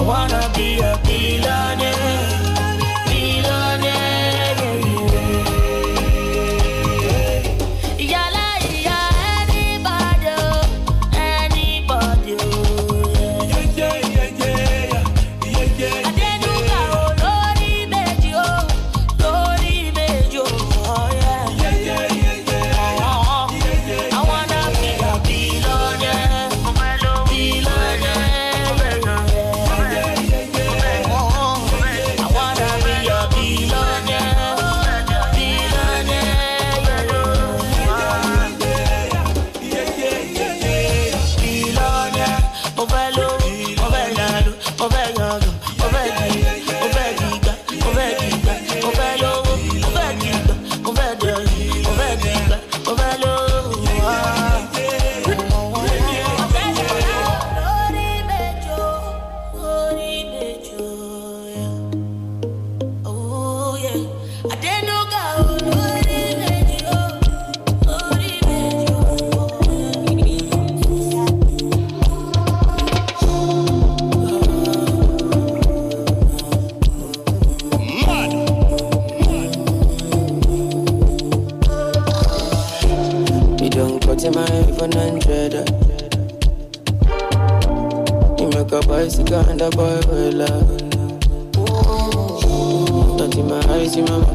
wanna be a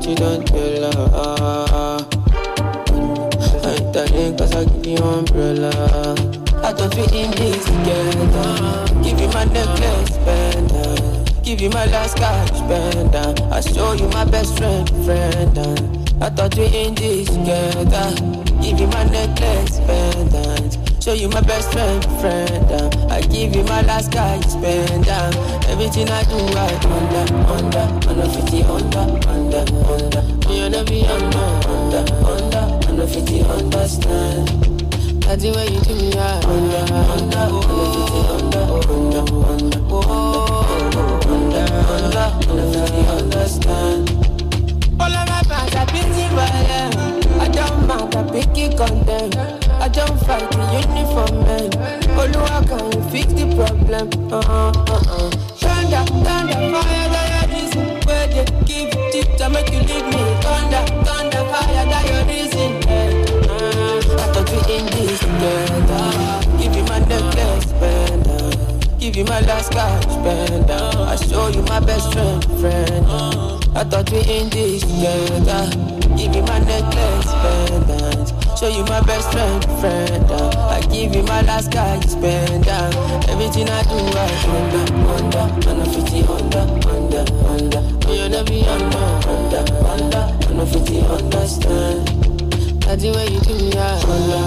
you don't tell her. I tell you cause I give you umbrella. I don't fit in this together. Give you my necklace, bender. Give you my last cash, bender. I show you my best friend, friend. I thought we in this together. Give you my necklace, pendant. Show you my best friend, friend. Uh. I give you my last guy, you spend. Uh. Everything I do, I under, under, under 50, under, under, under. You know me, under, under, under, under 50, understand. That's the way you do me, yeah. Under, under, under, under, under, under, under, under, under, under, under, understand busy violin. I don't mind, I picky condemn. I don't fight the uniform man. how can you fix the problem? Uh-uh, uh-uh. Thunder, thunder, fire, that your reason. Where they give you tips, I make you leave me. Thunder, thunder, fire, that your reason. Uh, I thought we in this. be my last cash spend. Uh. I show you my best friend, friend. Uh. I thought we in this together. Uh. Give you my necklace, pendant. Show you my best friend, friend. I give you my last cash spend. Everything I do, I under, under, and 50 under, under, under. Oh, you know me under, under, under, under. I'm 50 understand. That's the way you do me, under.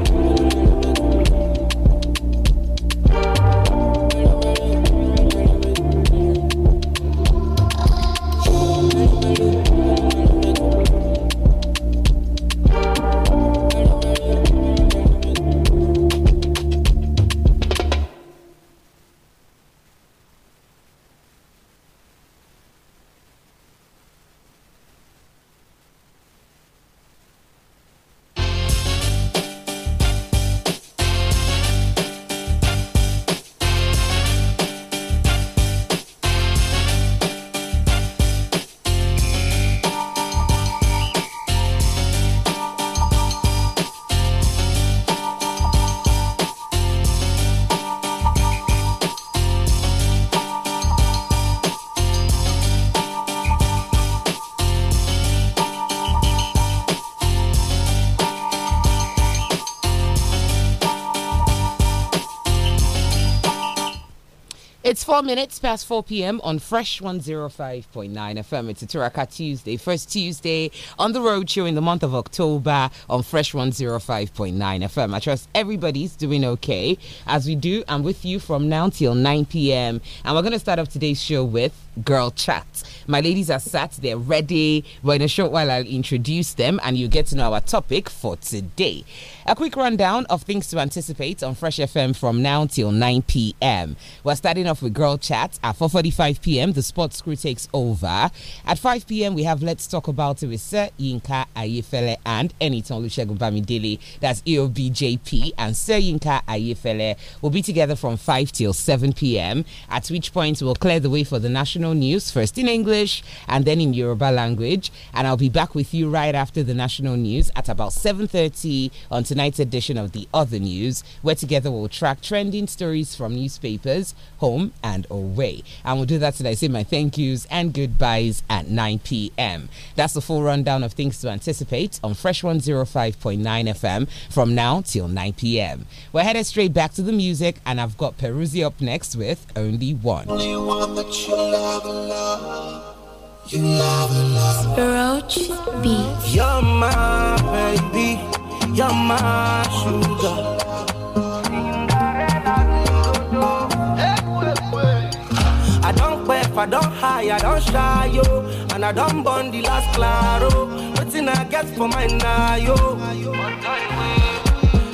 It's four minutes past 4 p.m. on Fresh 105.9 FM. It's a Turaka Tuesday, first Tuesday on the road show in the month of October on Fresh 105.9 FM. I trust everybody's doing okay. As we do, I'm with you from now till 9 p.m. And we're going to start off today's show with girl chat. My ladies are sat there ready. Well, in a short while, I'll introduce them and you get to know our topic for today. A quick rundown of things to anticipate on Fresh FM from now till 9 p.m. We're starting off with girl chat at 4:45 p.m. The sports crew takes over. At 5 p.m. we have let's talk about it with Sir Yinka Ayefele and Eniton Olusegun Bamidele. That's EOBJP and Sir Yinka Ayefele will be together from 5 till 7 p.m. At which point we'll clear the way for the national national news, first in English and then in Yoruba language. And I'll be back with you right after the national news at about 7.30 on tonight's edition of The Other News, where together we'll track trending stories from newspapers, home and away. And we'll do that today. Say my thank yous and goodbyes at 9 p.m. That's the full rundown of things to anticipate on Fresh 105.9 FM from now till 9 p.m. We're headed straight back to the music, and I've got Peruzzi up next with Only One. Only one love, love. You are my baby. You're my sugar. I don't quaff, I don't high, don't shy, yo. And I don't burn the last claro. Nothing I get for my now,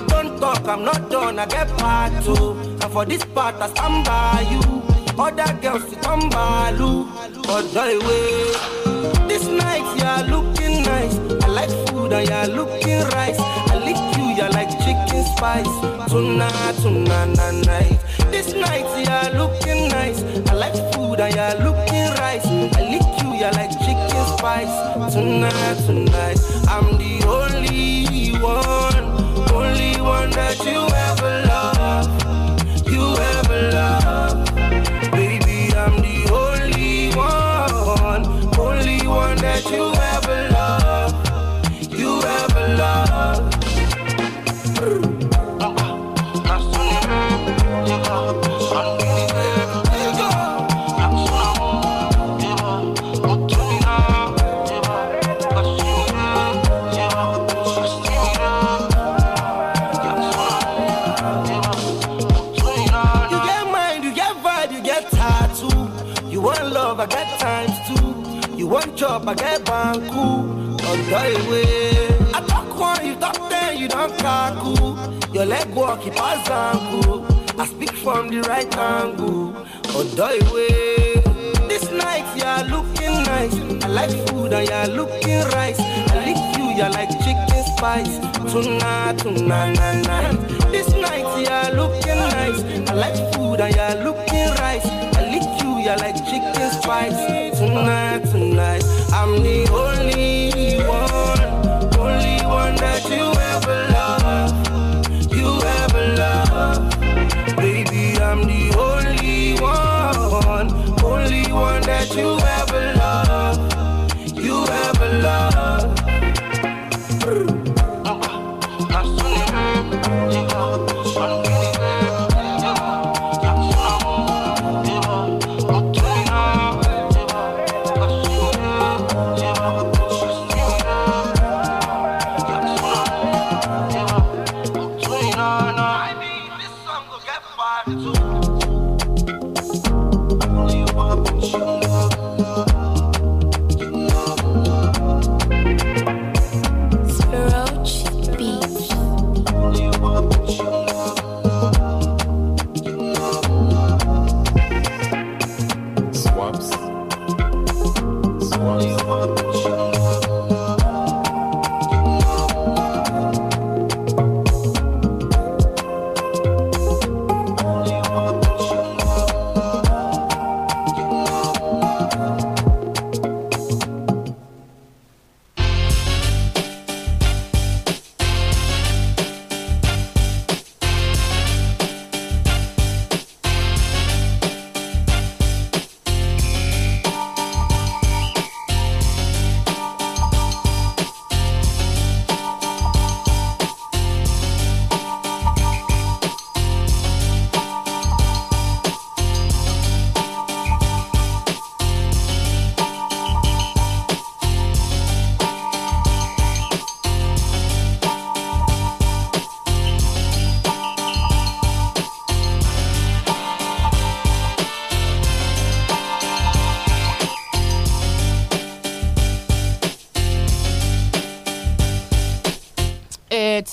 Don't talk, I'm not done, I get part two. Oh. And for this part, I stand by you. Other girls to come balu, but die way. This night you are looking nice. I like food and you are looking rice. I lick you, you are like chicken spice. Tonight, tonight, tonight. night. This night you are looking nice. I like food and you are looking rice. I lick you, you are like chicken spice. Tonight, tonight, I'm the only one, only one that you. up, I get banku, or die away. I talk one, you talk ten, you don't kaku. Your leg walk, it pass anku. I speak from the right angle, On die way. This night, you're looking nice. I like food and you're looking rice. I lick you, you're like chicken spice. Tonight, tonight, night, night. This night, you're looking nice. I like food and you're looking rice. I lick you, you're like chicken spice tonight, tonight. I'm the only one, only one that you ever you ever Baby, I'm the only one, only one that you ever love, you ever love.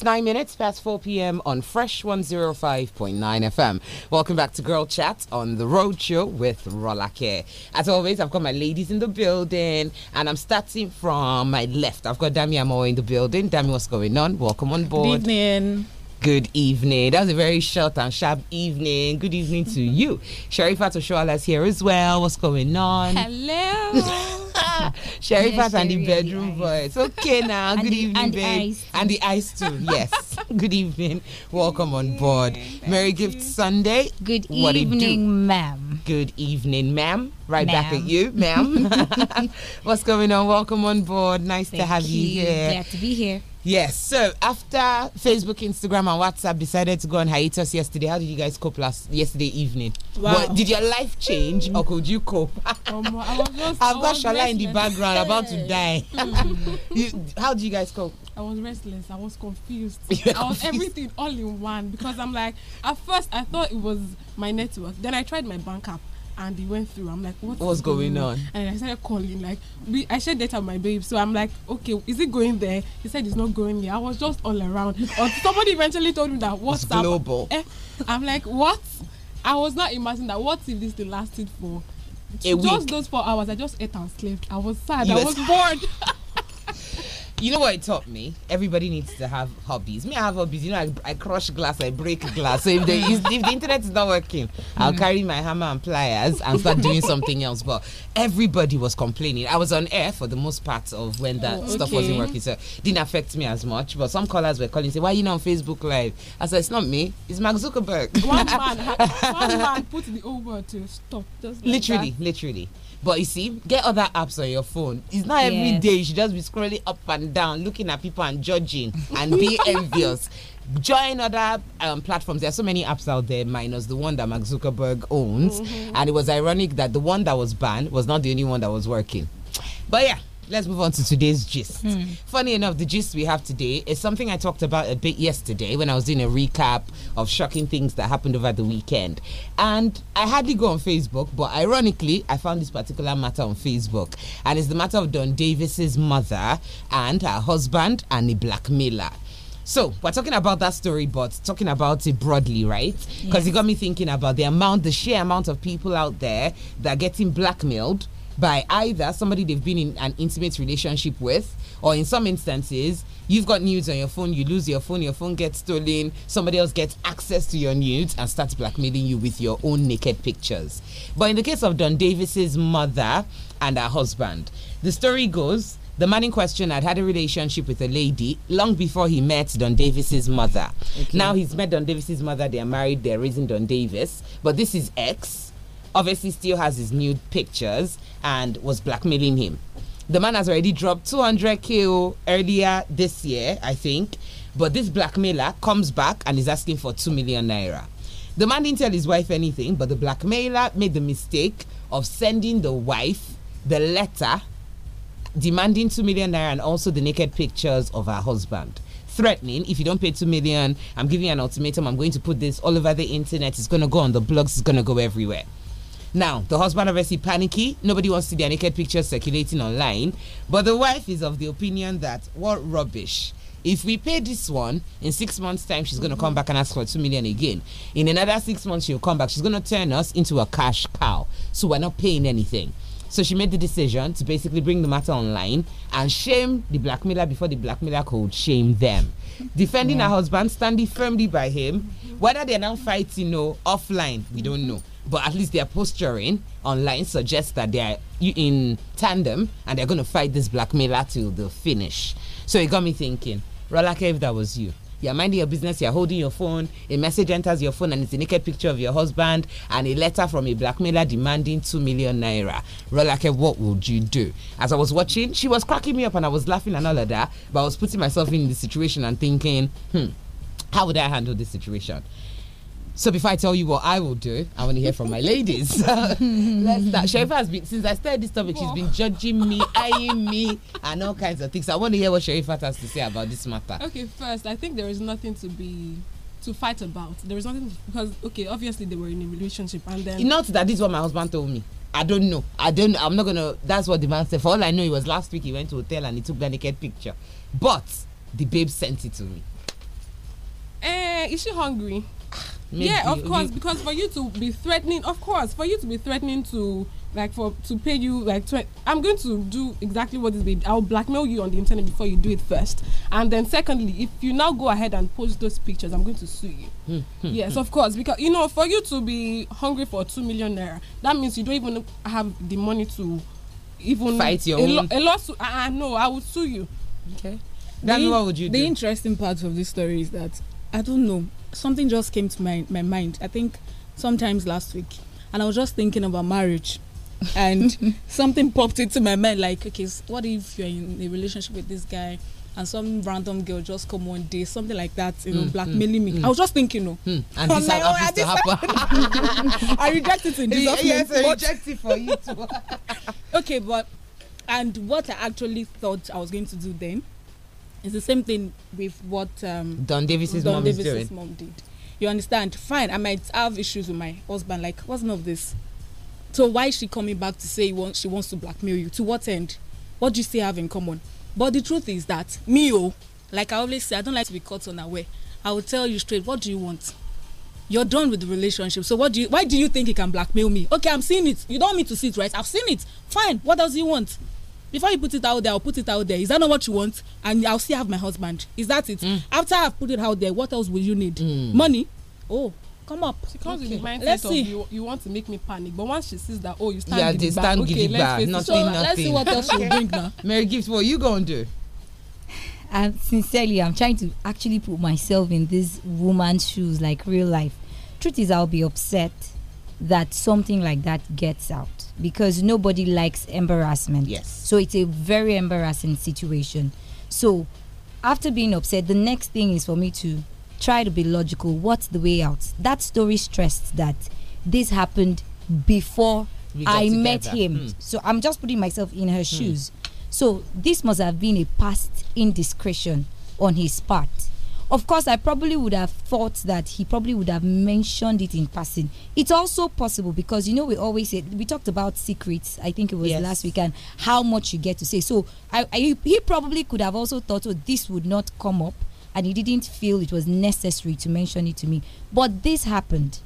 nine minutes past 4 p.m. on Fresh 105.9 FM. Welcome back to Girl Chat on the Road Show with Rolake. As always, I've got my ladies in the building, and I'm starting from my left. I've got Dami Amo in the building. Dami, what's going on? Welcome on board. Good evening good evening. That was a very short and sharp evening. Good evening to you. Sharifa Toshoala's here as well. What's going on? Hello. Sherry yes, and the bedroom the voice. Okay now. Good the, evening, and babe. The and the ice too. Yes. Good evening. Welcome on board. Thank Merry you. Gift Sunday. Good what evening, ma'am. Good evening, ma'am. Right back at you, ma'am. What's going on? Welcome on board. Nice Thank to have you, you here. Glad to be here. Yes. So after Facebook, Instagram, and WhatsApp decided to go on hiatus yesterday, how did you guys cope last yesterday evening? Wow. What, did your life change or could you cope? um, just, I've got Shala in the background about to die. Mm. you, how did you guys cope? I was restless. I was confused. confused. I was everything all in one because I'm like, at first I thought it was my network. Then I tried my bank app. and he went through. I'm like, what what's going, on? on? And I started calling. Like, we, I shared data with my babe, so I'm like, okay, is it going there? He said it's not going there. I was just all around. Or somebody eventually told me that WhatsApp. It's global. Eh, I'm like, what? I was not imagining that. What if this thing lasted for? A just week. those four hours, I just ate and slept. I was sad. You I was bored. You know what it taught me? Everybody needs to have hobbies. Me, I have hobbies. You know, I, I crush glass, I break glass. So if the if the internet is not working, I'll mm. carry my hammer and pliers and start doing something else. But everybody was complaining. I was on air for the most part of when that oh, stuff wasn't working, so didn't affect me as much. But some callers were calling, say, "Why are you not on Facebook Live?" I said, "It's not me. It's Mark Zuckerberg." One man, one man put the over world to stop. Just like literally, that. literally. But you see, get other apps on your phone. It's not yes. every day you should just be scrolling up and down, looking at people and judging and be envious. Join other um, platforms. There are so many apps out there, minus the one that Mark Zuckerberg owns. Mm -hmm. And it was ironic that the one that was banned was not the only one that was working. But yeah let's move on to today's gist. Hmm. Funny enough, the gist we have today is something I talked about a bit yesterday when I was doing a recap of shocking things that happened over the weekend. And I hardly go on Facebook, but ironically, I found this particular matter on Facebook. And it's the matter of Don Davis's mother and her husband and a blackmailer. So we're talking about that story, but talking about it broadly, right? Because yes. it got me thinking about the amount, the sheer amount of people out there that are getting blackmailed by either somebody they've been in an intimate relationship with, or in some instances, you've got nudes on your phone, you lose your phone, your phone gets stolen, somebody else gets access to your nudes and starts blackmailing you with your own naked pictures. But in the case of Don Davis's mother and her husband, the story goes the man in question had had a relationship with a lady long before he met Don Davis's mother. Okay. Now he's met Don Davis's mother, they are married, they're raising Don Davis, but this is ex obviously still has his nude pictures and was blackmailing him. The man has already dropped 200k earlier this year, I think. But this blackmailer comes back and is asking for 2 million naira. The man didn't tell his wife anything, but the blackmailer made the mistake of sending the wife the letter demanding 2 million naira and also the naked pictures of her husband threatening if you don't pay 2 million i'm giving you an ultimatum i'm going to put this all over the internet it's going to go on the blogs it's going to go everywhere now, the husband obviously panicky. Nobody wants to see their naked pictures circulating online. But the wife is of the opinion that what rubbish. If we pay this one in six months' time, she's going to come back and ask for two million again. In another six months, she'll come back. She's going to turn us into a cash cow. So we're not paying anything. So she made the decision to basically bring the matter online and shame the blackmailer before the blackmailer could shame them. Defending yeah. her husband, standing firmly by him, whether they're now fighting or offline, we don't know. But at least their posturing online suggests that they're in tandem and they're going to fight this blackmailer till the finish. So it got me thinking, Rolake, if that was you, you're minding your business, you're holding your phone, a message enters your phone and it's a naked picture of your husband and a letter from a blackmailer demanding 2 million naira. Rolake, what would you do? As I was watching, she was cracking me up and I was laughing and all of that, but I was putting myself in the situation and thinking, hmm, how would I handle this situation? So before I tell you what I will do, I want to hear from my ladies. Let's start. Sherifa has been since I started this topic, she's been judging me, eyeing me, and all kinds of things. I want to hear what Sherifa has to say about this matter. Okay, first, I think there is nothing to be to fight about. There is nothing because okay, obviously they were in a relationship and then not that this is what my husband told me. I don't know. I don't. I'm not gonna. That's what the man said. For all I know, it was last week. He went to hotel and he took the naked picture, but the babe sent it to me eh, is she hungry? Maybe. yeah, of course, because for you to be threatening, of course, for you to be threatening to like for to pay you like i I'm going to do exactly what is being. I'll blackmail you on the internet before you do it first, and then secondly, if you now go ahead and post those pictures, I'm going to sue you. Hmm, hmm, hmm. yes, of course, because you know, for you to be hungry for two million naira, that means you don't even have the money to even fight your a, lo a lawsuit. I uh, ah, know. Ah, I will sue you. Okay. Then what would you the do? The interesting part of this story is that I don't know. Something just came to my, my mind. I think sometimes last week, and I was just thinking about marriage, and something popped into my mind like, okay, what if you're in a relationship with this guy? and some random girl just come one day, something like that, you know, mm, blackmailing mm, me. Mm. I was just thinking, no. Hmm, and i this like, oh, to happen. I reject it in this. Yes, I reject it for you too. okay, but and what I actually thought I was going to do then It's the same thing with what um, Don Davis's, Don mom, Davis's is doing. mom did. You understand? Fine, I might have issues with my husband. Like, what's none of this? So why is she coming back to say she wants to blackmail you? To what end? What do you still have in common? But the truth is that me, oh, like I always say, I don't like to be caught unaware. I will tell you straight. What do you want? You're done with the relationship. So what do you? Why do you think he can blackmail me? Okay, I'm seeing it. You don't need to see it, right? I've seen it. Fine. What does he want? before you put it out there i'll put it out there is that not what you want and i'll still have my husband is that it mm. after i've put it out there what else will you need mm. money oh come up because okay. with the mindset of you, you want to make me panic but once she sees that oh you stand yeah they stand back. okay, back nothing so, nothing let's see what else she bring now Mary Gibbs what you gonna do and sincerely i'm trying to actually put myself in this woman's shoes like real life truth is i'll be upset that something like that gets out because nobody likes embarrassment. Yes. So it's a very embarrassing situation. So after being upset, the next thing is for me to try to be logical. What's the way out? That story stressed that this happened before I together. met him. Mm. So I'm just putting myself in her mm. shoes. So this must have been a past indiscretion on his part. Of course, I probably would have thought that he probably would have mentioned it in passing. It's also possible because you know we always say, we talked about secrets. I think it was yes. last weekend how much you get to say. So I, I, he probably could have also thought, oh, this would not come up, and he didn't feel it was necessary to mention it to me. But this happened.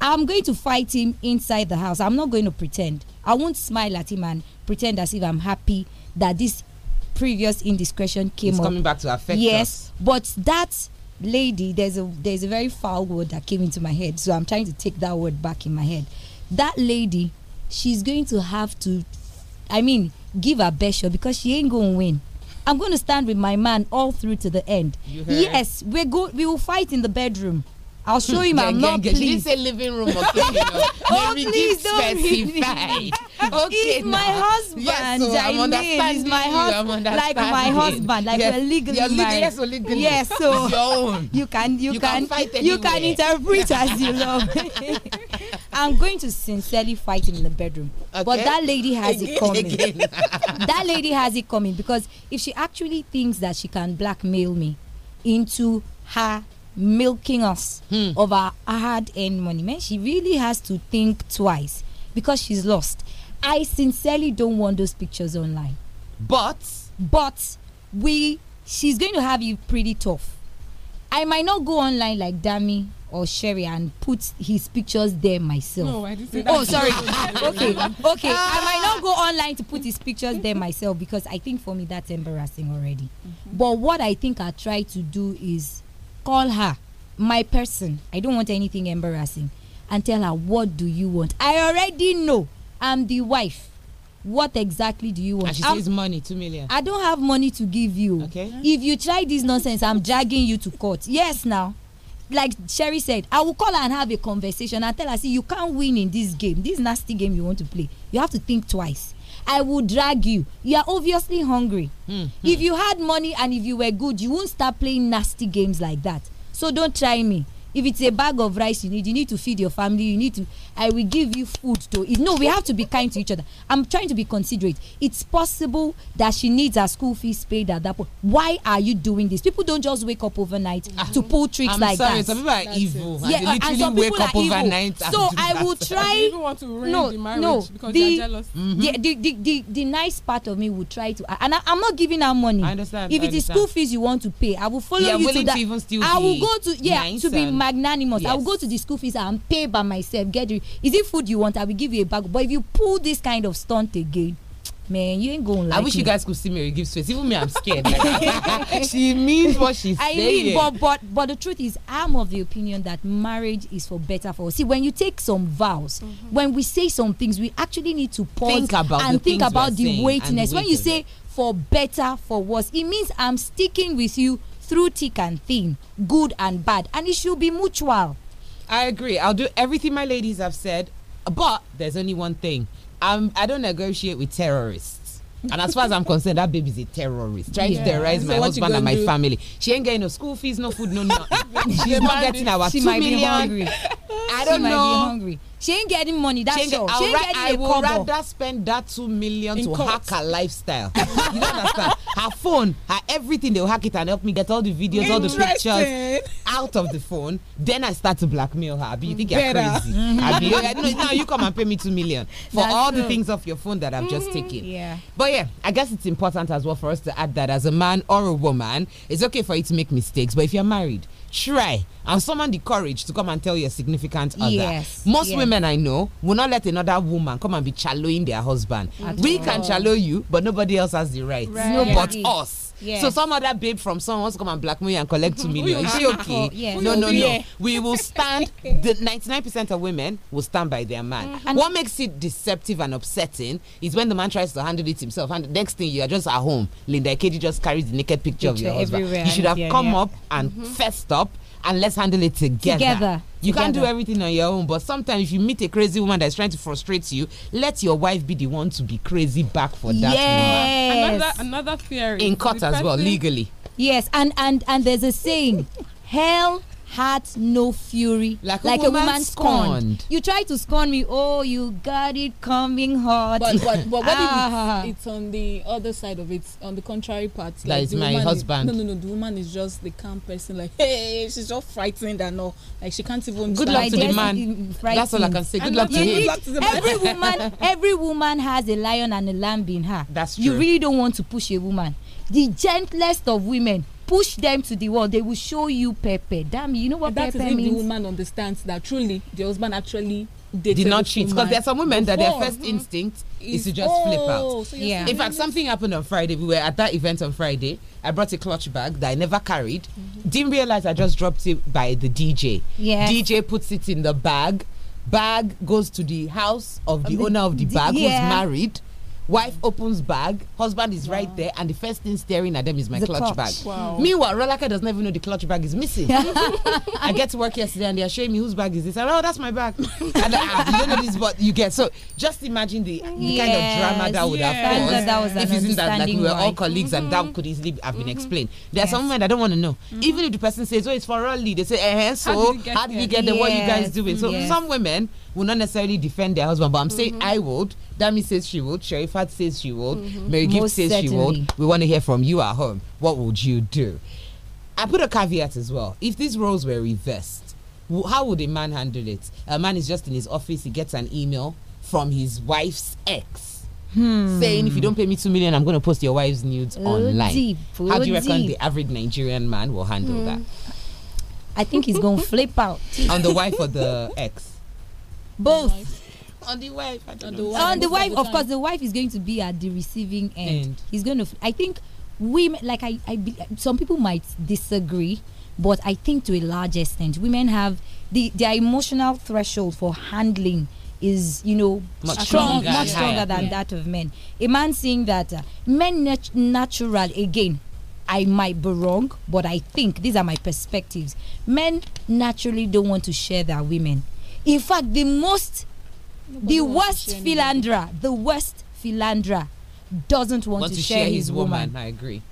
I'm going to fight him inside the house. I'm not going to pretend. I won't smile at him and pretend as if I'm happy that this previous indiscretion came it's up. coming back to affect yes us. but that lady there's a there's a very foul word that came into my head so i'm trying to take that word back in my head that lady she's going to have to i mean give her best shot because she ain't going to win i'm going to stand with my man all through to the end yes we are go we will fight in the bedroom I'll show him I'm not pleased. She say living room okay. oh, please don't specify. okay, if my husband, yes, so I mean, is my husband, like my husband, like yes. we're legally You're married. Yes, we're legally. Yes, so you can, you, you can, fight you can interpret as you love. I'm going to sincerely fight him in the bedroom, okay. but that lady has again, it coming. that lady has it coming because if she actually thinks that she can blackmail me into her milking us hmm. of our hard earned money. Man, she really has to think twice because she's lost. I sincerely don't want those pictures online. But but we she's going to have you pretty tough. I might not go online like Dami or Sherry and put his pictures there myself. No, I didn't say oh, that. Oh, sorry. okay, okay. Ah. I might not ah. go online to put his pictures there myself because I think for me that's embarrassing already. Mm -hmm. But what I think I try to do is call her, my person. I don't want anything embarrassing. And tell her, what do you want? I already know I'm the wife. What exactly do you want? And she I'm, says money, two million. I don't have money to give you. Okay. If you try this nonsense, I'm dragging you to court. Yes, now like Sherry said, I will call her and have a conversation and tell her, see, you can't win in this game, this nasty game you want to play. You have to think twice. I will drag you. You are obviously hungry. Mm -hmm. If you had money and if you were good, you won't start playing nasty games like that. So don't try me if it's a bag of rice you need you need to feed your family you need to i will give you food to eat no we have to be kind to each other i'm trying to be considerate it's possible that she needs her school fees paid at that point why are you doing this people don't just wake up overnight mm -hmm. to pull tricks I'm like sorry, that some people are evil yeah uh, and some people are evil so i will try no no the, mm -hmm. the, mm-hmm. the, the, the the nice part of me will try to and I, am not giving her money I understand, if it is school fees you want to pay i will follow yeah, you to that to i will go to yeah to be my magnanimous yes. i will go to the school fees and pay by myself get you is it food you want i will give you a bag but if you pull this kind of stunt again man you ain't going like i wish me. you guys could see mary give face even me i'm scared she means what she's I saying mean, but but but the truth is i'm of the opinion that marriage is for better for us. see when you take some vows mm -hmm. when we say some things we actually need to pause think and think about the weightiness when you say for better for worse it means i'm sticking with you through thick and thin, good and bad, and it should be mutual. I agree. I'll do everything my ladies have said, but there's only one thing. I'm, I don't negotiate with terrorists. And as far as I'm concerned, that baby's a terrorist trying yeah. to terrorize so my husband and my do? family. She ain't getting no school fees, no food, no nothing. She's not getting our she two might million. Be hungry. I don't she know. Might be hungry she ain't getting money. That's she sure. Get, she ain't getting I would rather spend that two million In to court. hack her lifestyle. you don't understand? Her phone, her everything. They'll hack it and help me get all the videos, all the pictures out of the phone. Then I start to blackmail her. Abi, you think Better. you're crazy? Mm -hmm. Oh, you now you come and pay me two million for That's all true. the things off your phone that I've mm -hmm. just mm-hmm. taken. Yeah. But yeah, I guess it's important as well for us to add that as a man or a woman, it's okay for you to make mistakes, but if you're married try and summon the courage to come and tell your significant other. Yes, Most yes. women I know will not let another woman come and be challowing their husband. At we all. can challow you, but nobody else has the right. right. No, but us. Yeah. So some other babe from someone wants to come and blackmail you and collect two million. Is she okay? Yeah. No, no, no. We will stand. The ninety-nine percent of women will stand by their man. Mm -hmm. What makes it deceptive and upsetting is when the man tries to handle it himself, and the next thing you are just at home. Linda Katie just carries the naked picture, picture of your husband. Everywhere. You should have yeah, come up and mm -hmm. fessed up and let's handle it together. Together. You together. can't do everything on your own, but sometimes if you meet a crazy woman that's trying to frustrate you, let your wife be the one to be crazy back for that yes. Another, another theory. In court as well, legally. Yes, and and and there's a saying, hell heart no fury like, like a, woman, a woman scorned. scorned. You try to scorn me. Oh, you got it coming hot. But but, but what ah. if it's, ah. it's, on the other side of it, on the contrary part? That like is my husband. Is, no, no, no. The woman is just the calm person. Like hey, she's just frightened and all. Like she can't even. Good luck to the man. Mm, that's all I can say. Good and luck to him. Every woman, every woman has a lion and a lamb in her. That's true. You really don't want to push a woman. The gentlest of women push them to the wall. They will show you Pepe. Damn, you know what that Pepe means? the woman understands that truly the husband actually did not cheat because there are some women Before, that their first mm -hmm. instinct is, mm-hmm. is to just oh, flip out. Oh, so yeah. In fact, something happened on Friday. We were at that event on Friday. I brought a clutch bag that I never carried. Mm -hmm. Didn't realize I just dropped it by the DJ. Yeah. DJ puts it in the bag. Bag goes to the house of the, the owner of the bag yeah. who's married Wife opens bag, husband is wow. right there, and the first thing staring at them is my the clutch, clutch, bag. Wow. Meanwhile, Rolaka doesn't even know the clutch bag is missing. I get to work yesterday and they're showing me whose bag is this. And, oh, that's my bag. and I, I don't know this, but you get. So just imagine the, the yes, kind of drama that would have caused that, that was if it's not that like we were all colleagues mm -hmm. and that mm-hmm. could easily have been mm -hmm. explained. There yes. are some men I don't want to know. Mm -hmm. Even if the person says, oh, it's for Rolly, they say, eh, eh so how did you get, the get there? What you guys doing? So some women will not necessarily defend their husband, but I'm mm -hmm. saying mm-hmm. I would. Dami says she would. Sherifat says she would. Mm -hmm. Mary Gibbs says certainly. she would. We want to hear from you at home. What would you do? I put a caveat as well. If these roles were reversed, how would a man handle it? A man is just in his office, he gets an email from his wife's ex. Hmm. saying if you don't pay me two million, I'm going to post your wife's nudes oh online. Deep, oh How do you reckon deep. the average Nigerian man will handle hmm. that? I think he's going to flip out on the wife or the ex both on the wife on the wife, on the wife of course the wife is going to be at the receiving end, end. he's going to i think women like i, I be, some people might disagree but i think to a large extent women have the their emotional threshold for handling is you know much strong, stronger, much stronger than yeah. that of men a man saying that uh, men nat natural again I might be wrong, but I think these are my perspectives. Men naturally don't want to share their women. In fact, the most, Nobody the worst philanderer, the worst philanderer doesn't want, want to, to, share, share his, his woman. woman. I agree.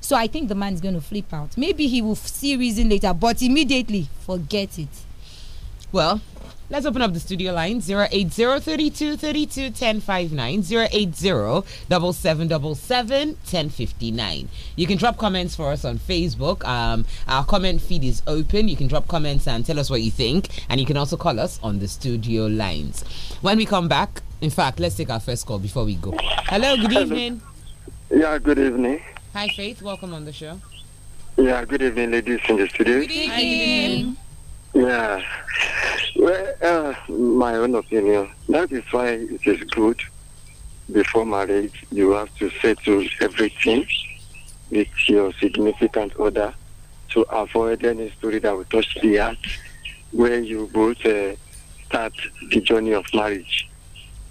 So I think the man is going to flip out. Maybe he will see reason later, but immediately forget it. Well, Let's open up the studio line 080-3232-1059, 1059 You can drop comments for us on Facebook. Um, our comment feed is open. You can drop comments and tell us what you think. And you can also call us on the studio lines. When we come back, in fact, let's take our first call before we go. Hello, good evening. Yeah, good evening. Hi, Faith. Welcome on the show. Yeah, good evening, ladies in the studio. Good evening. Hi, good evening. Yeah. Well, uh, my own opinion. That is why it is good before marriage you have to settle everything with your significant other to avoid any story that will touch the heart where you both uh, start the journey of marriage.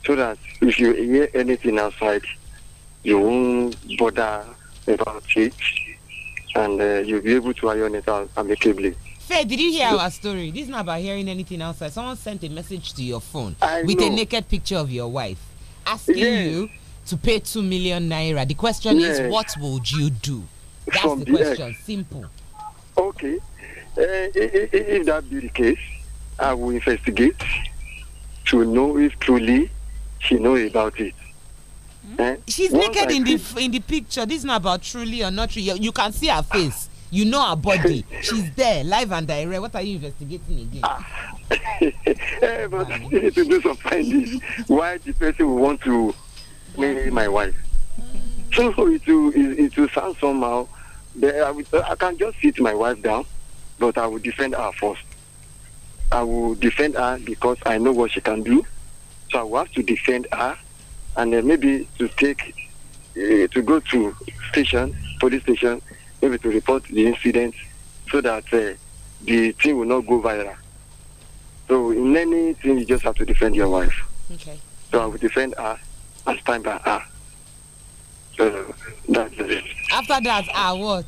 So that if you hear anything outside, you won't bother about it and uh, you'll be able to iron it out amicably. Faith, did you hear our story? This is not about hearing anything outside. Someone sent a message to your phone I with know. a naked picture of your wife asking yes. you to pay 2 million naira. The question yes. is, what would you do? That's From the, question. Simple. Okay. Uh, if that be the case, I will investigate to know if truly she knows about it. Mm. Eh? She's Once naked I in the in the picture. This is not about truly or not truly. You can see her face. You know her body. She's there, live and direct. What are you investigating again? Ah. yeah, but to do some findings, why the person would want to marry my wife? So it will, it, will sound somehow. I, will, I can just sit my wife down, but I will defend her first. I will defend her because I know what she can do. So I will have to defend her and then maybe to take, uh, to go to station, police station, maybe to report the incident so that uh, the thing will not go viral. So in anything, you just have to defend your wife. Okay. So I will defend her as stand by her. So that's it. After that, ah, what?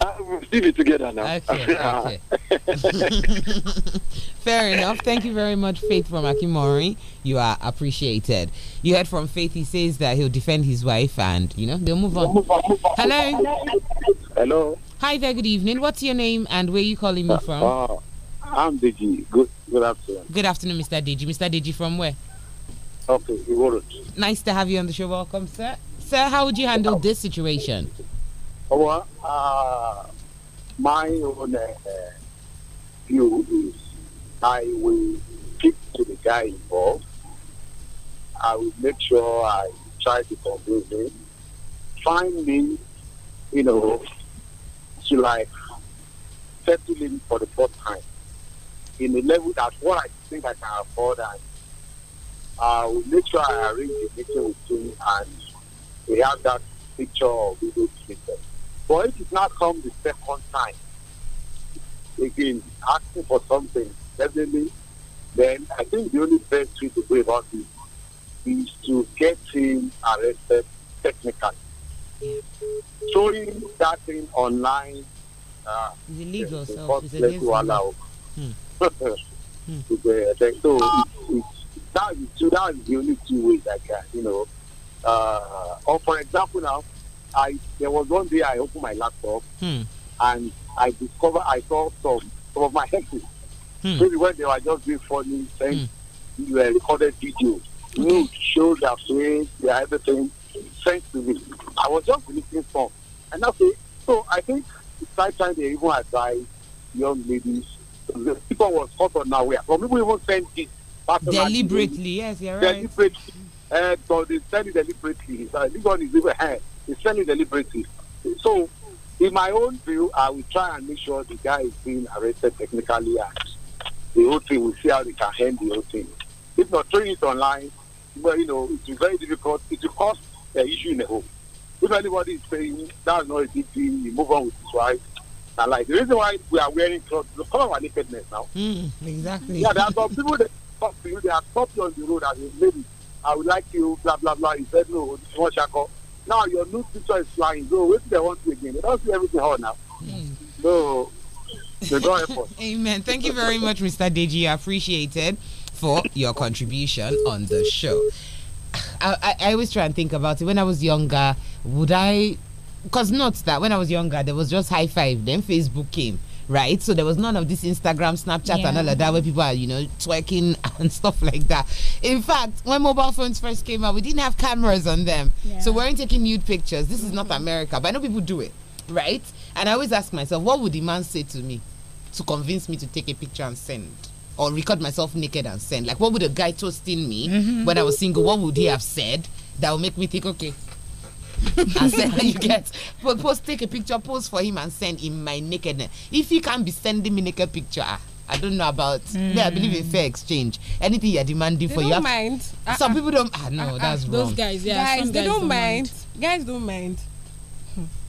Uh, see it together now. Okay, okay. Fair enough. Thank you very much, Faith from Akimori. You are appreciated. You heard from Faith. He says that he'll defend his wife, and you know they'll move on. Move on, move on Hello. Hello. Hi there. Good evening. What's your name and where are you calling me from? Uh, I'm Deji. Good. Good afternoon. Good afternoon, Mr. Deji. Mr. Deji from where? Okay, Iworo. Nice to have you on the show. Welcome, sir. Sir, how would you handle this situation? Our my own view is I will keep to the guy involved. I will make sure I try to convince him. Find me, you know, to like settle him for the first time in the level that what I think I can afford and I will make sure I arrange a meeting with him and we have that picture of the treatment. But if it now comes the second time, again, asking for something, definitely, then I think the only best way to go about is to get him arrested technically. Showing that thing online uh, it's illegal, it's so it's against the law. Hmm. hmm. So that is, that is the only two ways I can, you know. Uh, or for example now, I there was one day I opened my laptop hmm. and I discovered I saw some some of my exes. Hmm. Maybe when they were just being funny, sent hmm. recorded videos, okay. nude, showed their face, their everything, sent to me. I was just listening for, and that's it. So I think it's high time they even advise young ladies. The people was caught on nowhere. Some people even sent it deliberately. Yes, you're right. Deliberately, uh, so they send it deliberately. So this one is even high. Eh, it's fairly deliberative. So, in my own view, I will try and make sure the guy is being arrested technically and the whole thing, we'll see how they can handle the whole thing. If not, throwing it online, well, you know, it's very difficult. It will cause issue in the home. If anybody is saying that's not a big deal, you move on with his life. And like the reason why we are wearing clothes, the color of our nakedness now. Mm, exactly. Yeah, there are some people that talk to you, they are stopped on the road and they maybe I would like you, blah blah blah. He said no, it's one shackle now your new picture is flying so wetin dem wan do again don't see everything hard now mm. so dey don help us. amen thank you very much mr deji appreciated for your contribution on the show. I, I, I always try and think about it. When I was younger, would I because not that when I was younger, there was just high five, then Facebook came right? So there was none of this Instagram, Snapchat, yeah. and all of that where people are, you know, twerking and stuff like that. In fact, when mobile phones first came out, we didn't have cameras on them. Yeah. So we weren't taking nude pictures. This mm -hmm. is not mm-hmm. America, but I know people do it, right? And I always ask myself, what would the man say to me to convince me to take a picture and send? Or record myself naked and send? Like, what would a guy toasting me mm -hmm. when I was single? What would he have said that would make me think, okay, and send you get post, post take a picture post for him and send him my nakedness if he can't be sending me naked picture ah, I don't know about. Mm. Yeah, I believe in fair exchange. Anything you're demanding they for, don't have, mind. Ah, some uh, people don't. Ah, no, uh, that's wrong. Those guys, yeah, guys, they don't, don't mind. mind. Guys don't mind.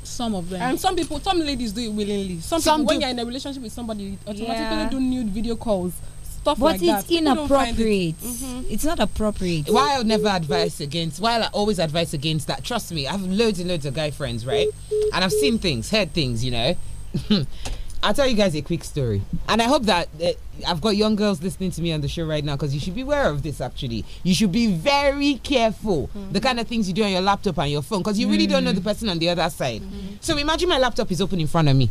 Some of them, and some people, some ladies do it willingly. Some, some people, do. when you're in a relationship with somebody, automatically yeah. do nude video calls stuff but like that. But it's inappropriate. It. Mm-hmm. It's not appropriate. Why I never advise against, Why I always advise against that, trust me, I have loads and loads of guy friends, right? And I've seen things, heard things, you know. I'll tell you guys a quick story. And I hope that uh, I've got young girls listening to me on the show right now because you should be aware of this actually. You should be very careful mm-hmm. the kind of things you do on your laptop and your phone because you really mm don't know the mm-hmm. person on the other side. Mm-hmm. So imagine my laptop is open in front of me.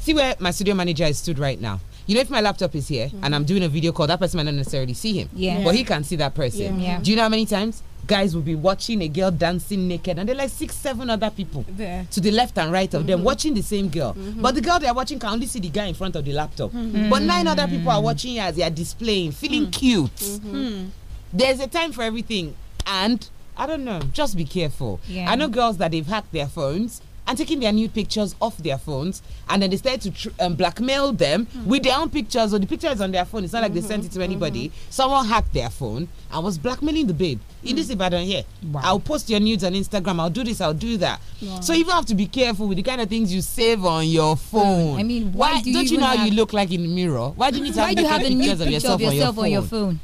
See where my studio manager is stood right now you know, if my laptop is here mm. and I'm doing a video call, that person might not necessarily see him. Yeah. But he can see that person. Yeah. Do you know how many times? Guys will be watching a girl dancing naked, and they're like six, seven other people there. to the left and right of mm -hmm. them mm-hmm. watching the same girl. Mm -hmm. But the girl they're watching can only see the guy in front of the laptop. -hmm. But nine other people are watching as they are displaying, feeling mm. cute. Mm-hmm. Mm. There's a time for everything, and I don't know. Just be careful. Yeah. I know girls that they've hacked their phones and taking their nude pictures off their phones and then they started to um, blackmail them mm -hmm. with their own pictures or the pictures on their phone it's not like mm -hmm. they sent it to mm-hmm. anybody mm -hmm. someone hacked their phone and was blackmailing the babe in this hmm. Ibadan here wow. I'll post your nudes on Instagram I'll do this I'll do that wow. so you have to be careful with the kind of things you save on your phone I mean why, why do not you, you know how you look like in the mirror why do you need to have, have, have nude of yourself, on, your, on your phone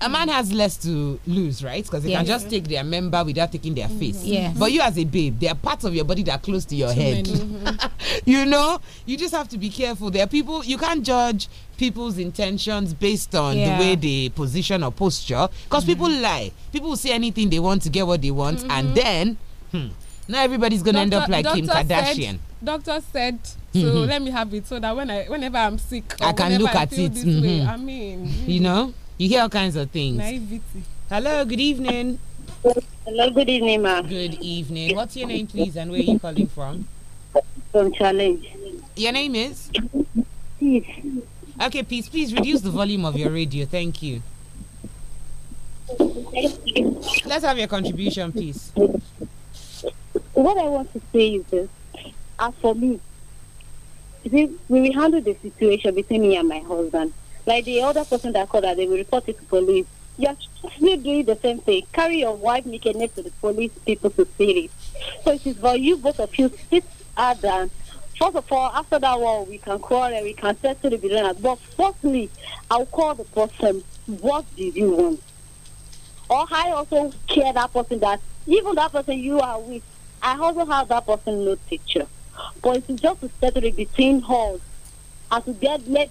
a man mm. has less to lose, right? Because they yeah. can just take their member without taking their mm-hmm. face. Yeah. But you, as a babe, there are parts of your body that are close to your Too head. Mm-hmm. you know, you just have to be careful. There are people you can't judge people's intentions based on yeah. the way they position or posture. Because mm. Mm-hmm. people lie. People will say anything they want to get what they want, mm -hmm. and then hmm, not everybody's gonna end up like Kim Kardashian. Said, doctor said so mm -hmm. let me have it so that when I whenever I'm sick I can look I at it. Way, I mean, you mm. know you hear all kinds of things. Naivety. Hello, good evening. Hello, good evening, ma. Good evening. What's your name, please, and where are you calling from? From Challenge. Your name is? Peace. Okay, Peace, please reduce the volume of your radio. Thank you. Let's have your contribution, please. What I want to say is this. As for me, we will handle the situation between me and my husband. Like the other person that called that they will report it to police. You're still doing the same thing. Carry your wife naked next to the police people to see it. So it is for you both of you sit hard first of all, after that one, we can call and we can settle the business. But firstly, I'll call the person. What did you want? Or I also care that person that even that person you are with, I also have that person no picture. But it's just to settle it between us as to get later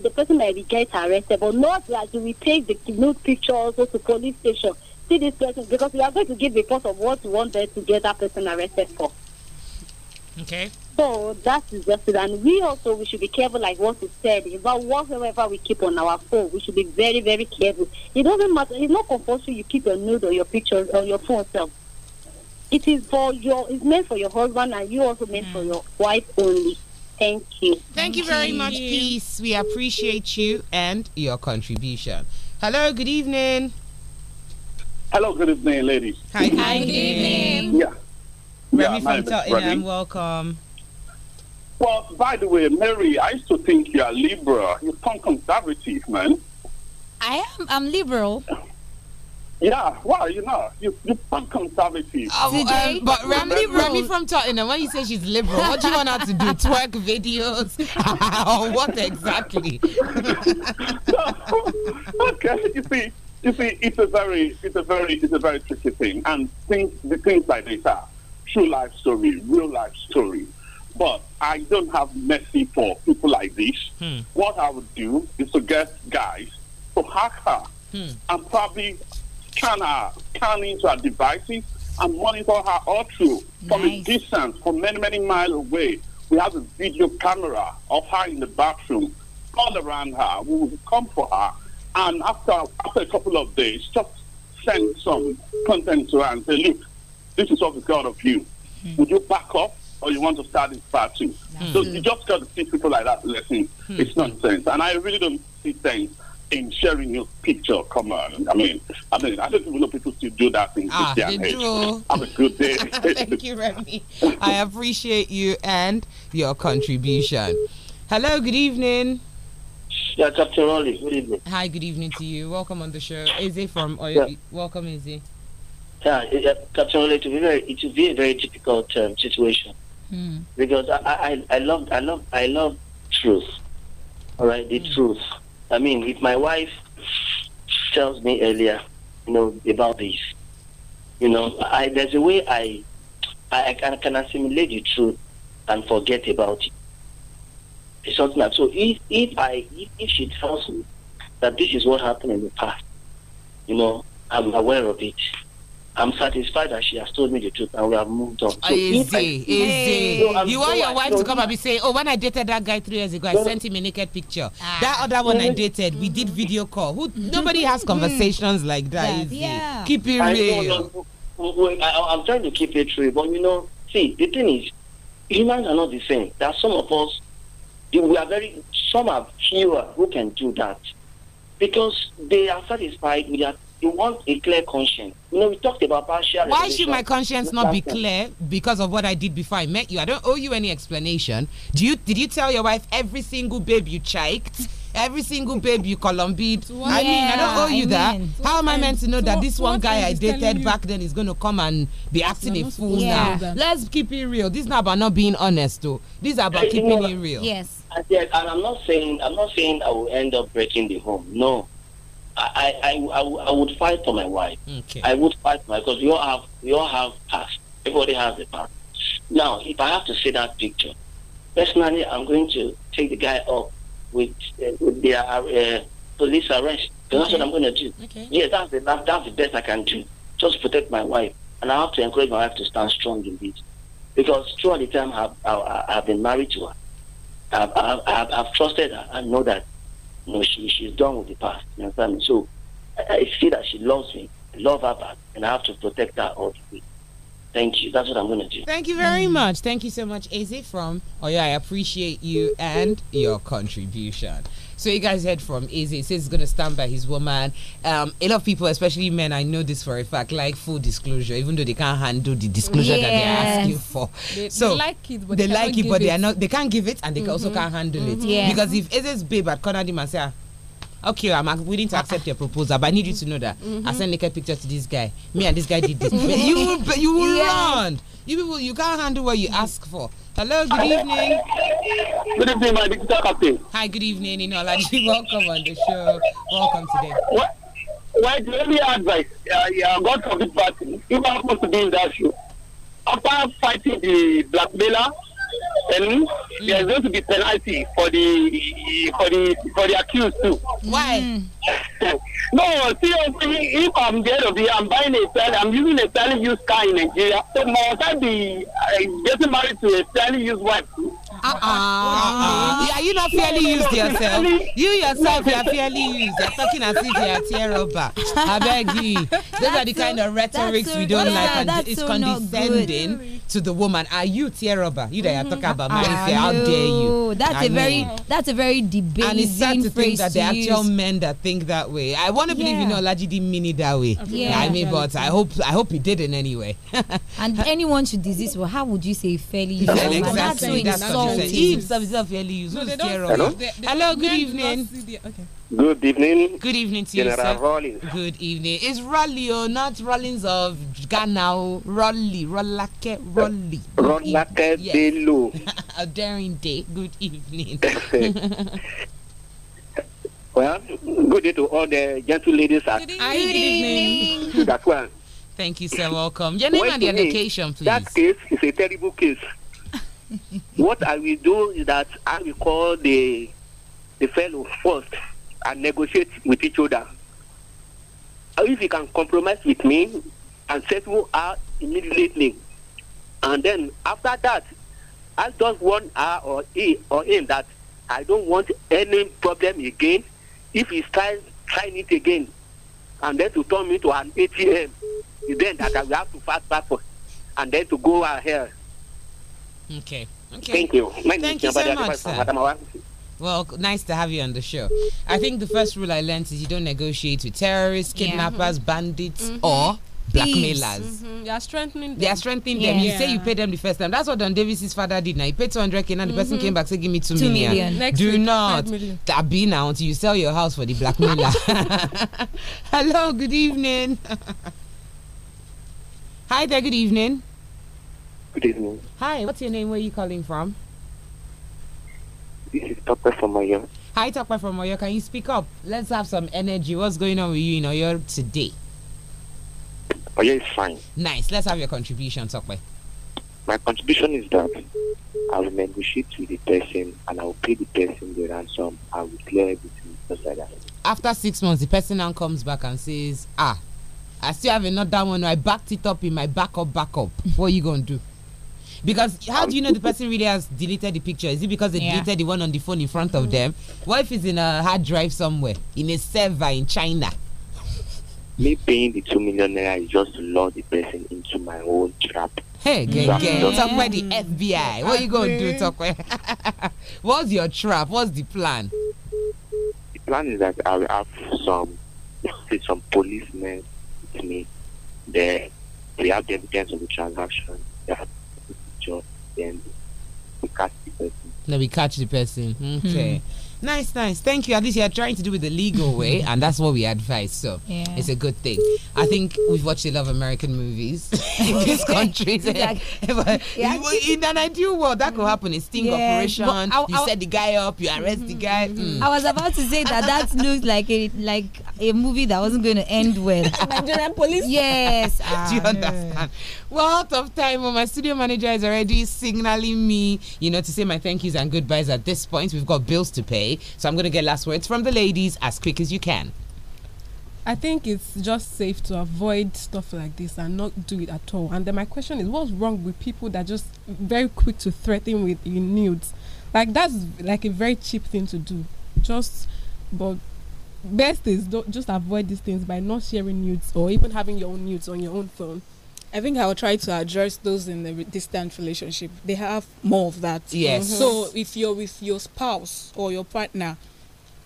the person may be get arrested, but not as we take the nude picture also to police station. See this person because we are going to give report of what we want them to get that person arrested for. Okay. So that is just it, and we also we should be careful, like what you said, about whatsoever we keep on our phone. We should be very, very careful. It doesn't matter. It's not compulsory you keep your nude or your picture on your phone It is for your. It's meant for your husband, and you also meant mm. for hmm. your wife only. Thank you. Thank, you very much, Peace. We appreciate you and your contribution. Hello, good evening. Hello, good evening, ladies. Hi, good, Hi, good evening. Yeah. Remy yeah, from Tottenham, welcome. Well, by the way, Mary, I used to think you are liberal. You sound conservative, man. I am. I'm liberal. Yeah, well, you know, you, you punk conservative. Um, CJ, oh, um, but Ramli, Ramli from Tottenham, when you say she's liberal, what do you want her to do? Twerk videos? what exactly? okay, you see, you see, it's a very, it's a very, it's a very tricky thing, and things, the things like this are true life story, real life story. But I don't have mercy for people like this. Hmm. What I would do is to get guys to hack her hmm. and probably scan her, scan into her devices, and monitor her all through nice. from a distance, from many, many miles away. We have a video camera of her in the bathroom, all around her. We will come for her, and after after a couple of days, just send some content to her and say, look, this is what we got of you. Mm. Would you back up? or you want to start this party?" Mm. So you just got to teach people like that lesson. Mm. It's hmm. nonsense. And I really don't see sense in sharing your picture. Come on. I mean, I mean, I don't even know people still do that in ah, Christian they do. Have a good day. Thank you, Remy. I appreciate you and your contribution. Hello, good evening. Yeah, Captain Ollie, good evening. Hi, good evening to you. Welcome on the show. Izzy from Oyo. Yeah. Welcome, Izzy. Yeah, yeah, Captain Ollie, it will be, very, it will be a very difficult um, situation. Hmm. Because I, I, I love I love I love truth. All right, the hmm. truth I mean, if my wife tells me earlier, you know, about this, you know, I, there's a way I, I, I can, can assimilate the truth and forget about it. It's something that, so if, if I, if, if she tells me that this is what happened in the past, you know, I'm aware of it. I'm satisfied that she has told me the truth and we have moved on. So ah, easy, I, easy. you want so your wife to come and be saying, Oh, when I dated that guy three years ago, I sent him a naked picture. Ah. That other one I mm-hmm. dated, we did video call. Who mm-hmm. nobody has mm-hmm. conversations like that. Yeah. Keep it real. I, am trying to keep it true, but you know, see, the thing is, humans are not the same. There are some of us, we are very, some are fewer who can do that because they are satisfied with their you want a clear conscience. You know, we talked about partial. Why should my conscience not be clear because of what I did before I met you? I don't owe you any explanation. Do you? Did you tell your wife every single babe you chiked? Every single babe you columbied. I mean, I don't owe you I that. How am I meant to know that this one guy I dated back then is going to come and be acting a fool yeah. now? Let's keep it real. This is not about not being honest, though. This is about keeping it real. Yes. And I'm not saying I'm not saying I will end up breaking the home. No, I, I, I, I would fight for my wife. Okay. I would fight for my because we all have we all have past. Everybody has a past. Now, if I have to see that picture, personally, I'm going to take the guy up with uh, with the uh, police arrest. Okay. That's what I'm going to do. Okay. Yeah, that's the that, that's the best I can do. Just protect my wife, and I have to encourage my wife to stand strong in this, because throughout the time I've, I, have been married to her, I've, I've, I've, I've trusted her and know that you know, she, she's done with the past. You understand me? So I, I feel that she loves me, I love her back, and I have to protect her all the way. Thank you. That's what I'm going to do. Thank you very much. Thank you so much, Eze from yeah, I appreciate you and your contribution. So you guys heard from Izzy. He says he's gonna stand by his woman. Um, a lot of people, especially men, I know this for a fact, like full disclosure, even though they can't handle the disclosure yes. that they're asking for. They, so they like it, but they, they like it, but it. they are not. They can't give it, and they mm -hmm. also mm-hmm. can't handle mm -hmm. it. Mm-hmm. Yeah. Because if Izzy's babe had cornered him and said, ah, okay, I'm willing to accept your proposal, but I need you to know that mm -hmm. I mm-hmm. sent naked pictures to this guy. Me and this guy did this. you will, you will yeah. learn. You people, you can't handle what you ask for. Hello, good evening. Good evening, my digital captain. Hi, good evening, Inolaji. Welcome on the show. Welcome today. What? Well, the only advice uh, yeah, God forbid, but if I happen to be in that shoe, after fighting the blackmailer, then mm. there's going to be penalty for the for the for the accused too. Why? Mm no, seriously, if I'm dead of here, I'm buying a sterling, I'm using a sterling used car in Nigeria. So must I be uh, getting married to a sterling used wife? Uh-uh. Uh-uh. Are you not fairly no, used no, yourself? No, you yourself, you are fairly used. You're talking as if you are tear rubber. I beg you. Those are the kind of rhetorics we don't yeah, like, and it's so condescending to the woman. Are you tear rubber? You that are talking about mm-hmm. marriage. How dare you? That's I a mean, very, that's a very debating. And it's sad to think that the actual men that think think that way. I want to believe yeah. you know Olaji didn't mean it that way. Yeah. yeah, I mean, but I hope I hope he did not anyway. and anyone should disease. Well, how would you say fairly used? Well, exactly. That's so insulting. If services fairly used, no, they don't, Hello? They, they Hello, good evening. Good evening. Good evening to General you, sir. Rollins. Good evening. It's Raleigh, oh, not Rollins of Ghana. Raleigh, oh. Rollake, Raleigh. Rollake, Belu. A daring day. Good evening. Well, good day to all the gentle ladies at good evening. Good one. Thank you, sir. Welcome. Your name and the education, please. That case is a terrible case. what I will do is that I will call the the fellow first and negotiate with each other. If he can compromise with me and settle out immediately, and then after that, I just want her or he or him that I don't want any problem again if he's trying trying it again and then to turn me to an atm then that i will have to fast for, and then to go ahead okay okay thank you My thank you so much sir. Well, nice to have you on the show. I think the first rule I learned is you don't negotiate with terrorists, kidnappers, yeah. bandits, mm -hmm. or blackmailers. Mm -hmm. They are strengthening them. They are strengthening yeah. them. You yeah. say you pay them the first time. That's what Don Davis's father did now. He paid 200k and the mm -hmm. person mm-hmm. came back saying, give me 2 million." Do week, not be now until you sell your house for the blackmailer. Hello, good evening. Hi there, good evening. Good evening. Hi, what's your name? Where are you calling from? This is Tokwe from Oyo. Hi, Tokwe from Oyo. Can you speak up? Let's have some energy. What's going on with you in Oyo today? Oh, yeah, it's fine. Nice. Let's have your contribution, Tokwe. My contribution is that I will negotiate with the person and I will pay the person the ransom. I will clear everything, just like that. After six months, the person now comes back and says, Ah, I still have another one. I backed it up in my backup, backup. what are you going to do? Because how do you know the person really has deleted the picture? Is it because they yeah. deleted the one on the phone in front of them? What if it's in a hard drive somewhere, in a server in China? me paying the two million naira is just to lure the person into my own trap. Hey, gang, so gang. Talk with the FBI. What you gonna do? Talk with. What's your trap? What's the plan? The plan is that I will have some some policemen with me. There, we have the evidence of the transaction. Then we catch the person. Then we catch the person. Okay. Hmm. Nice, nice. Thank you. At least you're trying to do it the legal way, and that's what we advise. So yeah. it's a good thing. I think we've watched a lot of American movies in this country. but yeah. In an ideal world, that could mm. happen. A sting yeah. operation. I, I, you set the guy up, you arrest the guy. Mm. mm. I was about to say that that looks like a like a movie that wasn't going to end well. Nigerian police. Yes. Ah, do you ah. understand? Yeah. Well, out of time. Well, my studio manager is already signaling me, you know, to say my thank yous and goodbyes. At this point, we've got bills to pay. So I'm going to get last words from the ladies as quick as you can. I think it's just safe to avoid stuff like this and not do it at all. And then my question is, what's wrong with people that just very quick to threaten with nudes? Like that's like a very cheap thing to do. Just, but best is don't just avoid these things by not sharing nudes or even having your own nudes on your own phone. I think I will try to address those in the distant relationship. They have more of that. Yes. Mm-hmm. So if you're with your spouse or your partner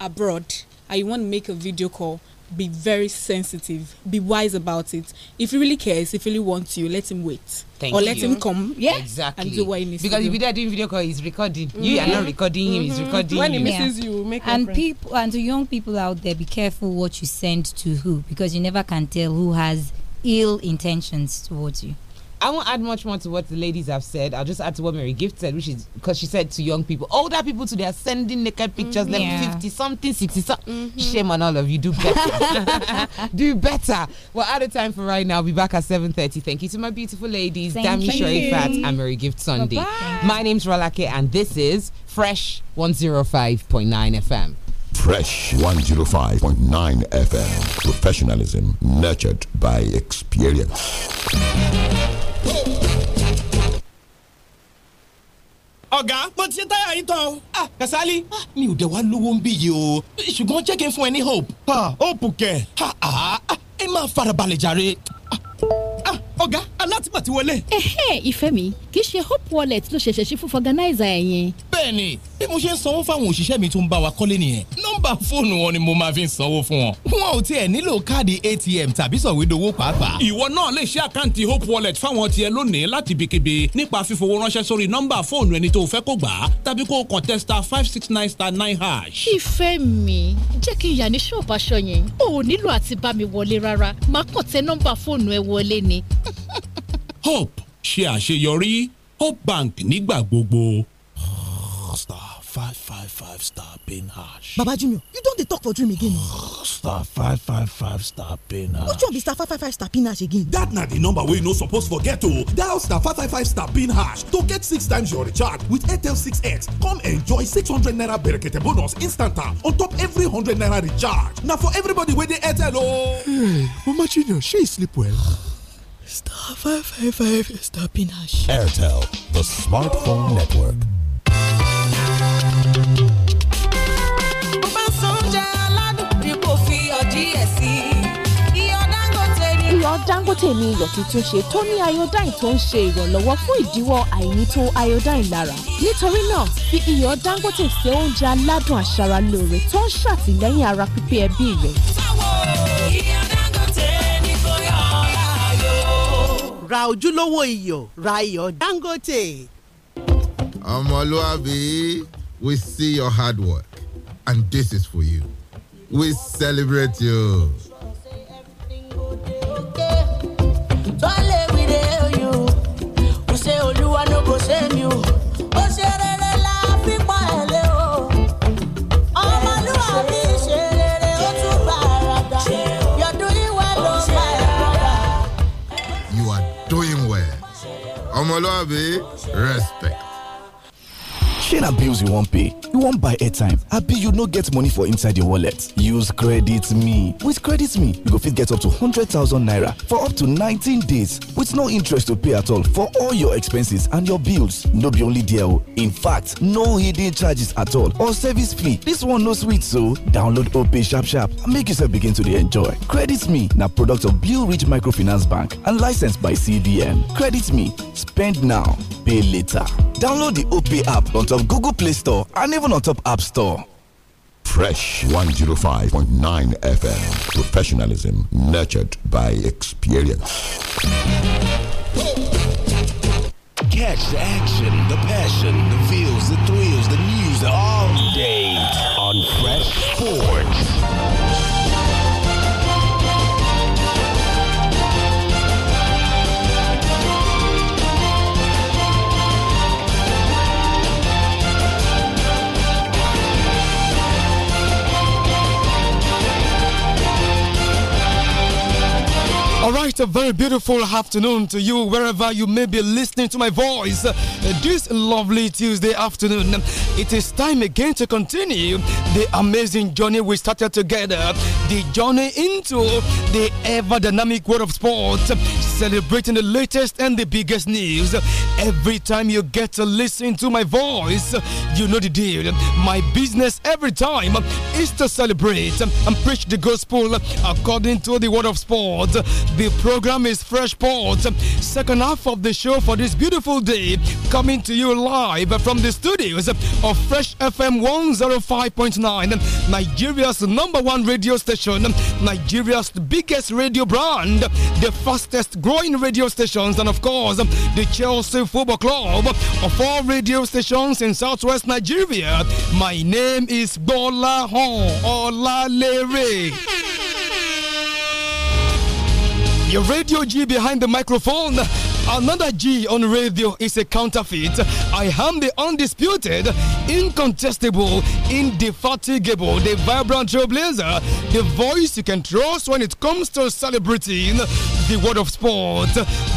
abroad and you want to make a video call, be very sensitive. Be wise about it. If he really cares, if he really wants you, let him wait. Thank or you. let him come. Yeah. Exactly. And do what he needs Because if you're doing video call, he's recording. Mm-hmm. You are not mm-hmm. recording mm-hmm. him, he's mm-hmm. recording When he misses yeah. you, make And people and to young people out there, be careful what you send to who because you never can tell who has ill intentions towards you. I won't add much more to what the ladies have said. I'll just add to what Mary Gift said, which is because she said to young people, older people today are sending naked pictures, mm, yeah. like 50 something, 60 something. Mm -hmm. Shame on all of you. Do better. Do better. We're out of time for right now. I'll be back at 7.30. Thank you to my beautiful ladies, Dami Sharifat and Mary Gift Sunday. Bye -bye. My name's Rolake, and this is Fresh 105.9 FM. Fresh 105.9 FM. Professionalism nurtured by experience. ọ̀gá mo ti ṣe táyà yìí tán o. ah Kasali ah, mi ò dẹ̀ wá lówó ń bí yìí o ṣùgbọ́n jẹ́ kí n fún ẹ ní hope. hope kẹ̀. ẹ máa farabalẹ̀ jàre ọ̀gá alátìmọ̀ ti wọlé. ẹ̀hẹ́ ìfẹ́ mi kì í ṣe hope wallet ló ṣẹ̀ṣẹ̀ ṣí fún fọganáìzà ẹ̀ yẹn. bẹ́ẹ̀ni bí mo ṣe ń sanwó fáwọn òṣìṣẹ́ mi tó ń bá wa kọ́lé nìyẹn nọ́mbà fóònù wọn ni mo máa fi ń sanwó fún wọn. wọn ò tiẹ̀ nílò káàdì atm tàbí sọ̀wédowó pàápàá. ìwọ náà lè ṣe àkáǹtì hope wallet fáwọn tiẹ̀ lónìí láti ibikíbi nípa fífowó ránṣẹ́ sórí nọ́mbà fóònù ẹni tó fẹ́ kó gbà á tàbí kó kọ̀ǹtẹ́ star five six nine star nine hash. ìfẹ́ mi jẹ́ kí n yà ní ṣọ́ọ̀bù aṣọ yẹn o ò nílò àti bá mi wọlé rárá màá kàn tẹ nọ́mbà fóònù ẹ wọlé ni hope ṣe àṣeyọrí hope bank nígbà gbogbo. star five five five star pin hash. baba junior you don dey talk for dream again. star five five five star pin hash. which one be star five five five star pin hash again. dat na di number wey you no suppose forget o dial star five five five star pin hash to get six times your recharge with airtel 6x come enjoy six hundred naira berekete bonus instant ah on top every hundred naira recharge na for everybody wey dey airtel o. Hey, mama junior shey sleep well. Star 555 is tapping hash. Airtel, the smartphone network. dangote ni iyọ̀ tuntun ṣe tó ní iodine tó ń ṣe ìrànlọ́wọ́ fún ìdíwọ́ àìnító iodine lára. nítorí náà fi iyọ̀ dangote ṣe oúnjẹ aládùn aṣaralóore tó ń ṣàtìlẹ́yìn ara pípé ẹbí rẹ̀. ra ojúlówó iyọ̀ ra iyọ̀ Dangote. ọmọlúwàbí we see your hard work and this is for you we celebrate you. tọ́lẹ̀ wíde oyún kò ṣe olúwa ló kò ṣe mi o. I'm a ọmọlúwàbí respect. shey na bills you wan pay you wan buy airtime abi you no get money for inside your wallet use credit me with credit me you go fit get up to 100000 naira for up to 19 days with no interest to pay at all for all your expenses and your bills no be only there in fact no hidden charges at all or service fee this one no sweet so download opay sharp sharp and make yourself begin to dey enjoy credit me na product of Bill ridge microfinance bank and licensed by cbn credit me spend now pay later download the opay app on top of Google Play Store and even on top App Store. Fresh 105.9 FM. Professionalism nurtured by experience. Catch the action, the passion, the feels, the thrills, the news all day on Fresh Sports. All right, a very beautiful afternoon to you, wherever you may be listening to my voice uh, this lovely Tuesday afternoon. It is time again to continue the amazing journey we started together, the journey into the ever dynamic world of sport, celebrating the latest and the biggest news. Every time you get to listen to my voice, you know the deal. My business every time is to celebrate and preach the gospel according to the world of sport the program is Fresh Port. Second half of the show for this beautiful day coming to you live from the studios of Fresh FM 105.9, Nigeria's number one radio station, Nigeria's biggest radio brand, the fastest growing radio stations, and of course, the Chelsea Football Club of all radio stations in southwest Nigeria. My name is Bola Hon Olalere. Your Radio G behind the microphone. Another G on radio is a counterfeit. I am the undisputed, incontestable, indefatigable, the vibrant trailblazer, the voice you can trust when it comes to celebrating the world of sport.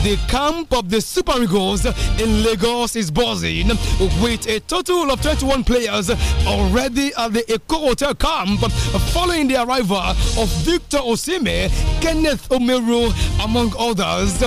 The camp of the Super Eagles in Lagos is buzzing with a total of 21 players already at the Eco Hotel camp following the arrival of Victor Osime, Kenneth Omeru, among others.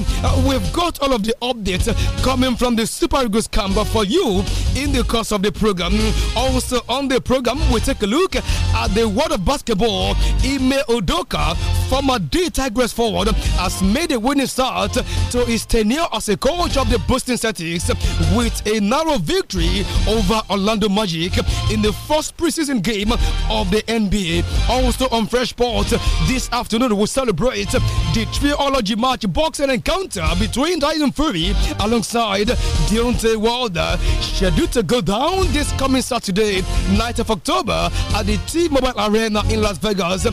We've got all of the updates coming from the Super Eagles camp for you in the course of the program. Also on the program, we take a look at the world of basketball. Ime Odoka, former D Tigress forward, has made a winning start to his tenure as a coach of the Boston Celtics with a narrow victory over Orlando Magic in the first preseason game of the NBA. Also on Fresh Sports this afternoon, we celebrate the trilogy match boxing encounter between Dyson Tyson Fury alongside Deontay Wilder, scheduled to go down this coming Saturday, 9th of October, at the T-Mobile Arena in Las Vegas.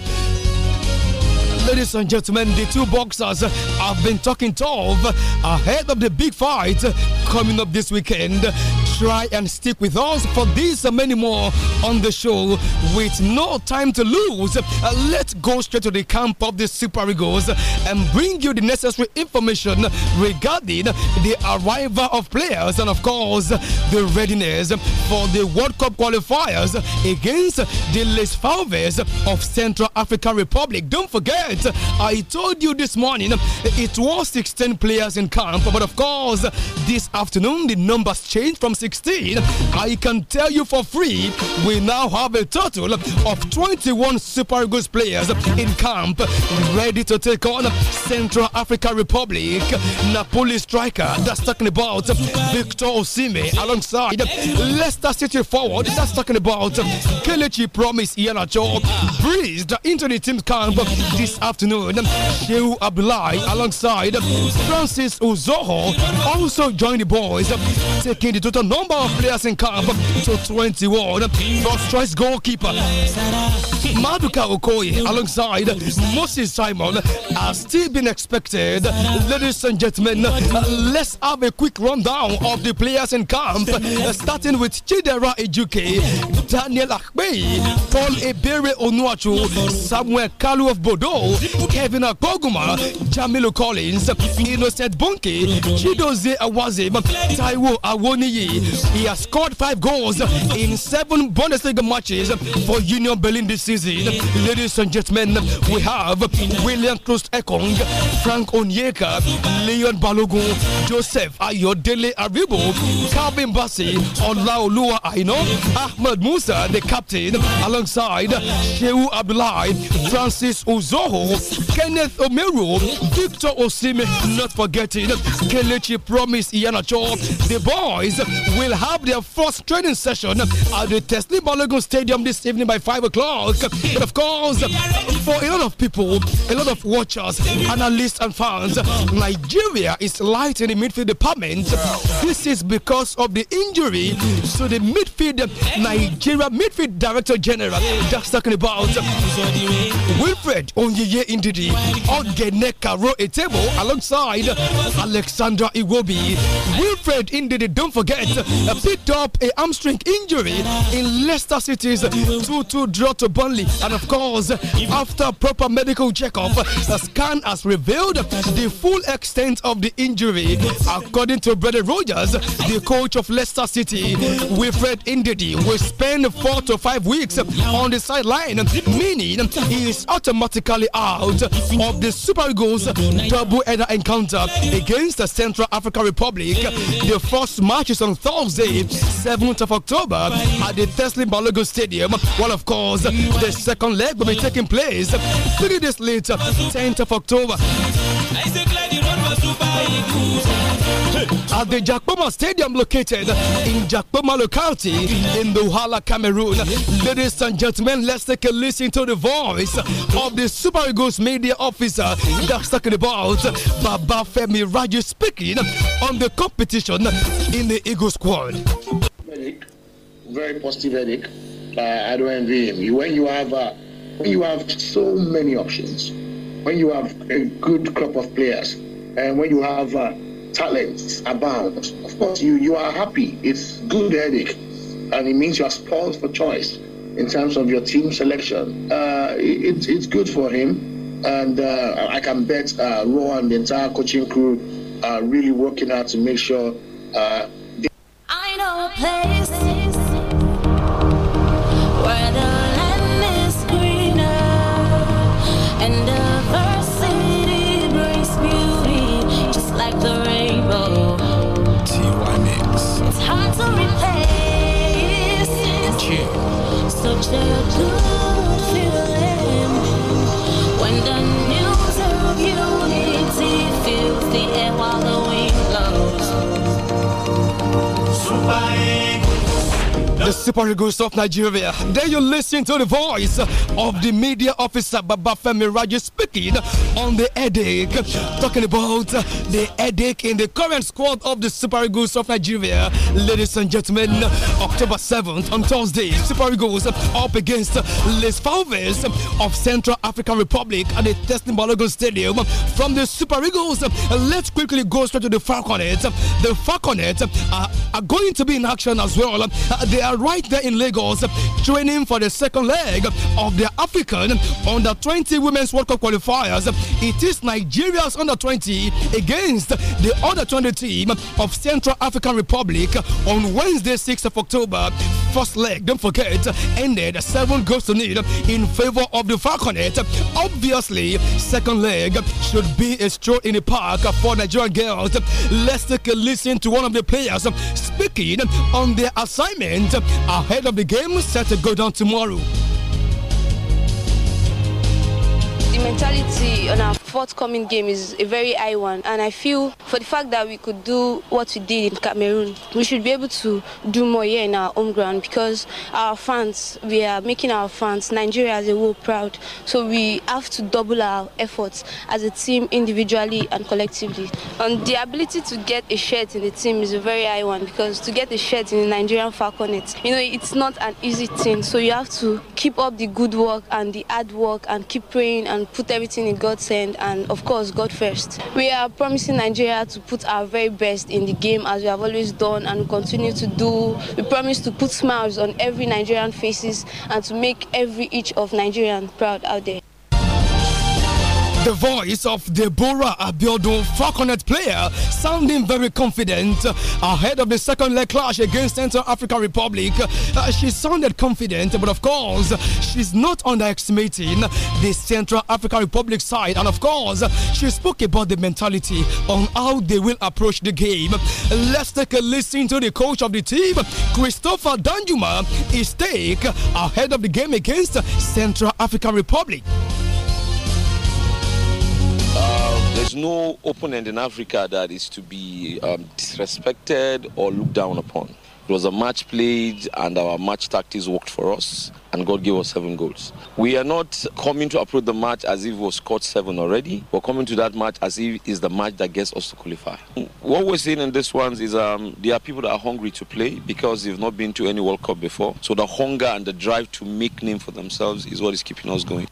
Ladies and gentlemen, the two boxers have been talking tough ahead of the big fight coming up this weekend try and stick with us for these and many more on the show with no time to lose. Uh, let's go straight to the camp of the Super Eagles and bring you the necessary information regarding the arrival of players and, of course, the readiness for the World Cup qualifiers against the Les Falves of Central African Republic. Don't forget, I told you this morning it was 16 players in camp, but of course, this afternoon the numbers changed from 16. 16, I can tell you for free, we now have a total of 21 Super Eagles players in camp ready to take on Central African Republic. Napoli striker, that's talking about Victor Osime alongside Leicester City forward, that's talking about Kelechi Promise Ianacho, breezed into the team's camp this afternoon. Sheu Abdullahi alongside Francis Uzoho also joined the boys, taking the total number of players in CAF to 21. First choice goalkeeper Maduka Okoye alongside Moses Simon are still being expected. Ladies and gentlemen, let's have a quick rundown of the players in camp, starting with Chidera Ejuke, Daniel Akpei, Paul Ebere Onuachu, Samuel Kalu of Bodo, Kevin Akoguma, Jamilu Collins, Innocent Bonke, Chidoze Awazim, Taiwo Awoniyi, he has scored five goals in seven Bundesliga matches for Union Berlin this season. Ladies and gentlemen, we have William Trust Ekong, Frank Onyeka, Leon Balogun, Joseph Ayodele Aribo, Calvin Bassi, Olaoluwa Aino, Ahmed Musa, the captain, alongside Sheu Abdullahi, Francis Uzoho, Kenneth Omeru, Victor Osimi. not forgetting Kelechi Promise Ianacho, the boys, will have their first training session at the Tesla Balogun Stadium this evening by 5 o'clock. But of course, for a lot of people, a lot of watchers, analysts, and fans, Nigeria is light in the midfield department. This is because of the injury to the midfield Nigeria midfield director general. That's talking about Wilfred Onyeye Indidi, Ogeneka wrote a table alongside Alexandra Iwobi. Wilfred Indidi, don't forget picked up a hamstring injury in Leicester City's 2 2 draw to Burnley. And of course, after proper medical checkup, the scan has revealed the full extent of the injury. According to Brendan Rogers, the coach of Leicester City, Wilfred Indidi will spend four to five weeks on the sideline, meaning he is automatically out of the Super Eagles double header encounter against the Central African Republic. The first match is on Thursday. Thursday, 7th of October at the Tesla Balogo Stadium. Well, of course, the second leg will be taking place three days later, 10th of October at the Jakpoma Stadium located in Jakpoma locality in Douala, Cameroon. Ladies and gentlemen, let's take a listen to the voice of the Super Eagles media officer that's talking about Baba Femi Raju speaking on the competition in the Eagles squad. Very positive Eric. Uh, I don't envy him. When you have uh, when you have so many options, when you have a good crop of players, and when you have uh, talents abound. Of course, you, you are happy. It's good Eric, and it means you are spoiled for choice in terms of your team selection. Uh, it, it's good for him, and uh, I can bet uh, and the entire coaching crew are really working hard to make sure. Uh, I know a place where the the Super Eagles of Nigeria. There you listen to the voice of the media officer Baba Femi Raji speaking on the headache. Talking about the headache in the current squad of the Super Eagles of Nigeria. Ladies and gentlemen, October 7th on Thursday, Super Eagles up against Les Falves of Central African Republic at the Testing Balogun Stadium. From the Super Eagles, let's quickly go straight to the Falconettes. The Falconettes are, are going to be in action as well. They are right there in Lagos training for the second leg of the African Under 20 Women's World Cup qualifiers it is Nigeria's under 20 against the under 20 team of Central African Republic on Wednesday, 6th of October. First leg, don't forget, ended seven goals to nil in favor of the Falconet. Obviously, second leg should be a stroll in the park for Nigerian girls. Let's take a listen to one of the players speaking on their assignment ahead of the game set to go down tomorrow. The mentality on our forthcoming game is a very high one, and I feel for the fact that we could do what we did in Cameroon, we should be able to do more here in our home ground because our fans, we are making our fans, Nigeria as a whole, proud. So we have to double our efforts as a team, individually and collectively. And the ability to get a shirt in the team is a very high one because to get a shirt in the Nigerian Falconet, you know, it's not an easy thing. So you have to keep up the good work and the hard work and keep praying and and put everything in God's hand and, of course, God first. We are promising Nigeria to put our very best in the game as we have always done and continue to do. We promise to put smiles on every Nigerian faces and to make every each of Nigerian proud out there. The voice of Deborah Abiodun, Falconet player, sounding very confident ahead of the second leg clash against Central African Republic. Uh, she sounded confident, but of course, she's not underestimating the Central African Republic side. And of course, she spoke about the mentality on how they will approach the game. Let's take a listen to the coach of the team, Christopher Danjuma, his take ahead of the game against Central African Republic. There's no open end in Africa that is to be um, disrespected or looked down upon. It was a match played, and our match tactics worked for us, and God gave us seven goals. We are not coming to approach the match as if we scored seven already. We're coming to that match as if it's the match that gets us to qualify. What we're seeing in this one is um, there are people that are hungry to play because they've not been to any World Cup before. So the hunger and the drive to make name for themselves is what is keeping us going.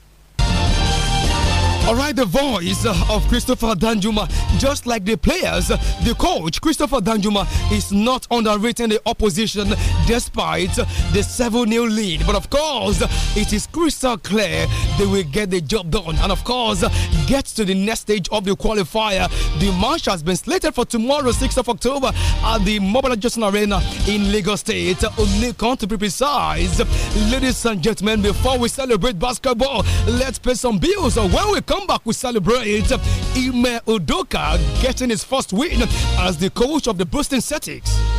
All right, the voice of Christopher Danjuma, just like the players, the coach Christopher Danjuma is not underrating the opposition despite the 7 0 lead. But of course, it is crystal clear they will get the job done. And of course, get to the next stage of the qualifier. The match has been slated for tomorrow, 6th of October, at the Mobile Adjustment Arena in Lagos State. count to be precise. Ladies and gentlemen, before we celebrate basketball, let's pay some bills. When we come come back, we celebrate Ime Udoka getting his first win as the coach of the Boston Celtics.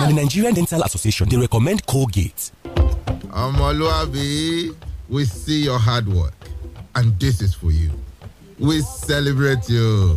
Now, the Nigerian Dental Association, they recommend Colgate. Omoluabi, we see your hard work, and this is for you. We celebrate you.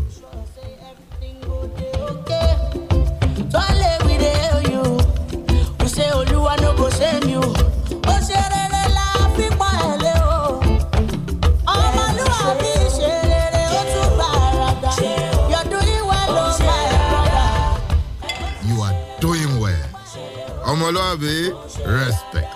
ọmọlúwàbí respect.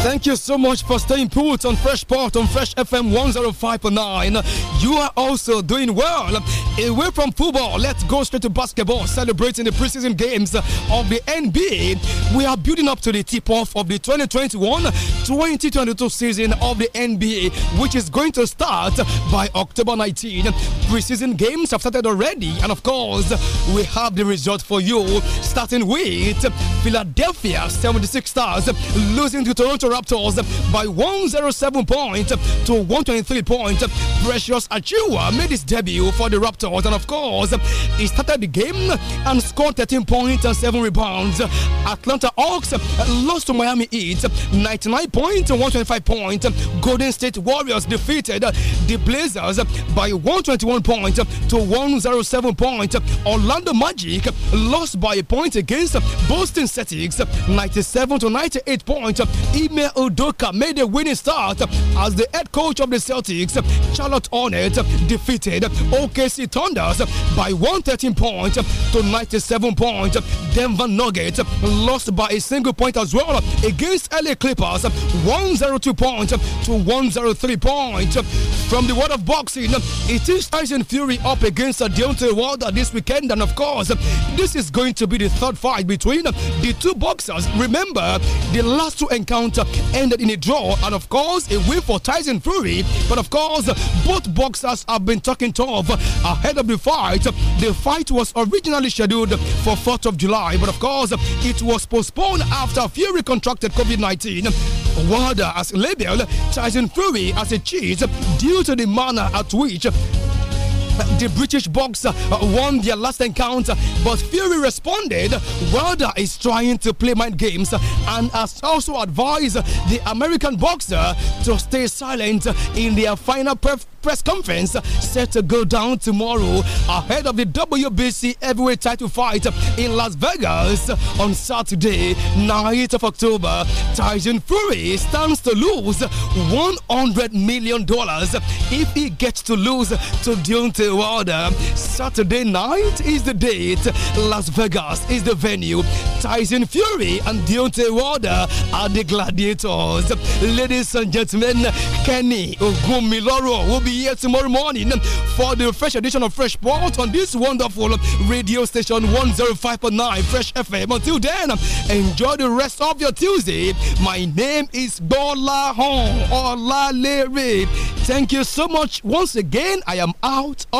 Thank you so much for staying put on Fresh Port on Fresh FM 105.9. You are also doing well. Away from football, let's go straight to basketball, celebrating the preseason games of the NBA. We are building up to the tip off of the 2021 2022 season of the NBA, which is going to start by October 19. Preseason games have started already, and of course, we have the result for you, starting with Philadelphia 76 Stars losing to Toronto. Raptors by 107 points to 123 points. Precious Achua made his debut for the Raptors, and of course, he started the game and scored 13 points and 7 rebounds. Atlanta Hawks lost to Miami Heat 99 points and 125 points. Golden State Warriors defeated the Blazers by 121 points to 107 points. Orlando Magic lost by a point against Boston Celtics 97 to 98 points. Emile Udoka made a winning start as the head coach of the Celtics, Charlotte Hornets, defeated OKC Thunders by 113 points to 97 points. Denver Nuggets lost by a single point as well against LA Clippers, 102 points to 103 points. From the world of boxing, it is Tyson Fury up against Deontay Wilder this weekend, and of course, this is going to be the third fight between the two boxers. Remember, the last two encounter ended in a draw and, of course, a win for Tyson Fury. But, of course, both boxers have been talking tough ahead of the fight. The fight was originally scheduled for 4th of July, but, of course, it was postponed after Fury contracted COVID 19. WADA has labeled Tyson Fury as a cheat due to the manner at which the British boxer uh, won their last encounter, but Fury responded, Wilder is trying to play mind games uh, and has also advised the American boxer to stay silent in their final press conference set to go down tomorrow ahead of the WBC heavyweight title fight in Las Vegas on Saturday, 9th of October. Tyson Fury stands to lose $100 million if he gets to lose to Deontay world. Saturday night is the date. Las Vegas is the venue. Tyson Fury and Deontay Wilder are the gladiators. Ladies and gentlemen, Kenny Ogumiloro will be here tomorrow morning for the fresh edition of Fresh Port on this wonderful radio station 105.9 Fresh FM. Until then, enjoy the rest of your Tuesday. My name is Bola Hon Olalere. Thank you so much. Once again, I am out of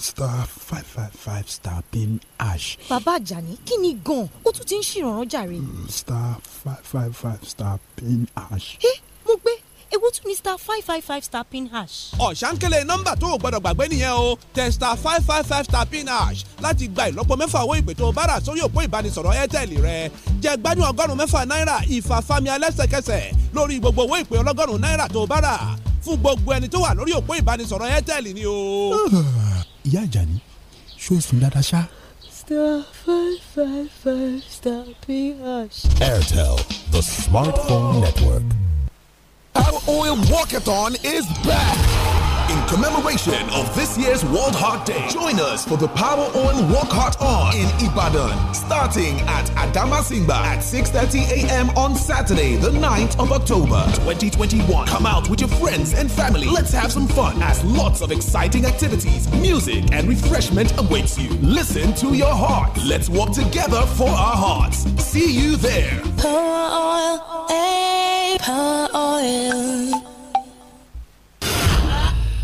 star five five five star pin hash. bàbá àjàní kí ni gan-an ó tún ti ń ṣèrànràn jàre. star five five five star pin hash. ẹ mo gbé ewu tún ni star five five five star pin hash. ọ̀sánkélé nọ́mbà tó o gbọ́dọ̀ gbàgbé nìyẹn o tẹ star five five five star pin hash láti gba ìlọ́po mẹ́fà owó ìpè tó o bá rà sórí òpó ìbánisọ̀rọ̀ airtel rẹ jẹ gbádùn ọgọ́rùn-ún mẹ́fà náírà ìfàfàmì alẹ́sẹ̀kẹsẹ̀ lórí gbogbo owó ìpè ọlọ́gọ́rùn-ún náírà tó o bá rà fún gbogbo ẹni tó wà lórí òpó ìbánisọ̀rọ̀ airtel ni o. ìyá àjàní ṣó sùn dáadáa ṣá. star five five five star ph. airtel the smartphone network. our oil walkathon is back. In commemoration of this year's World Heart Day, join us for the Power On Walk Heart On in Ibadan, starting at Adama Simba at 6.30 a.m. on Saturday, the 9th of October, 2021. Come out with your friends and family. Let's have some fun as lots of exciting activities, music, and refreshment awaits you. Listen to your heart. Let's walk together for our hearts. See you there. Power Oil, hey, eh, Power Oil.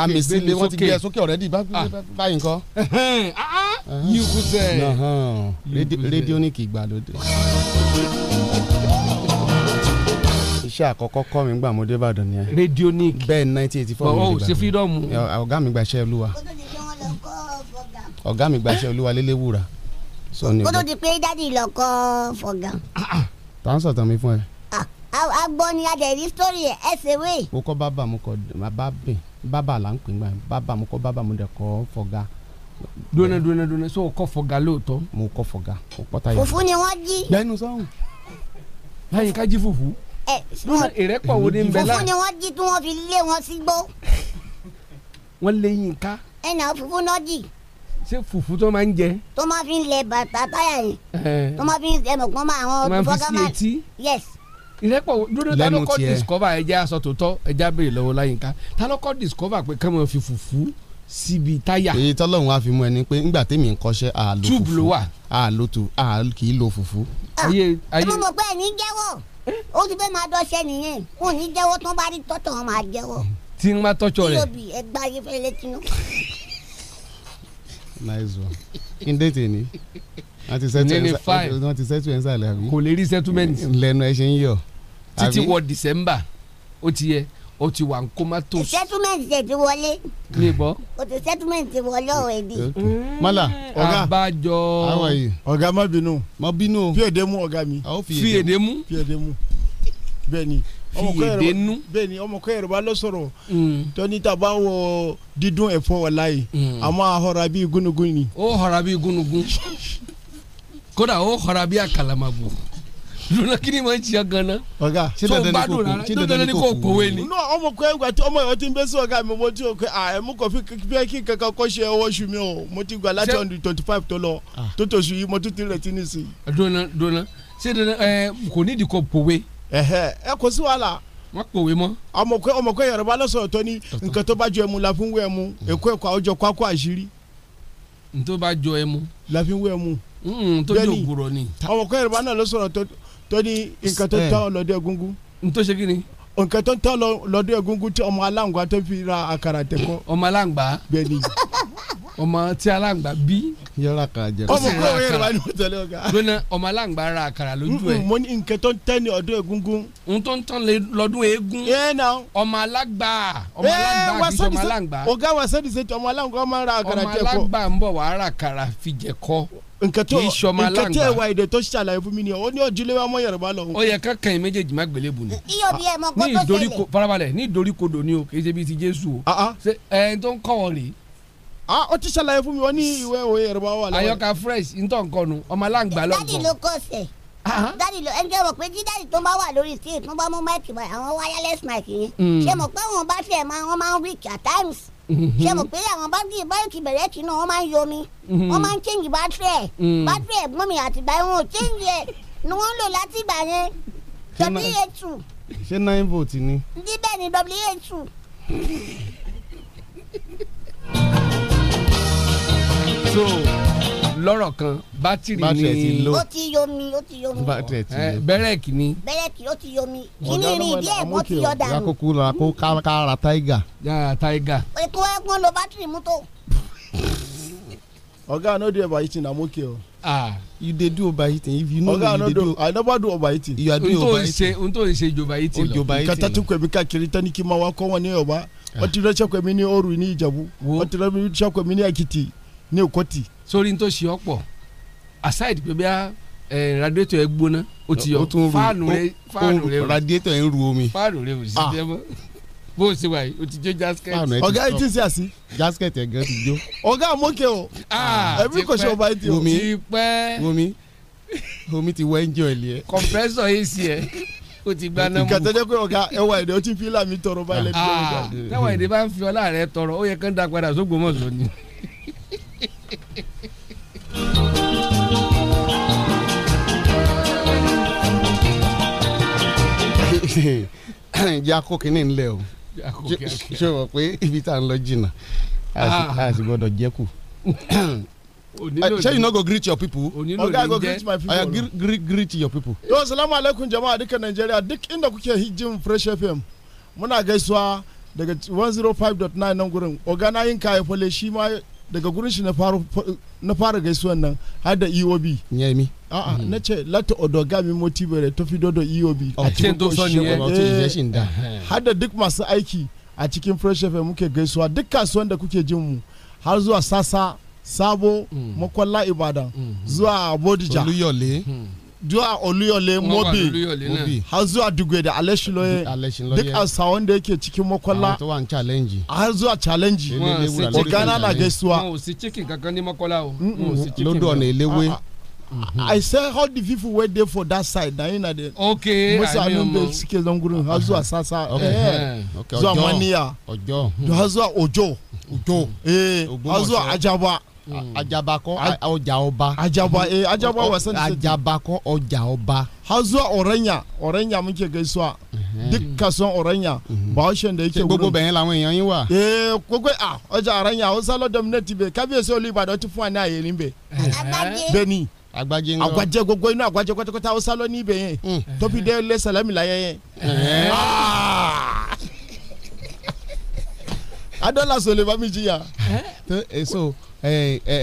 ṣàmì sílé wọ́n ti gbé ẹ sókè ọ̀rẹ́dì ah. báyìí nǹkan. yìí kú sẹ́ rédíò ní kì í gbàlódé. iṣẹ́ àkọ́kọ́ kọ́ mi gbà mo dé Ìbàdàn ni ẹ. rédíò ní kì í bẹ́ẹ̀ nineteen eighty four mi dé oh, oh, Ìbàdàn. ọwọ́ freedom. ọ̀gá mi gbaṣẹ́ olúwa ọ̀gá mi gbaṣẹ́ olúwa lélẹ́wúrà. kó tó di pé dádì lọ kọ́ fọ̀gàn. tá n sọ̀tàn mi fún ẹ agbọ́ni adẹ̀rí sórí ẹ̀ ẹ̀sẹ̀ wé. mo kọ́ bábà mo kọ́ bábà bìn bábà là ń pè gbà bábà mo kọ́ bábà mo dẹ̀ kọ́ fọ̀gà. dúnà dúnà dúnà so o kọ́ fọ̀gà lóòótọ́. mo kọ́ fọ̀gà o pọ́tà yẹn. fùfú ni wọ́n jí. gbẹ́nu sọ́hùn láyìn ká jí fùfú. ẹ dúnà ìrẹ́pọ̀ wo ni nbẹ láà. fùfú ni wọ́n jí tí wọ́n fi lé wọn sí gbó. wọ́n lé yín ká. ẹ nà fùfú náà jí ṣé fùfú tó máa ń jẹ. tó máa fi ń lẹ bàtà táyà yẹn tó máa fi ń ẹmọ̀gbọ́n máa àwọn fọ́gá máa yes ìrẹ́pọ̀ dúró ta discover ẹja aṣọ tó tọ́ ẹja béèrè lọ́wọ́ láyínká ta discover pé kẹ́mọ̀ fi fùfú síbi táyà. èyí tọ́lọ́run wá fi mú ẹni pé ńgbà tèmi ń kọ́ṣẹ́ àlò fùfú túbù ló wà. àlò tù kì í lo fùfú. Ah, ayé ayé ẹ mọ̀ pé ẹ̀ jẹ́wọ́ ó ti fẹ́ máa dọ́ṣẹ́ nìyẹn kò ní jẹ́wọ́ tó bá rí tọ́tọ̀ wọn máa jẹ́wọ́. tí ń bá tọ́jọ́ rẹ̀. kò lè rí sẹ́túmẹ̀ntì. lẹ́nu ẹ ṣe ń yọ̀ títí wọ December ó ti yẹ ó ti wà nkómátó. settlement ṣe ti wọlé. ní ìbọ. o ti settlement ti wọlé ọ̀rẹ́ bi. Mm. mala ọ̀gá abájọ ọ̀gá má bínú. má bínú. fi èdè mú ọ̀gá mi. àwọn fi èdè mú. fi èdè mú. bẹ́ẹ̀ni fi èdè nú. bẹ́ẹ̀ni ọmọkọ yorùbá ló sọ̀rọ̀. Mm. tọ́ni tàbá wọ dídún ẹ̀fọ́ ọ̀la yìí. àmọ́ mm. ahọ́ra bíi gúnugún ni. ó họra bíi gúnugún kódà ó họra bíi àkàlàmàgbò dùnà kí ni mo ń ṣiṣẹ́ gan-an. ọ̀gá ṣé dandan ni kò kò ṣé dandan ni kò kòwé ni. nù ọmọ kọ ẹgbà tí ọmọ ọtí ń bẹ sí ọ̀gá mi mo ti rò pé à ẹ mú kọfí pé kí kankan kọ́ ṣe ọwọ́ ṣu mi o mo ti gbà láti ọdún twenty five tó lọ ah. tó tó ṣu yìí mo tún ti rẹ̀ tí nìsí. dùnà dùnà ṣé dandan ẹ kò nídìí kọ kòwé. ẹ kò sí wàhálà wọn kòwé mọ. ọmọkùnrin ọmọkùnrin yorùbá lọsọrọ tó ní nǹkan tó bá jọ ẹmu la fi ń wé ẹmu èkó ẹkọ àwùjọ kwakọ àṣírí. n bá jọ ẹmu. la fi ń wé ẹmu. ọmọkùnrin yorùbá náà lọsọrọ tó tó ní nǹkan tó tán lọ́dọ̀ egungun. n tó ṣe kí ni. nǹkan tó tán lọ́dọ̀ egungun tí ọmọ aláǹgbá tó fi ra àkàrà tẹ̀kọ́. ọmọ aláǹgbá. bẹ́ẹ̀ ọmọ tí alángbá bí. yọrọ kà jẹ. ọmọ kúrò wẹ́rẹ́ wa ni mo tẹ̀lé ọ̀gá. lónà ọmọ alángbá ra àkàrà lójú ẹ̀. mo ní nǹkan tó ń tẹ́ ní ọdún egungun. n tó ń tán lọ́dún eegun. ee na. ọmọ alágbá ọmọ alágbá kì í ṣe ọmọ alágbá. ọ̀gá wa sẹ́ni ṣe ọmọ alágbá máa ń ra àkàrà jẹ kọ. ọmọ alágbá ń bọ̀ wá ra àkàrà fi jẹ kọ nkan tó nkan tó ẹwà èdè tó ṣàlàyé fún mi ni ó ní ojúlé wa mọ yorùbá lọ. ó yẹ ká kàn méjèèjì má gbélé bù ni. iyọ̀ bí ẹ mọ kó ah, tó ní ìdoríko farabalẹ̀ ni o kì í ṣe bí ti jésù o. ẹ ah, ah. ẹ tó ń kọ́ wọ rèé ah o ti ṣàlàyé fún mi wọ́n ní ìwé òye yorùbá wà lọ́wọ́. àyọkà fresh ntọ́nkọ́nu ọmọ aláǹgbá lọ́gbọ̀n. dádì ló kọ́ sẹ̀ dádì ló ẹni tí mo pé jí dádì tó bá wà lórí stage tó bá mú máìkì báyìí àwọn wireless mic yẹn mm. ṣé mo pé wọn bá tiẹ̀ máa wọn máa ń weak at times mm-hmm. ṣé mo pé àwọn báńkì báńkì bẹ̀rẹ̀ tì náà wọ́n máa ń yomi mm-hmm. wọ́n máa ń change battery ẹ̀ mm. battery ẹ̀ mọ́mi àtìgbà wọn ò change ẹ̀ ni wọ́n ń lò látìgbà yẹn wa two. ṣé nine volt ni. níbẹ̀ ni wa two. so lọ́rọ̀ kan bátìrì ni ó ti yomi ó ti yomi bẹ́rẹ̀kì ni bẹ́rẹ̀kì ó ti yomi kíní rìn díẹ̀ bó ti yọ dànù. àkókò la kó kára táìgà. yàrá táìgà. ètò ẹ̀gbọ́n lo bátìrì mú tó. oga no do overeating i'm okay o. ah you dey do overeating if you know you dey do oga i never do overeating. you are doing overeating n tó ń ṣe jobaeating lọ. Oh, ìkàtà tí kò mí káàkiri tani kí n máa wá kọ́ wọn ní ọ̀bá ah. wọ́n ti rẹ́ṣẹ̀ kọ́ mi ní òru ní ìjẹ̀bú wọ́n ti rẹ́ṣẹ̀ kọ́ mi ní èkìtì ní òkọ́tì. sórí tó ṣe ọ̀pọ̀ aside pé bí radiator ẹ gbóná o ti yọ fáànù rẹ fáànù rẹ radiator ẹ ń ru omi fáànù rẹ ò sì ah. jẹ mọ́ bó o ṣe wà yìí o ti jó jasket. ọ̀gá ẹ ti ṣe àṣì jasket ẹ̀ gan ti jó. ọ̀gá àmọ́kẹ́ o ẹ̀mí kò ṣe ọba ẹ̀ o. ti omi omi ti wẹ́ ń jẹ́ ọ̀lẹ́ compressor ac ẹ̀ o ti gba náà mú. ìkàtọ́ jẹ́ pé ọ̀gá ẹwà èdè ó ti fi láàmì tọrọ báyìí lẹ́nu. táwọn èdè bá ń fi ọlá rẹ tọrọ ó yẹ kán dá padà sógbómọ̀ṣọ́ ni jẹ́ akó kínní ńlẹ̀ o ṣé o mọ̀ pé ibi tá à ń lọ jìnnà a sì gbọ́dọ̀ jẹ́ kù. you no go greet your people oga go greet my people oya greet greet your people to assalamu alaikum jama'a duka Nigeria. duk inda kuke jin fresh fm muna gaisuwa daga 105.9 nan gurin oga na yin kayan fale shi ma daga gurin shi na fara gaisuwan nan har da eob yami a'a hmm. na ce lati odoga mi bere to fi da eob a cikin doson ne eh, har da duk masu aiki a cikin fresh fm muke gaisuwa duk kasuwan da kuke jin mu har zuwa sasa sabo hmm. makwalla ibadan hmm. zuwa bodija Dua Oluyole Mobi Hazu Adugwede Aleshiloye duk asa wanda yake cikin makwalla Hazu a challenge Ogana na gaisuwa Lodo na elewe I say how the people wey dey for that side na in na the okay musa anumbe sike zanguru hazu asasa zuwa maniya hazu ojo hazu eh, eh. ajaba. Hmm. ajabakọ ọjà ọba. ajaba ee eh, ajaba wasan ti se. ajabakọ ọjà ọba. har zuwa oranya oranya muke gaisuwa duk kason oranya hmm. bahaushen da yake gbogbo bẹ̀yẹn làwọn èèyàn yín wà. ee eh, gbogbo a ah, ọjà oranya hausa lọ dominate bẹ kábíyèsí olú ìbàdàn ti fún wa ní àyè ní bẹ. bẹ́ẹ̀ ni agbajẹ ńlọ agbajẹ gbogbo inú agbajẹ kọtẹkọtẹ hausa lọ ní ibẹ̀ yẹn hmm. tóbi dé lẹsẹlẹmi láyẹ yẹn adọ́là sọlẹ̀ bá mi jìyà. so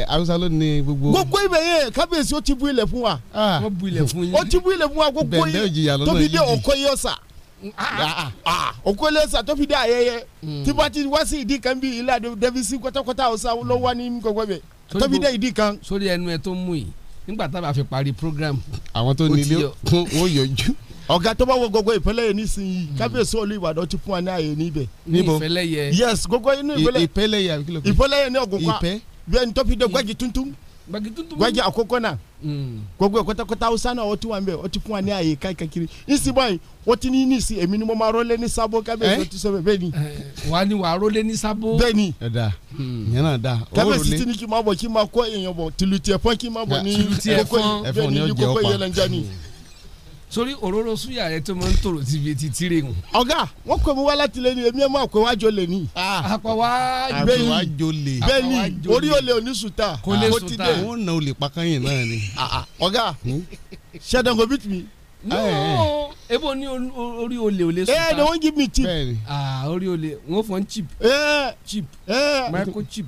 awusa ló ní gbogbo. gbogbo ibẹ̀ yẹn kábíyèsí ó ti bú ilẹ̀ fún wa. ó ah. bu ilẹ̀ fún yín. ó ti bú ilẹ̀ fún wa gbogbo yìí tóbi dé ọkọ yìí ọ̀sà. ọkọ ah, ah, yìí ọ̀sà tóbi dé ayẹyẹ. Hmm. tibati wá sí ìdí kan bí ilé àdó dẹ́bísí kọ́tàkọ́tà ọ̀sà ló wà ní gbogbo ibẹ̀ tóbi dé ìdí kan. sórí ẹnu ẹ tó mú yìí nígbà tá fi parí program. àwọn tó nílé ó yọjú ọ̀gá tó bá wo gbogbo ìpínlẹ̀ yẹn nísìnyí hmm. kábíyèsí olú ìbàdàn ti fún wa ní ààyè níbẹ̀. níbo ìpínlẹ̀ yẹn yes gbogbo inú ìpínlẹ̀ ìpínlẹ̀ yẹn kí ló pé ìpínlẹ̀ yẹn ní ọ̀gùn pa bẹ́ẹ̀ ni tó fi dé gbági tuntun gbági àkókò náà hmm. gbogbo ìkọ́tàkọ́tà haúsá náà wọ́n ti wà ń bẹ̀ wọ́n ti fún wa ní ààyè káàkiri ìsìn báyìí wọ́n ti ní ni mo máa rólé eh? ni. Eh, wàá ní wàá rólé ni hmm. yẹn náà da o rólé kábíyèsí ti ní kí n máa bọ̀ sórí òróró súyà rẹ tó máa ń tòrò síbi etí tirẹ̀ hùn. ọ̀gá wọn kò mú wá láti lé ní èmi ẹ̀ mọ́ àpò wájò lè ní. àpò wájò lè bẹ́ẹ̀ni orí olè oníṣùtà kò lè sùtà wọn nà olè pàkányìn náà ni. ọ̀gá ṣẹ́dọ̀ kò bìtì mi. No. ebo ni orí olè olè sùn. ẹ ẹ wọn jí mi chip. ah orí olè wọn fọn chip. ẹ chip micro chip.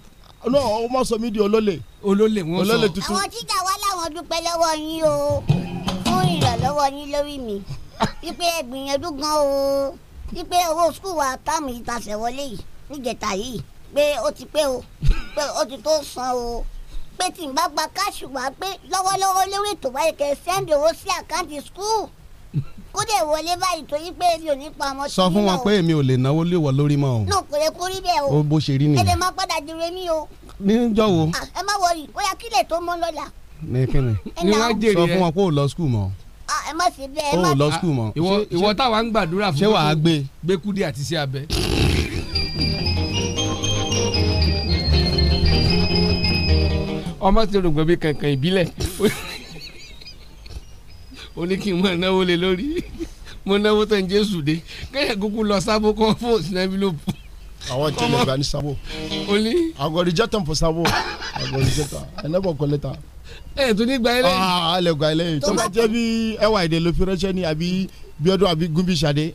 no ọmọ sọ mi di olólè. olólè wọn sọ. àwọn tíjà wà láwọn dúpẹ́ lọ́wọ́ yín o ìrànlọ́wọ́ yín lórí mi wípé ẹ gbìyànjú gan o wípé owó skul wa táàmù yìí tasẹ̀ wọlé yìí níjẹta yìí pé ó ti pé o pé ó ti tó san o pé tí n bá gba káàṣì wá pé lọ́wọ́lọ́wọ́ léwé tó báyìí kẹ́ sẹ́ndì owó sí àkáǹtì skul kó dẹ̀ wọlé báyìí torí pé èmi ò ní pa ọmọ sí i náà o. sọ fún wọn pé èmi ò lè náwó lé wọ lórí mọ́ o. náà kò yẹ kó bẹ́ẹ̀ o. o bó ṣe rí nìyẹn. ẹ lè máa padà jèrè mí o. níjọ́ wo. Ah, ẹ má wọrí ó yà kílẹ̀ tó mọ́ lọ́la ní kíni ní wàá jèrè ẹ sọ fún wọn kó o lọ skul mọ́ ẹ má ṣe bẹ́ẹ̀ ẹ má ṣe. o lọ skul mọ́ ìwọ táwa ń gbàdúrà fún ṣé wàá gbé gbé kúdí àti sí abẹ. ọmọ tí olùgbọ́n mi kankan ìbílẹ̀ ó ní kí n máa náwó lé lórí mo náwó tán jésù dé kẹ́yà kúkú lọ sábó kọ́ fún òsínà bí ló bù. àwọn tí ilẹ̀ gba ní sábó. o ní. àgọ́ rìjẹ́tàn fún sábó àgọ́ rìjẹ́tàn ẹ̀ never collect ẹ tún ní gba ilé. Ah, a lè gba ilé yìí tó bá jẹ́ bí ẹwà èdè ló fi ránṣẹ́ ní àbí bíọ́dún àbí gúnbíṣadé.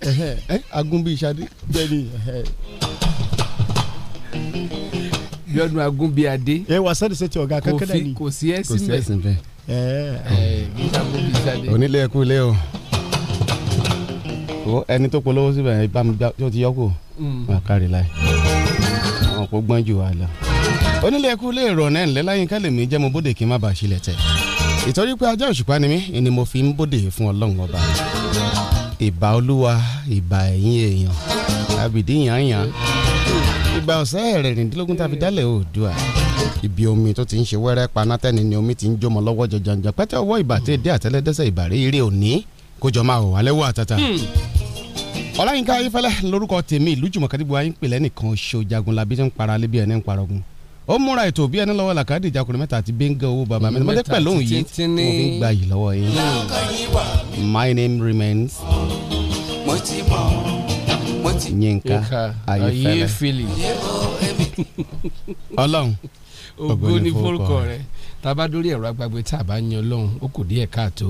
agúnbíṣadé. bẹ́ẹ̀ni. bíọ́dún agúnbíadé. ẹ wà sẹ́ni sẹ́ni ọ̀gá kankan ni. kò sí ẹ̀sìn bẹ́ẹ̀. kò sí ẹ̀sìn bẹ́ẹ̀. ẹ ẹ onílé ẹkú ilé o ẹni tó polówó síbẹ̀ ẹ bá mi gbá tó ti yọ kó. Mm. láì. àwọn kò gbọ́n onílé ẹkú lè rọ̀ náà ńlẹ́ láyínká lèmi jẹ́ mo bóde kí n má bàa ṣílẹ̀ tẹ̀ ìtorí pé ajá òṣùpá ni mí ni mo fi ń bóde fún ọlọ́run ọba ìbà olúwa ìbà ẹ̀yìn èèyàn àbìdí yànyàn ìgbà ọ̀sẹ̀ ẹ̀rẹ̀rìndínlógún tàbí dálẹ̀ oòdùà ibi omi tó ti ń ṣe wẹ́rẹ́ panátẹ́ni ni omi ti ń jómọ lọ́wọ́ jọjọjọ pẹ́tẹ́ ọwọ́ ìbàtẹ́ dé àtẹ́lẹ́dẹ́sẹ̀ ìbàrí eré òní kójọ máa wò alẹ́ wò àtàtà. Hmm. ọláyínká ayífẹ́lẹ́ lórúkọ tèmi ìlú jùmọ̀kadìbò ayínpẹ̀lẹ́ nìkan ṣojagun labi tó ń para lébi ẹni ń paragun ó múra ètò bí ẹni lọ́wọ́ làkàdé ìjàkùnrin mẹ́ta àti bẹ́ńgà owó bàbá mi mọ́tẹ́ pẹ̀lú òun yìí mo fi ń gba yìí lọ́wọ́ yín my name remains Yínká Ayéfẹ́lẹ́ ọlọ́run ògo ni forúkọ rẹ tá a bá dórí ẹ̀rọ agbágbé tá a bá yan ọlọ́run ó kò díẹ̀ káàtó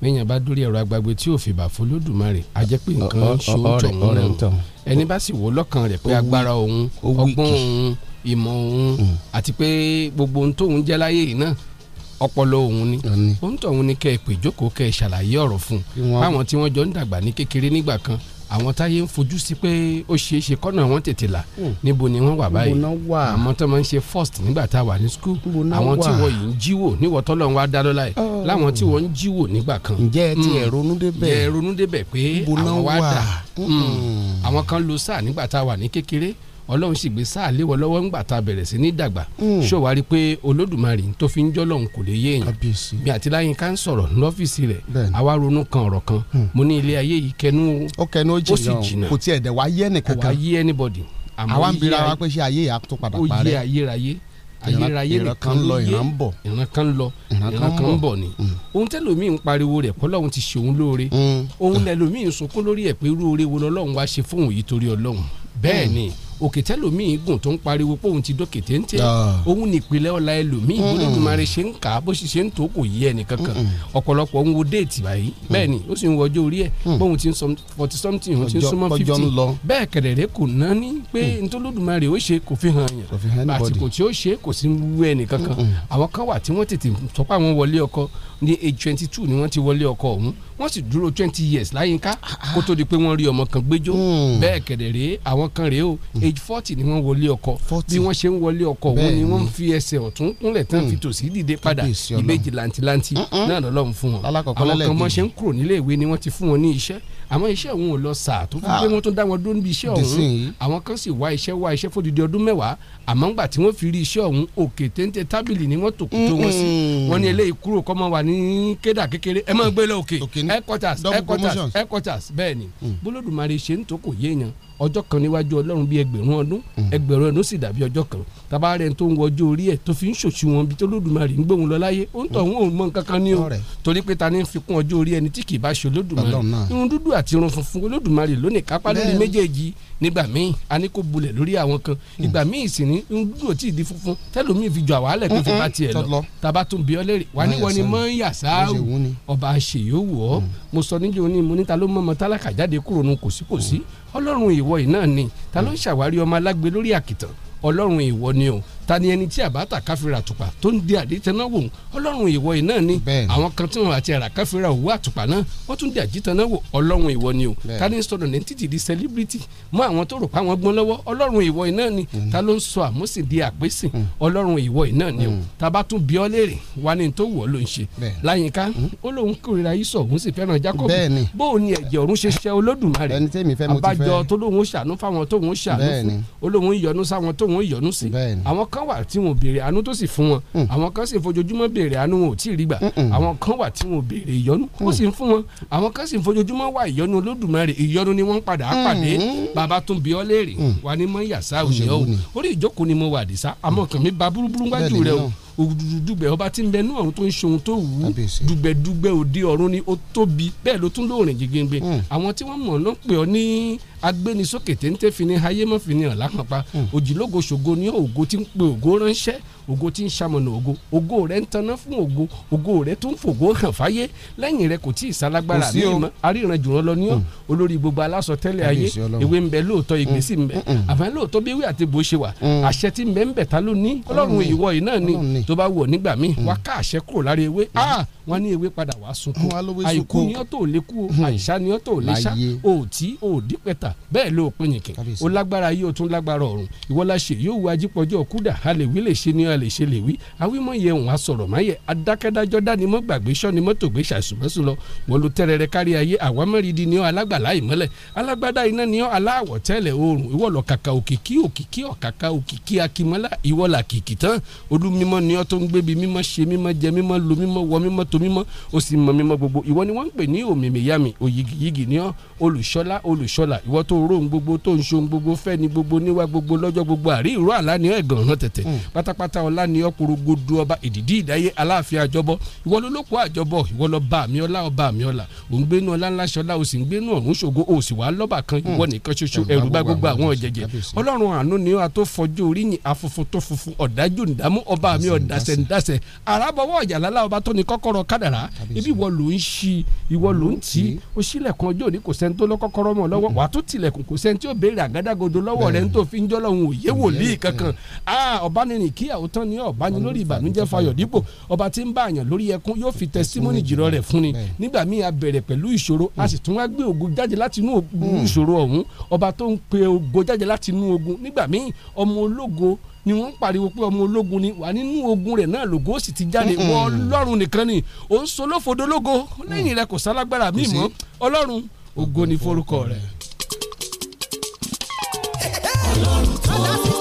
mẹ́yìn bá dórí ẹ̀rọ agbágbé tí òfin bá fọlódùmarè a jẹ́ pé nǹkan ṣòótọ́ òun náà ẹni bá sì wò lọ́kàn rẹ̀ pé agbára òun ọgbọ́n òun ìmọ̀ òun mm. àti pé gbogbo ohun tóun jẹ́ láyé yìí náà ọpọlọ òun ni òun tóun ni kẹ́ ẹ pè jókòó kẹ́ ẹ ṣàlàyé ọ̀rọ̀ fún un báwọn tí wọ́n jọ ń dàgbà ní kékeré nígbà kan àwọn táyé ń fojú sí pé ó ṣeé ṣe kọ́nà wọn tètè là mm. níbo ni wọ́n wà báyìí àwọn tó máa ń ṣe first nígbà tá a wà ní school àwọn tí wọ́n yìí ń jíwò níwọ̀ tọ́lọ̀ ń wá dá lọ́la yìí oh. láwọn tí wọ́n ń jíwò nígbà kan. ǹjẹ́ ẹ ti mm. ẹ̀ ronú débẹ̀ ẹ̀ ronú débẹ̀ pé àwọn wá dà àwọn kan lo sáà nígbà tá a wà ní kékeré ọlọ́run sì gbé sáà léwọ lọ́wọ́ ńgbà tá a bẹ̀rẹ̀ sí ní dàgbà hmm. ṣòwárí pé olódùmarè tó fi ń jọ́lọ́run kò lè yé èèyàn bí àtìláyìn ká ń sọ̀rọ̀ lọ́fíìsì rẹ̀ àwa ronú kan ọ̀rọ̀ kan hmm. mo ní ilé ayé yìí kẹnu ó kẹnu ó jìnnà kò tiẹ̀ dẹ̀ wá yé ẹnìkan kan wá yé anybody. àwa ń bira wa pé ṣé ayé yà tó padà parẹ́ ó yé ayérayé ayérayé nìkan ló yé ìran kan lọ ìran kan ń ni hmm. ohun tẹ́lòmíì ń pariwo rẹ̀ pé ọlọ́run ti ṣe lóore ohun lẹ́lòmíì ń sunkún lórí ẹ̀ pé irú oore wo lọ́lọ́run wá ṣe fóun yìí torí ọlọ́run bẹ́ẹ̀ ni òkè tẹ́lòmíì gùn tó ń pariwo pé òun ti dókè téńté ah. òun nìpínlẹ̀ ọ̀la ẹlòmíì bóde ṣe ń kà á bó sì ṣe ń tó kò yí ẹnìkankan ọ̀pọ̀lọpọ̀ ń wo déètì báyìí mm. bẹ́ẹ̀ ni ó sì ń wọjọ́ orí ẹ̀ mm. bóun ti ń sọ forty something ó ti ń súnmọ́ fifty bẹ́ẹ̀ kẹ̀dẹ̀rẹ́ kò ná ní pé mm. ntolódùmarè ó ṣe kò fi hàn yàn àsìkò tí ó ṣe kò sí wú ẹnìkankan àwọn kan wà tí wọ́n tètè sọ ní age twenty two ni wọ́n ti wọlé ọkọ ọ̀hún wọ́n sì dúró twenty years láyínká kó tó di pé wọ́n rí ọmọ kan gbẹ́jọ́ hmm. bẹ́ẹ̀ kẹ̀dẹ̀ rèé àwọn kan rèé o hmm. age forty ni wọ́n wọlé ọkọ bí wọ́n ṣe ń wọlé ọkọ ọ̀hún ni wọ́n fi ẹsẹ̀ ọ̀tún kúnlẹ̀ tán hmm. fi tòsí dìde padà ìbejì làǹtìlàǹtì náà lọ́lọ́run fún wọn àwọn kan mọ́ ṣe ń kúrò nílé ìwé ni wọ́n ti fún wọn ní iṣẹ́ àmọ́ iṣẹ́ òun ò lọ sà tó fi gbé ah. wọn tó dá wọn dúró níbi iṣẹ́ ọ̀hún àwọn kan sì wá iṣẹ́ wá iṣẹ́ fódìdí ọdún mẹ́wàá àmọ́ ńgbà tí wọ́n fi rí iṣẹ́ ọ̀hún òkè téńté tábìlì ni wọ́n tòkú tó wọn sí wọn ní eléyìí kúrò kọ́ mọ́ wà ní kédà kékeré ẹ máa gbé lọ òkè headquarters headquarters headquarters bẹ́ẹ̀ ni mm. bólódùmarè ṣe ń tó kò yéèyàn ọjọ́ kan níwájú ọlọ́run bíi ẹgbẹ̀rún ọdún hmm. ẹgbẹ̀rún ọdún sì dàbí ọjọ́ kan tàbá rẹ̀ tó ń wọjọ́ orí ẹ̀ tó fi ń ṣòṣì wọn bí tó lódùmarè ń gbóhùn lọ láyé ó ń tọ̀ wọn hmm. ò mọ nǹkan kan ní o torí pé ta ni ń fi kún ọjọ́ orí ẹni tí kì í bá ṣe olódùmarè irun dúdú àti irun funfun olódùmarè lónìí kápá lórí méjèèjì nígbà míì a ní kó bulẹ̀ lórí àwọn kan ìgbà hmm. míì sì ní ń dúró tí ì di funfun tẹ́lómi fi jọ àwálẹ̀ pé fún hmm, bá hmm, tiẹ̀ lọ tàbá tún bí ọ lérè wà ní wọn ni mọ́ ń yà sáàrù ọba àṣeyọ̀wò ọ́ mo sọ níjẹ́ òní mo níta ló mọ́ ọmọ tálákà jáde kúrò nu kòsíkòsí ọlọ́run ìwọ yìí náà ni ta ló ń ṣàwárí ọmọ alágbe lórí àkìtàn ọlọ́run ìwọ ni o ta ni ẹni tí àbáta káfíra àtùpà tó ń di àdìtẹ́ná wò ọlọ́run ìwọ yìí náà ni àwọn kan tí wọn àti ẹ̀rà káfíra òwú àtùpà náà wọ́n tún di àdìtẹ́ná wò ọlọ́run ìwọ ni o ta ni sọ̀rọ̀ ní títì di celebrity mọ́ àwọn tó rò pa àwọn gbọ́n lọ́wọ́ ọlọ́run ìwọ yìí náà ni mm. ta ló ń sọ àmúsìn di àpèsìn mm. ọlọ́run ìwọ yìí náà ni o mm. ta bá tún bí ọ léèrè wá ní tó wọ̀ ló ń ṣe láyínká ó Jacob bó o ní ẹ̀jẹ̀ ọ̀run ṣe ṣe olódùmarè àbájọ tó lóun ó ṣàánú fáwọn tóun ó ṣàánú kan wà tí wọn ò béèrè àánú tó sì fún wọn hmm. àwọn kan sì fojoojúmọ́ béèrè àánú wọn ò tí ì rí gbà hmm, hmm. àwọn kan wà tí wọn ò béèrè ó sì ń fún wọn àwọn kan sì fojoojúmọ́ wà ìyọ́nú olódùmarè ìyọ́nú ni wọ́n ń padà á pàdé bàbá tún bí ọ léèrè wà ní mọ́ yàsá òṣèlú orí ìjókòó ni mo wà dìsá àmọ́ kàn mí ba búrúburú wájú rẹ o òdùdùgbẹ̀ ọba tí ń bẹ nú ọ̀run tó ń ṣe ohun tó wù ú dùgbẹ̀dùgbẹ̀ òde ọ̀run ni ó tóbi bẹ́ẹ̀ ló tún lóòrìn gègéńgbé hmm. àwọn tí wọ́n mọ̀ ló pè ọ́ ní agbénisókè téńté fini ayé mọ́ fini ọ̀la kan pa òjìlógo ṣògo ní ògo tí ń pe ògo ránṣẹ́ ògo tí ń ṣamọ̀nà ògo ògo rẹ̀ ń taná fún ògo ògo rẹ̀ tó ń fògo hàn fáyé lẹ́yìn rẹ̀ kò tí ì sálágbára ní ìmọ̀ aríran jùlọ lọ ní ọ́ mm. olórí gbogbo aláṣọ tẹ́lẹ̀ ayé ewé ń bẹ lóòótọ́ ìgbé mm. sì ń bẹ mm. àmọ́ lóòótọ́ bí ewé àti bó ṣe wà àṣẹ tí ń bẹ ń bẹ ta ló ní ọlọ́run ìwọ yìí náà ni tó bá wọ̀ nígbà míì wá ká àṣẹ kúrò lára ewé ah! wọ́n ní ewé padà wá sunkún àìkú ni ọ́ tó lè kú àìsá ni ọ́ tó lè sá òòtí òòdípẹ̀tà bẹ́ẹ̀ ló pinyìnkì ó lágbára yìí tún lágbára ọ̀run ìwọ́lá ṣe yóò wájú pọ̀jọ́ kúdà halẹ̀ wílé ṣe ni náà lè ṣe lè wí àwímọ̀ yẹ òun àsọ̀rọ̀ máyẹ̀ adákẹ́dájọ́ dánimọ̀ gbàgbé sọ́nimọ̀ tògbé ṣàṣùmọ́sù lọ wọ́n lu tẹ́rẹ̀rẹ̀ kárí ayé àwámẹ́rìndì ni ọ́ alágbàlá ìmọ́lẹ̀ alágbádá iná ni ọ́ aláwọ̀ tẹ́lẹ̀ oòrùn ìwọ lọ kàkà òkìkí òkìkí ọ̀kàkà òkìkí akímọ́lá ìwọ là kìkì tán olú mímọ́ ni ọ́ tó ń gbébi mímọ́ ṣe mímọ́ jẹ mímọ́ lo mímọ́ wọ mímọ́ to mímọ́ ó sì mọ mímọ́ gbogbo ìwọ ni wọ́n ń pè ní òmìmìyàmì òyìgìyìgì ni ọ́ olùṣọ́lá olùṣọ́lá ìwọ tó róhun gbogbo tó ń ṣohun gbogbo fẹ́ gbogbo níwá gbogbo lọ́jọ́ gbogbo àrí ìró àlá ni ọ́ ẹ̀gàn ọ̀ràn tẹ̀tẹ̀ hmm. pátápátá ọlá ni ọ̀pọ̀rọ̀gbọ̀dọ̀ ọba ìdìdí ìdáyé aláàfin àjọbọ ìwọ ló lóko àjọbọ ìwọ lọ bá àmì ọlá ọba àmì ọlá òun gbénu ọlá ńlá ṣọlá o sì ń gbénu ọ̀run ṣògo o sì wà lọ́bà kan hmm. ìwọ nìkan ṣoṣo ẹrù bá gbogbo àwọn ọ̀jẹ̀jẹ̀ ọlọ́run àánú ni a tó fọjú orí yìn afunfun tó funfun ọ̀dájú ǹdámú ọba àmì ọ̀dàṣẹ̀ ǹdàṣẹ̀ àràbọ̀wọ̀ ọ̀jàlálá ọba tó ní kọ́kọ́rọ́ kádàrá ibi ìwọ ló ń ṣí ìwọ ló ń tì í hmm. o ṣílẹ̀kùn ọjọ́ òní kò sẹ́ni tó lọ́kọ́kọ́rọ́ mọ̀ lọ́wọ́ hmm. wàá tó tilẹ̀kùn kò sẹ́ni tí ó tán ni ọ̀bánu lórí ìbànújẹ́ fayọ̀ dípò ọba tí ń bá àyàn lórí ẹkún yóò fi tẹsítímọ́nì jìrọ̀ rẹ̀ fún ni nígbà míì a bẹ̀rẹ̀ pẹ̀lú ìṣòro a sì tún wá gbé ògo jáde láti inú ìṣòro ọ̀hún ọba tó ń pe ògo jáde láti inú ogun nígbà míì ọmọ ológo ni wọ́n ń pariwo pé ọmọ ológun ni wà nínú ogun rẹ̀ náà lògó sì ti jáde wọ ọlọ́run nìkan ni ò ń solófodó lógo lẹ́yìn rẹ̀ kò sálágbára míì mọ́ ọlọ́run ògo ni forúkọ rẹ̀. ọlọ́run tó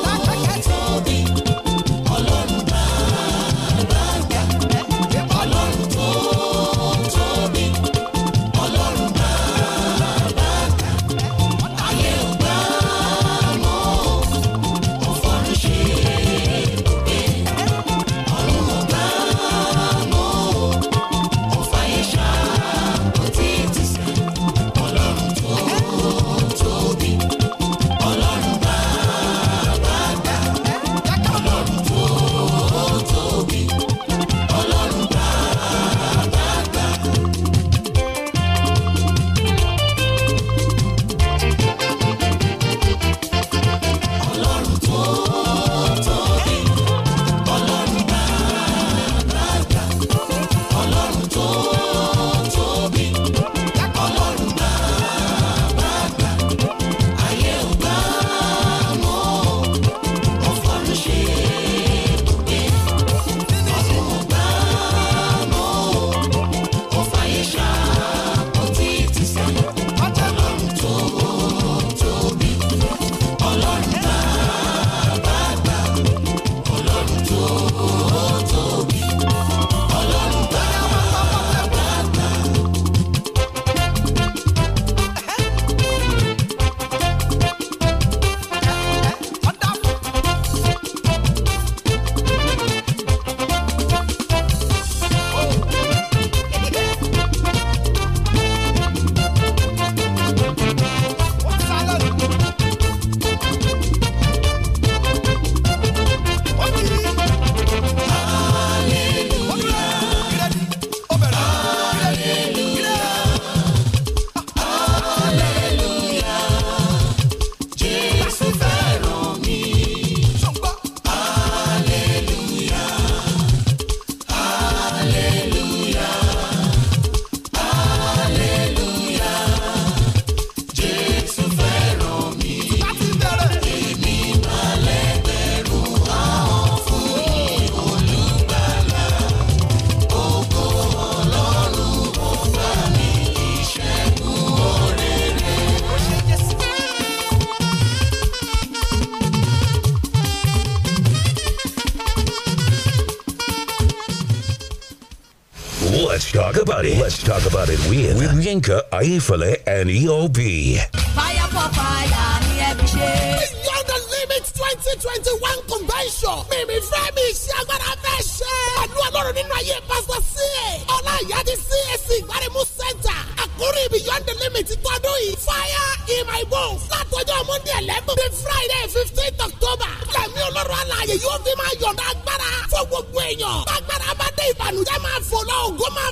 talk about it with, with Yinka, Aifale, and EOB. Fire for fire, ni Beyond the limit twenty twenty one convention. Mímí fẹ́ mi ṣe agbára fẹ́ ṣe. Pẹ̀lú Ọlọ́run nínú ayé Pásítọ̀ C.A. Ọlá ìyá ti CAC Ìgbàremú Center. Àkórí Beyond the limit tọdún yìí. Fire in my bones. Látọjọ́ Monday eleven. Bí Friday fifteen October. Lẹ̀mí Ọlọ́run alààyè yóò fi máa yọ̀ǹda agbára fún gbogbo èèyàn. Agbára bá dé ìbànújẹ́ máa fò lọ, ògo máa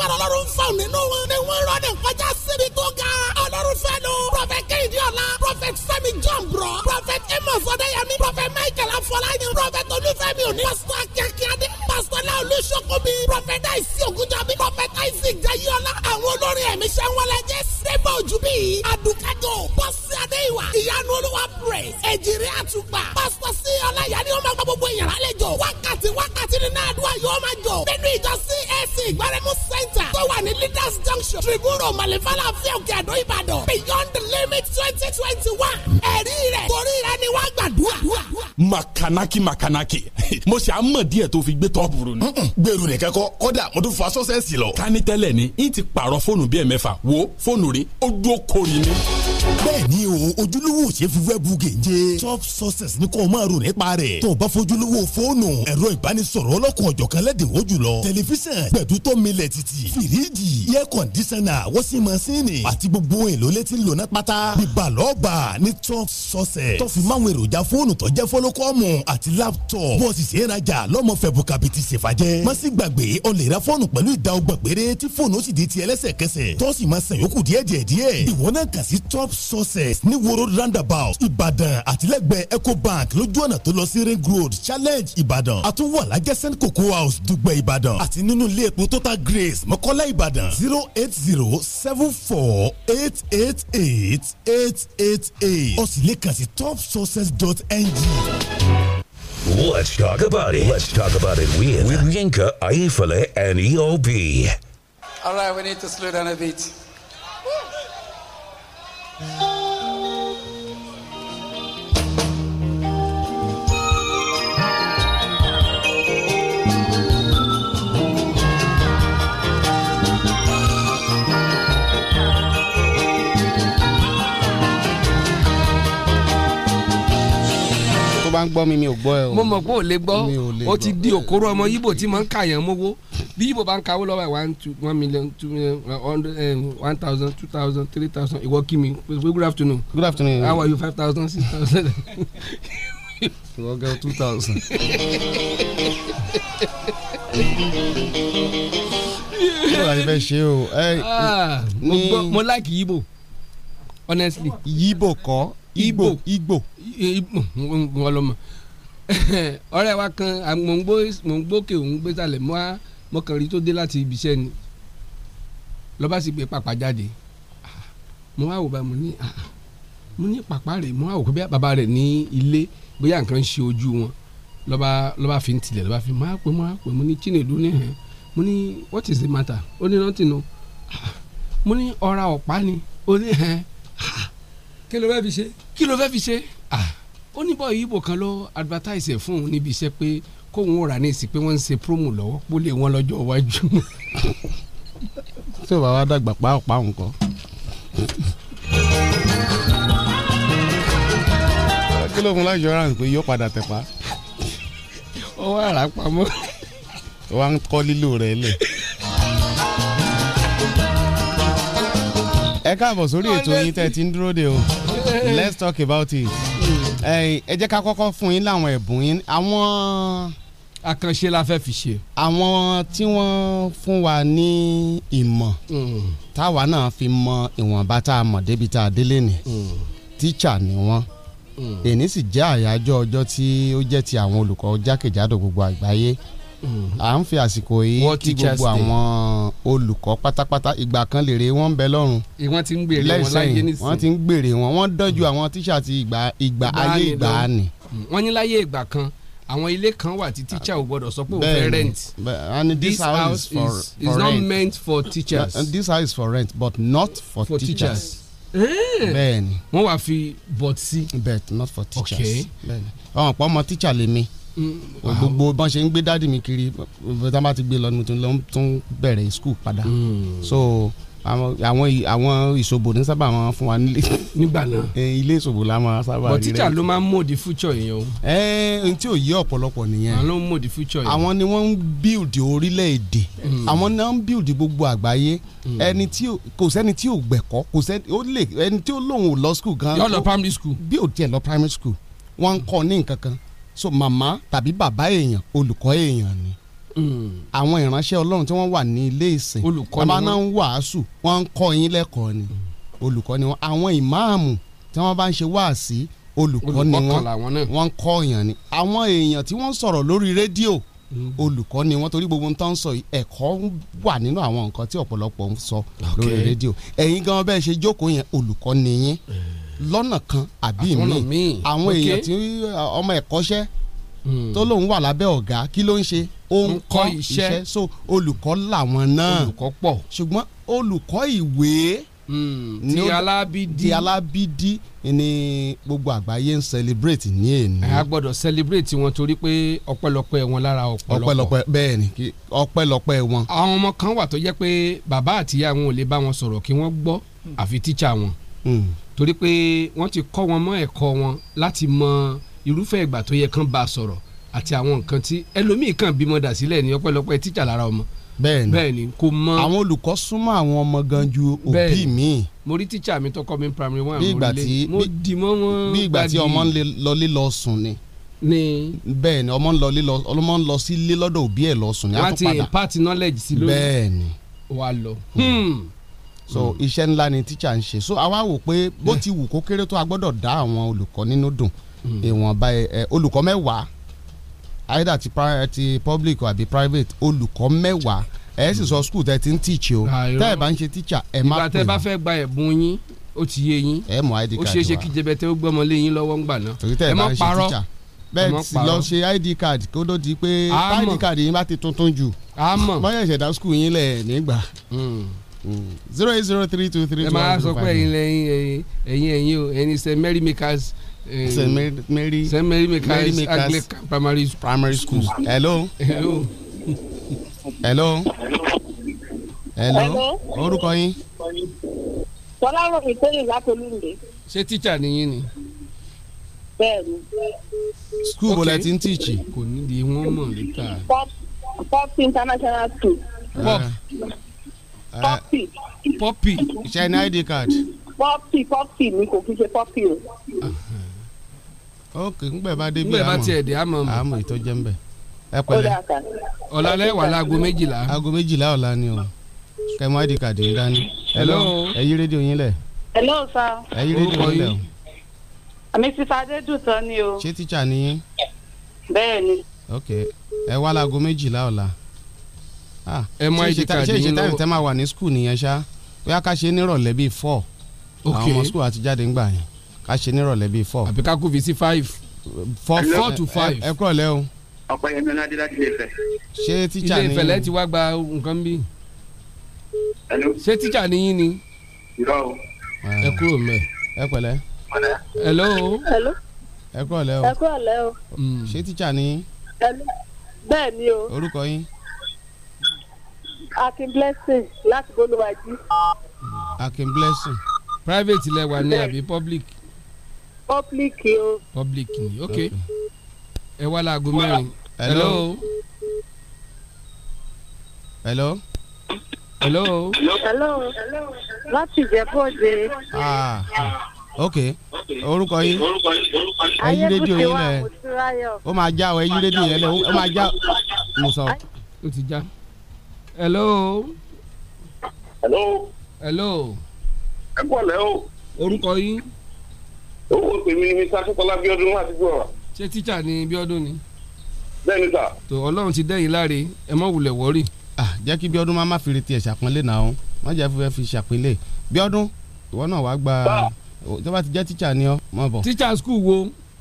agbára ọlọ́run fún nínú wọn ni wọ́n rọ́ ní ìgbàlè fàlàfíà òkè àdó ìbàdàn beyond the limit twenty twenty one ẹ̀rí rẹ̀ torí rẹ̀ ni wàá gbàdúrà. makanaki makanaki mo ṣe àmọ̀ díẹ̀ tó fi gbé tọ́pùrù ni. gbèrú nìkan kọ́ kọ́dà mo tún fa sọ́sẹ́sì lọ. kání tẹ́lẹ̀ ni n ti pààrọ̀ fóònù bíi ẹ̀mẹ́fà wo fóònù rí ó dúró kori ni. bẹ́ẹ̀ni o ojúlówó ṣe fi wẹẹbù gèje top success ni kò máa rò nípa rẹ̀ tó o bá fojúlówó fóònù ẹ̀rọ ìbánisọ̀rọ̀ ọlọ́kùnrin ọ̀jọ̀kan lẹ́dínwó jùlọ tẹlifíṣàn gbẹdutọ́ milẹ̀ títì fìríjì air conditioner wọ́sí mọ́sínì àti gbogbo èlò létí lónà pátá bíbalọ́ọ̀bà ní top sọ́sẹ̀ tó fi máwọn èròjà fóònù tó jẹ́ fọ́lọ́kọ́mù àti láptọ̀pù bọ́ọ̀sì ṣe é rajà lọ́mọ fẹ̀bù kàbìtì ṣèfàjẹ́ má sì gbàgbé o lè ra fóònù pẹ̀lú ìdá ọgbà péré tí fóònù ó sì di ti ẹlẹ́sẹ̀kẹsẹ̀ tó sì máa sàn yòókù díẹ̀ díẹ̀ díẹ̀ ìwọ náà kà sí top sources ní woro roundabout ìbàdàn àtìlẹ́gbẹ̀ẹ́ ecobank lójú ọ̀nà tó lọ sí ring road challenge ìbàdàn àtúwọ̀ alájẹsẹ́n cocoa house dùgbẹ̀ ìbàdàn àti nínú ilé epo total grace mọ́kọ́lá ìbàdàn zero eight zero seven four eight eight eight eight eight eight ọ̀sìn lè check us at topsources.ng. Let's talk about it. Let's talk about it with, with Yinka, Aifale, and EOB. All right, we need to slow down a bit. bá ń gbọ́ mi mi ò gbọ́ ẹ o. mo mọ̀ pé ò lè gbọ́ o ti di òkúrò ọmọ yíbò tí mo ń kà yẹn mówó bí yíbò bá ń kawó lọ́wọ́ ẹ̀ one two one million two eh, one thousand two thousand three thousand ìwọ kí mi good afternoon. good afternoon. how are you five thousand six thousand. ìwọ gẹ́ two thousand yóò rí bẹ́ẹ̀ ṣe o. Ah, mo like yíbò honestly. yíbò kọ́ Igbo Igbo. Igbo wọn lọ mọ ọ̀rẹ́ wa kan mò ń gbókè òun gbé sàlẹ̀ mọ́kànrin tó dé láti ibiṣẹ́ ni lọ́ba sì gbé pàpà jáde mo wá wò bá mo ní mo ní pàpà rẹ̀ mo wá wò pé bàbá rẹ̀ ní ilé bóyá nǹkan ń ṣe ojú wọn lọ́ba lọ́ba fi ń tilẹ̀ lọ́ba fi máa pè máa pè mo ní Chinedu ní hẹ́n mo ní what is the matter ó ní nothing o mo ní ọ̀ra ọ̀pá ni ó ní hẹ́n kí ló fẹ́ fi ṣe. kí ló fẹ́ fi ṣe. ó ní bọ́ọ̀ ibo kan ló advertise ẹ̀ fún un níbi iṣẹ́ pé kóun ó rà ní ìsìn pé wọ́n ń ṣe promo lọ́wọ́ kó lè wọ́n lọ́jọ́ iwájú. tí ò bá wá dàgbà pàápàá nǹkan. kí ló fún láti yọra pé yóò padà tẹ̀pa. ó wá rà pamọ́. ó wá ń kọ́ lílò rẹ̀ lẹ̀. ẹ káàbọ̀ sórí ètò yín tẹ́ ti ń dúró de o let's talk about it hmm. ẹ jẹ́ ká kọ́kọ́ fún yín láwọn ẹ̀bùn yín àwọn. àkànṣe la fẹ́ fi ṣe. àwọn tí wọ́n fún wa ní ìmọ̀ hmm. táwa náà fi mọ ìwọ̀nba tá a mọ̀ débi tá a délé ni hmm. tíṣà ni wọ́n èyí sì jẹ́ àyájọ́ ọjọ́ tí ó jẹ́ ti àwọn olùkọ́ jákèjádò gbogbo àgbáyé à ń fi àsìkò yìí kí gbogbo àwọn olùkọ́ pátápátá ìgbà kan lèrè wọn ń bẹ lọ́rùn. ìwọ́n ti ń gbèrè wọn láyé nísìnyí. wọ́n ti ń gbèrè wọn wọ́n dọ́jú àwọn tíṣà ti ìgbà ìgbà ayé ìgbà ni. Mm, wọ́n ní láyé ìgbà kan àwọn ilé kan wà tí tíṣà ò gbọ́dọ̀ sọ pé ò fẹ́ rent. and this, this house, house is for, is, for is rent. not meant for teachers. and this house is for rent but not for, for teachers. teachers. Eh! bẹ́ẹ̀ni. wọ́n wá fi but sí. but not for teachers. okay. bẹ́ẹ̀ni ọmọ pọ́ ọmọ tíṣà lèmi gbogbo bọ́n ṣe ń gbé dáàdì mi kiri bọ́n ti gbé lọ ni mo tún bẹ̀rẹ̀ skul padà hmm. so àwọn àwọn ìṣòbò ní sábà máa ń fún wa nílé. nígbà náà eh, ilé ìṣòbò la máa sábà rí rẹ. bọ̀tíjà ló máa ń mòdì future yẹn o. ẹ ẹ n tí ò yé ọ̀pọ̀lọpọ̀ nìyẹn. àwọn ló ń mòdì future yẹn. àwọn ni wọ́n ń build orílẹ̀-èdè hmm. àwọn náà ń build gbogbo àgbáyé hmm. ẹni tí kò sẹ́ni tí ò gbẹ̀kọ́ kò sẹ́ni ó lè ẹni tí ó lóun ò lọ school gan. yọ lọ primary school. bí ò tiẹ̀ lọ primary school wọ́n ń kọ́ ní nǹkan kan so màmá tàbí bàbá èèyàn olùkọ́ èèyàn ni hmm. àwọn ìránṣẹ́ ọlọ́run tí wọ́n wà ní ilé ìsìn olùkọ́ ni wọ́n máa ń wàásù wọ́n ń kọ́ yín lẹ́kọ̀ọ́ ni hmm. olùkọ́ ni wọ́n àwọn ìmáàmù tí wọ́n bá ń ṣe wáàsí olùkọ́ ni wọ́n wọ́n ń kọ́ èèyàn ni àwọn èèyàn tí wọ́n sọ̀rọ̀ lórí rédíò hmm. olùkọ́ ni wọ́n torí gbogbo ń tán sọ ẹ̀kọ́ wà nínú àwọn nǹkan tí ọ̀pọ̀lọpọ̀ ń sọ lórí rédíò ẹ̀yin gan bẹ́ẹ̀ ṣe jókòó yẹn olùkọ́ ni yín. Mm lọ́nà kan àbí mi àwọn èèyàn tí ọmọ ẹ̀kọ́ṣẹ́ hmm. tó lóun wà lábẹ́ ọ̀gá kí ló ń ṣe ó ń kọ́ iṣẹ́ so olùkọ́ làwọn náà olùkọ́ pọ̀ ṣùgbọ́n olùkọ́ ìwé hmm. ti alábídí ti alábídí ni gbogbo àgbáyé ń celebrate ní èní. a gbọ́dọ̀ celebrate wọn torí pé ọpẹ́lọpẹ́ wọn lára ọ̀pọ̀lọpọ̀. ọpẹ́lọpẹ́ bẹ́ẹ̀ ni ọpẹ́lọpẹ́ wọn. àwọn ọmọ kan wà tó jẹ́ pé bàbá àtìyá wọn ò lè bá wọn sọ̀rọ̀ kí wọ́n gbọ́ hmm. àfi tíṣà wọn torí pé wọ́n ti kọ́ wọn mọ́ ẹ̀kọ́ wọn láti mọ irúfẹ́ ìgbà tó yẹ kán bá a sọ̀rọ̀ àti àwọn nǹkan tí ẹlòmíì kan bímọ dà sílẹ̀ ní ọpẹ́lọpẹ́ tíjà lára ọmọ bẹ́ẹ̀ni bẹ́ẹ̀ni kò mọ àwọn olùkọ́ súnmọ́ àwọn ọmọ gan ju òbí mi. mo rí tíṣà mi tọkọ mi primary one mo rí lé mo dì mọ́ wọn. bí ìgbà tí ọmọ ń lọ lé lọ sùn ni ni. bẹ́ẹ̀ni ọmọ ń lọ lílọ ọmọ ń lọ sí ilé lọ́dọ̀ òbí ẹ lọ sùn ní àtúpadà. láti impart knowledge sí lórí. bẹ́ẹ̀ni. wà á lọ. Hmm. Hmm so hmm. iṣẹ́ ńlá ni tíṣà ń ṣe so àwa wò pé bó ti wù kó kéré tó a gbọ́dọ̀ dá àwọn olùkọ́ nínú dùn hmm. ìwọ̀nba olùkọ́ mẹ́wàá either ti eh, ti public àbí private olùkọ́ mẹ́wàá ẹ sì sọ hmm. school tẹ ti ń teach o ah, tẹ ẹ bá ń ṣe teacher ẹ má pè é. ìgbà tẹ bá fẹ́ gba ẹ̀bùn yín ó ti yé yín ẹ mọ id card wa ó ṣeé ṣe kí jẹbẹtẹ ó gbọmọ lé yín lọ́wọ́ ńgbà náà torí tẹ ẹ bá ń ṣe teacher bẹ́ẹ̀ sì lọ ṣe id card kó ló di pé id card yín bá ti tuntun jù mọ́yẹ̀ṣẹ̀dá school yín lẹ̀ nígbà zero eight zero three two three two one zero five. ẹ máa sọ pé ẹ̀yin lẹ́yìn ẹ̀yin ẹ̀yin o ẹ̀yin sẹ mary makers. Eh, sẹ mary sẹ mary makers anglican primary school. primary school hello. hello. hello. hello. orúkọ yín. tọ́lá rò mí tẹ́lẹ̀ látọ̀lúndé. ṣé tíṣà nìyí ni. bẹ́ẹ̀ni. skul bọ̀lá ti ń tíìchì. kò nídìí wọ́n mọ̀ níta. pop international school. pop. Eh, poppy, poppy. ṣe ní id card. Poppy, poppy. ni kò kí ṣe pọ́pì o. ok ngbẹ bá débi àmọ́ ngbẹ bá tiẹ̀ dé àmọ́ mọ́ àmọ́ ìtọ́jẹ́ nbẹ ẹ pẹ̀lẹ́ ọ̀la lẹ́wà láago méjìlá. aago méjìlá ọ̀la ni o kẹmọ id card yín dání. hello ẹ yí rédíò yín lẹ̀. hello sir. ẹ yí rédíò yín lẹ̀ o. àmì ti fadé dùn tán ni o. ṣé tíṣà ni yín. bẹ́ẹ̀ ni. ok ẹ wá láago méjìlá ọ̀la. Ah, ẹ mọ id card yín lọ́wọ́ ṣe ìṣètàbí tẹ́ máa wà ní skul nìyẹn ṣá bóyá ká ṣe nírọ̀lẹ́ bíi four àwọn ọmọ skul àti jáde ń gbà yẹn ká ṣe nírọ̀lẹ́ bíi four. àbí ká kú fi sí five. four four to five. ẹ kúrọ̀ lẹ́ o. ọ̀pọ̀ yẹn mi náà dé láti ilé Ifẹ̀. ṣé tíjà ni ilé Ifẹ̀ lẹ́ ti wá gba nǹkan bí. ṣé tíjà ni yín ni. irọ́ o. ẹ ah. kúrò mẹ́ ẹ pẹ̀lẹ́. hello. hello. ẹ kúrọ̀ lẹ́ o. ẹ kúrọ̀ lẹ́ o. Mm. ṣé tíjà ni. bẹ́ẹ̀ ni o. orúkọ yín akin blessing láti bolúwàjí. akin blessing private lẹ wà àbí public. public o. public ni ok ẹ wá láago mẹ́rin. hello. hello. hello. hello. láti ìjẹ́bọ̀dé. ah ok orúkọ yín ẹyin rédíò yín lẹ ó máa já ọ ẹyin rédíò yẹn lẹ ó máa já mo sọ ó ti já hello. hello. hello. ẹ pọ̀lẹ́ o. orúkọ yín. orúkọ tèmi ni mr akíntọ́lá bíọ́dún láti gbọ́ra. ṣé tíṣà ni bíọ́dún ni. bẹ́ẹ̀ni sà. tó ọlọ́run ti dẹ́yìn láre ẹ mọ̀ wulẹ̀ wọ́rì. jẹ́ kí bíọ́dún má má fi retí ẹ̀ ṣàpọ́nlé náà o má jẹ́ fífẹ́ fi ṣàpínlẹ̀ bíọ́dún ìwọ náà wàá gba tó bá ti jẹ́ tíṣà ni ọ mọ̀ bọ̀. tíṣà skul wo.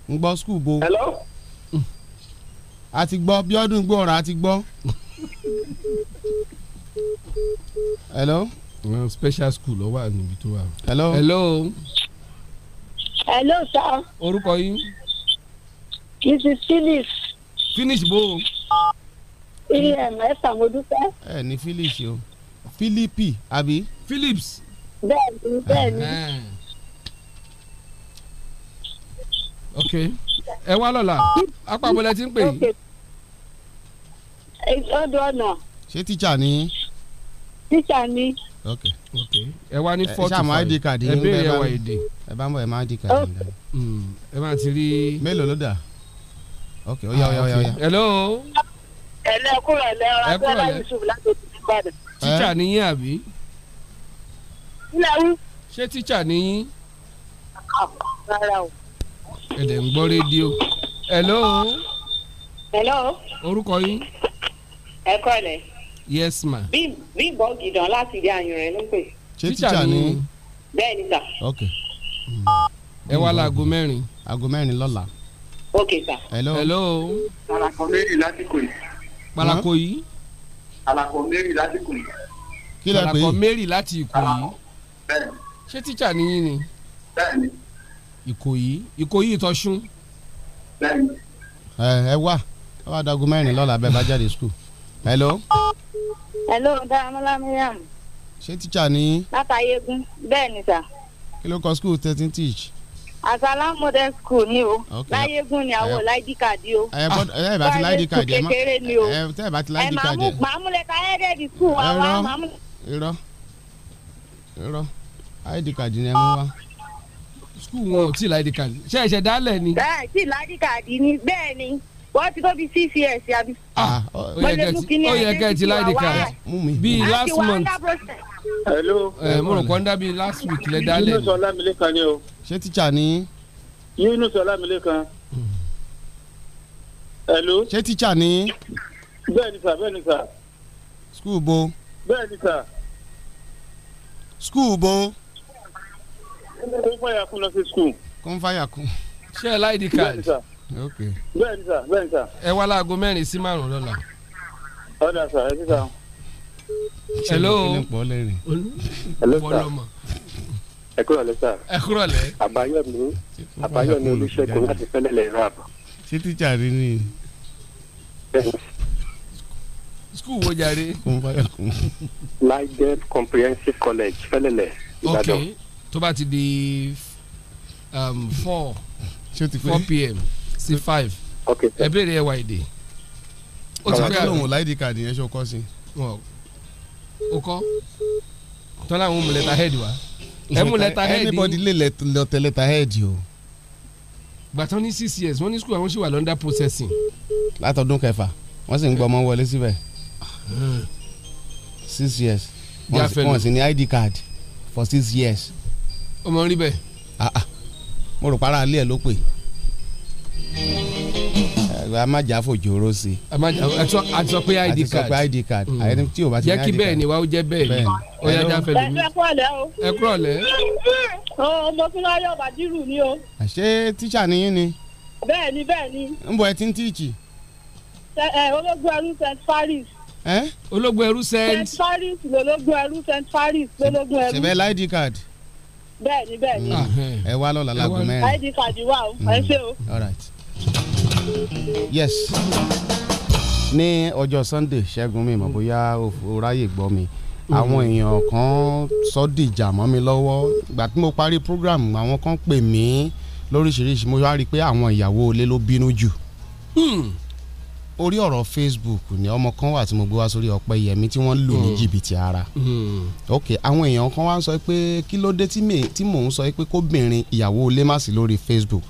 ń gbọ́ skul bo. hello. a ti gbọ́ bíọ́dún gbọ́ra a ti gbọ́ hello. Uh, special school ló wà tó wà. hello. hello. hello sir. orúkọ yín. this is phyllis. phyllis bó. ems àmọ́dúpẹ́. ẹ ní phyllis o philippi àbí. philips. bẹ́ẹ̀ni bẹ́ẹ̀ni. ok ẹ wá lọ́la apá abọ́lẹ̀ ti ń pè yín. ọdún ọ̀nà. ṣé tíjà ni tíṣà ni. ok ok ẹ wá ní forty five ẹ ṣàmù id card yín bẹ́ẹ̀ ẹ wá èdè. ẹ bá ń bọ̀ ẹ máa id card yín dáadáa. Hmm, ẹ máa ti rí. mélòó ló dà ok ó yá ó yá ó yá. hello. ẹ̀lẹ́ kúrò ẹ̀lẹ́ ọ̀rọ̀ abẹ́rẹ́ yusuf láti òkè ìbàdàn. tíṣà ni yín àbí. nílẹ̀ ṣé tíṣà ni yín. rárá o. ẹ̀dẹ̀ ń gbọ́ rédíò. hello. hello. orúkọ yín. ẹ kọ́ ẹ̀ yes ma. bí bí bọ́ọ̀gìdàn láti ilé àyànrẹ́ ló pè. ṣé tíjà ni. bẹ́ẹ̀ ni sà. ok. ẹ wá láago mẹ́rin. aago mẹ́rin lọ́la. ok sà. hello. hello. alakọ mary lásìkò yìí. palako yìí. alakọ mary lásìkò yìí. kí lẹ pé alakọ mary láti Ìkòyí. bẹ́ẹ̀. ṣé tíjà ni yín ni. bẹ́ẹ̀ ni. Ìkòyí Ìkòyí ìtọ́sún. bẹ́ẹ̀ ni. ẹ ẹ wá ẹ wá dago mẹ́rin lọ́la bẹ́ẹ̀ bá jáde school hello. hello daramola mariam. ṣé tíṣà ni. látàyégún bẹ́ẹ̀ ni sà. kí ló kọ school thirteen teach. asala modern school ni o láyégún ni àwọn láìdí kàdí o. ẹ ẹ bá ti láìdí kàdí ẹ má ẹ tẹ bá ti láìdí kàdí ẹ. ẹ màmú lẹ́ka ẹ̀ẹ́dẹ̀ẹ́dì school wa wa màmú. irọ́ irọ́ id card ni ẹ mú wá. school wọn ò tí ì láìdí kàdí ṣe é ṣe dálẹ̀ ni. bẹ́ẹ̀ tí ì láìdí kàdí ni bẹ́ẹ̀ ni wọ́n ti tó bí six years ó yẹ kẹ́ ẹ ti láì di kan bíi last month. hello. ẹ eh, mo rò kọ́ńdà bíi last week lẹ dálẹ̀. Yunus Ọlámilékan ni o. ṣé tíṣà ni. Yunus Ọlámilékan. hello. ṣé tíṣà ni. bẹ́ẹ̀ sà bẹ́ẹ̀ sà. skul bo. bẹ́ẹ̀ sà. skul bo. kó fàyà kún lọ sí skul. kó fàyà kún. ṣé ẹ láì di kan. bẹ́ẹ̀ sà. Ok. bẹ́ẹ̀ni sà bẹ́ẹ̀ni sà. ẹ wá láago mẹ́rin sí márùn-ún lọ́la. ọ̀dà sà ẹ ti sà. hello. hello sà ẹ kúrò lẹ sà. ẹ kúrò lẹ. àbáyọ ni àbáyọ ni olùṣègùn láti fẹlẹ lẹ rà bọ. ṣé tíjà rí ni. skul wo jàre. Lagos comprehensive college fẹlẹlẹ Ìbàdàn. ok tó bá ti di um, four four pm sí five ẹ béèrè ẹ wá èdè. ó ti pé àlóhùn láìdí káàdì yẹn ṣe ọkọ sí. ó kọ́ tọ́lá àwọn mú lẹ́tà head wá ẹ lẹ́tà head anybody lè lọ́tẹ̀ lẹ́tà head yìí o. gbàtàn ní six years wọ́n ní school àwọn ṣì wà lọ́ndà processing. látọdún kẹfà wọ́n sì ń gbọ́ ọmọ wọlé síbẹ̀ six years wọ́n sì ní id card for six years. ọmọ rí bẹ́ẹ̀. Ah, ah. mo rò para alẹ́ ẹ̀ ló pè é. a ma jà fòjòrò a a sọ pe id card a sọ pe id card hmm. tí o bá ti ní id card. jẹ́ kí bẹ́ẹ̀ ni wa o jẹ́ bẹ́ẹ̀ ni fẹ́ ẹ o. ẹ o mo tún láyọ̀ bàdírù ni o. tíṣà ni yín ni. ni bẹ́ẹ̀ ni. ẹ ti St Paris. ẹ ológun ẹrú Paris lológun ẹrú Paris ni ni. Hmm. Ah, eh. ẹ wá lọ́la id card wà o ẹ hmm. ṣe o. yes ní ọjọ́ sunday ṣẹ́gun mi mọ̀ mm. bóyá o ráyè gbọ́ mi mm-hmm. àwọn èèyàn kan sọ dìjà mọ́ mi lọ́wọ́ ìgbà tí mo parí program àwọn kan pè mí lóríṣiríṣi mo wá rí i pé àwọn ìyàwó ilé ló bínú jù hmm. orí ọ̀rọ̀ Facebook ni ọmọ kan wà tí mo gbé wá sórí Ọpẹ́yẹmí tí wọ́n lù ní hmm. jìbìtì ara hmm. ok àwọn èèyàn kan wá ń sọ pé kí ló dé tí mò ń sọ pé kóbìnrin ìyàwó ilé má sí lórí Facebook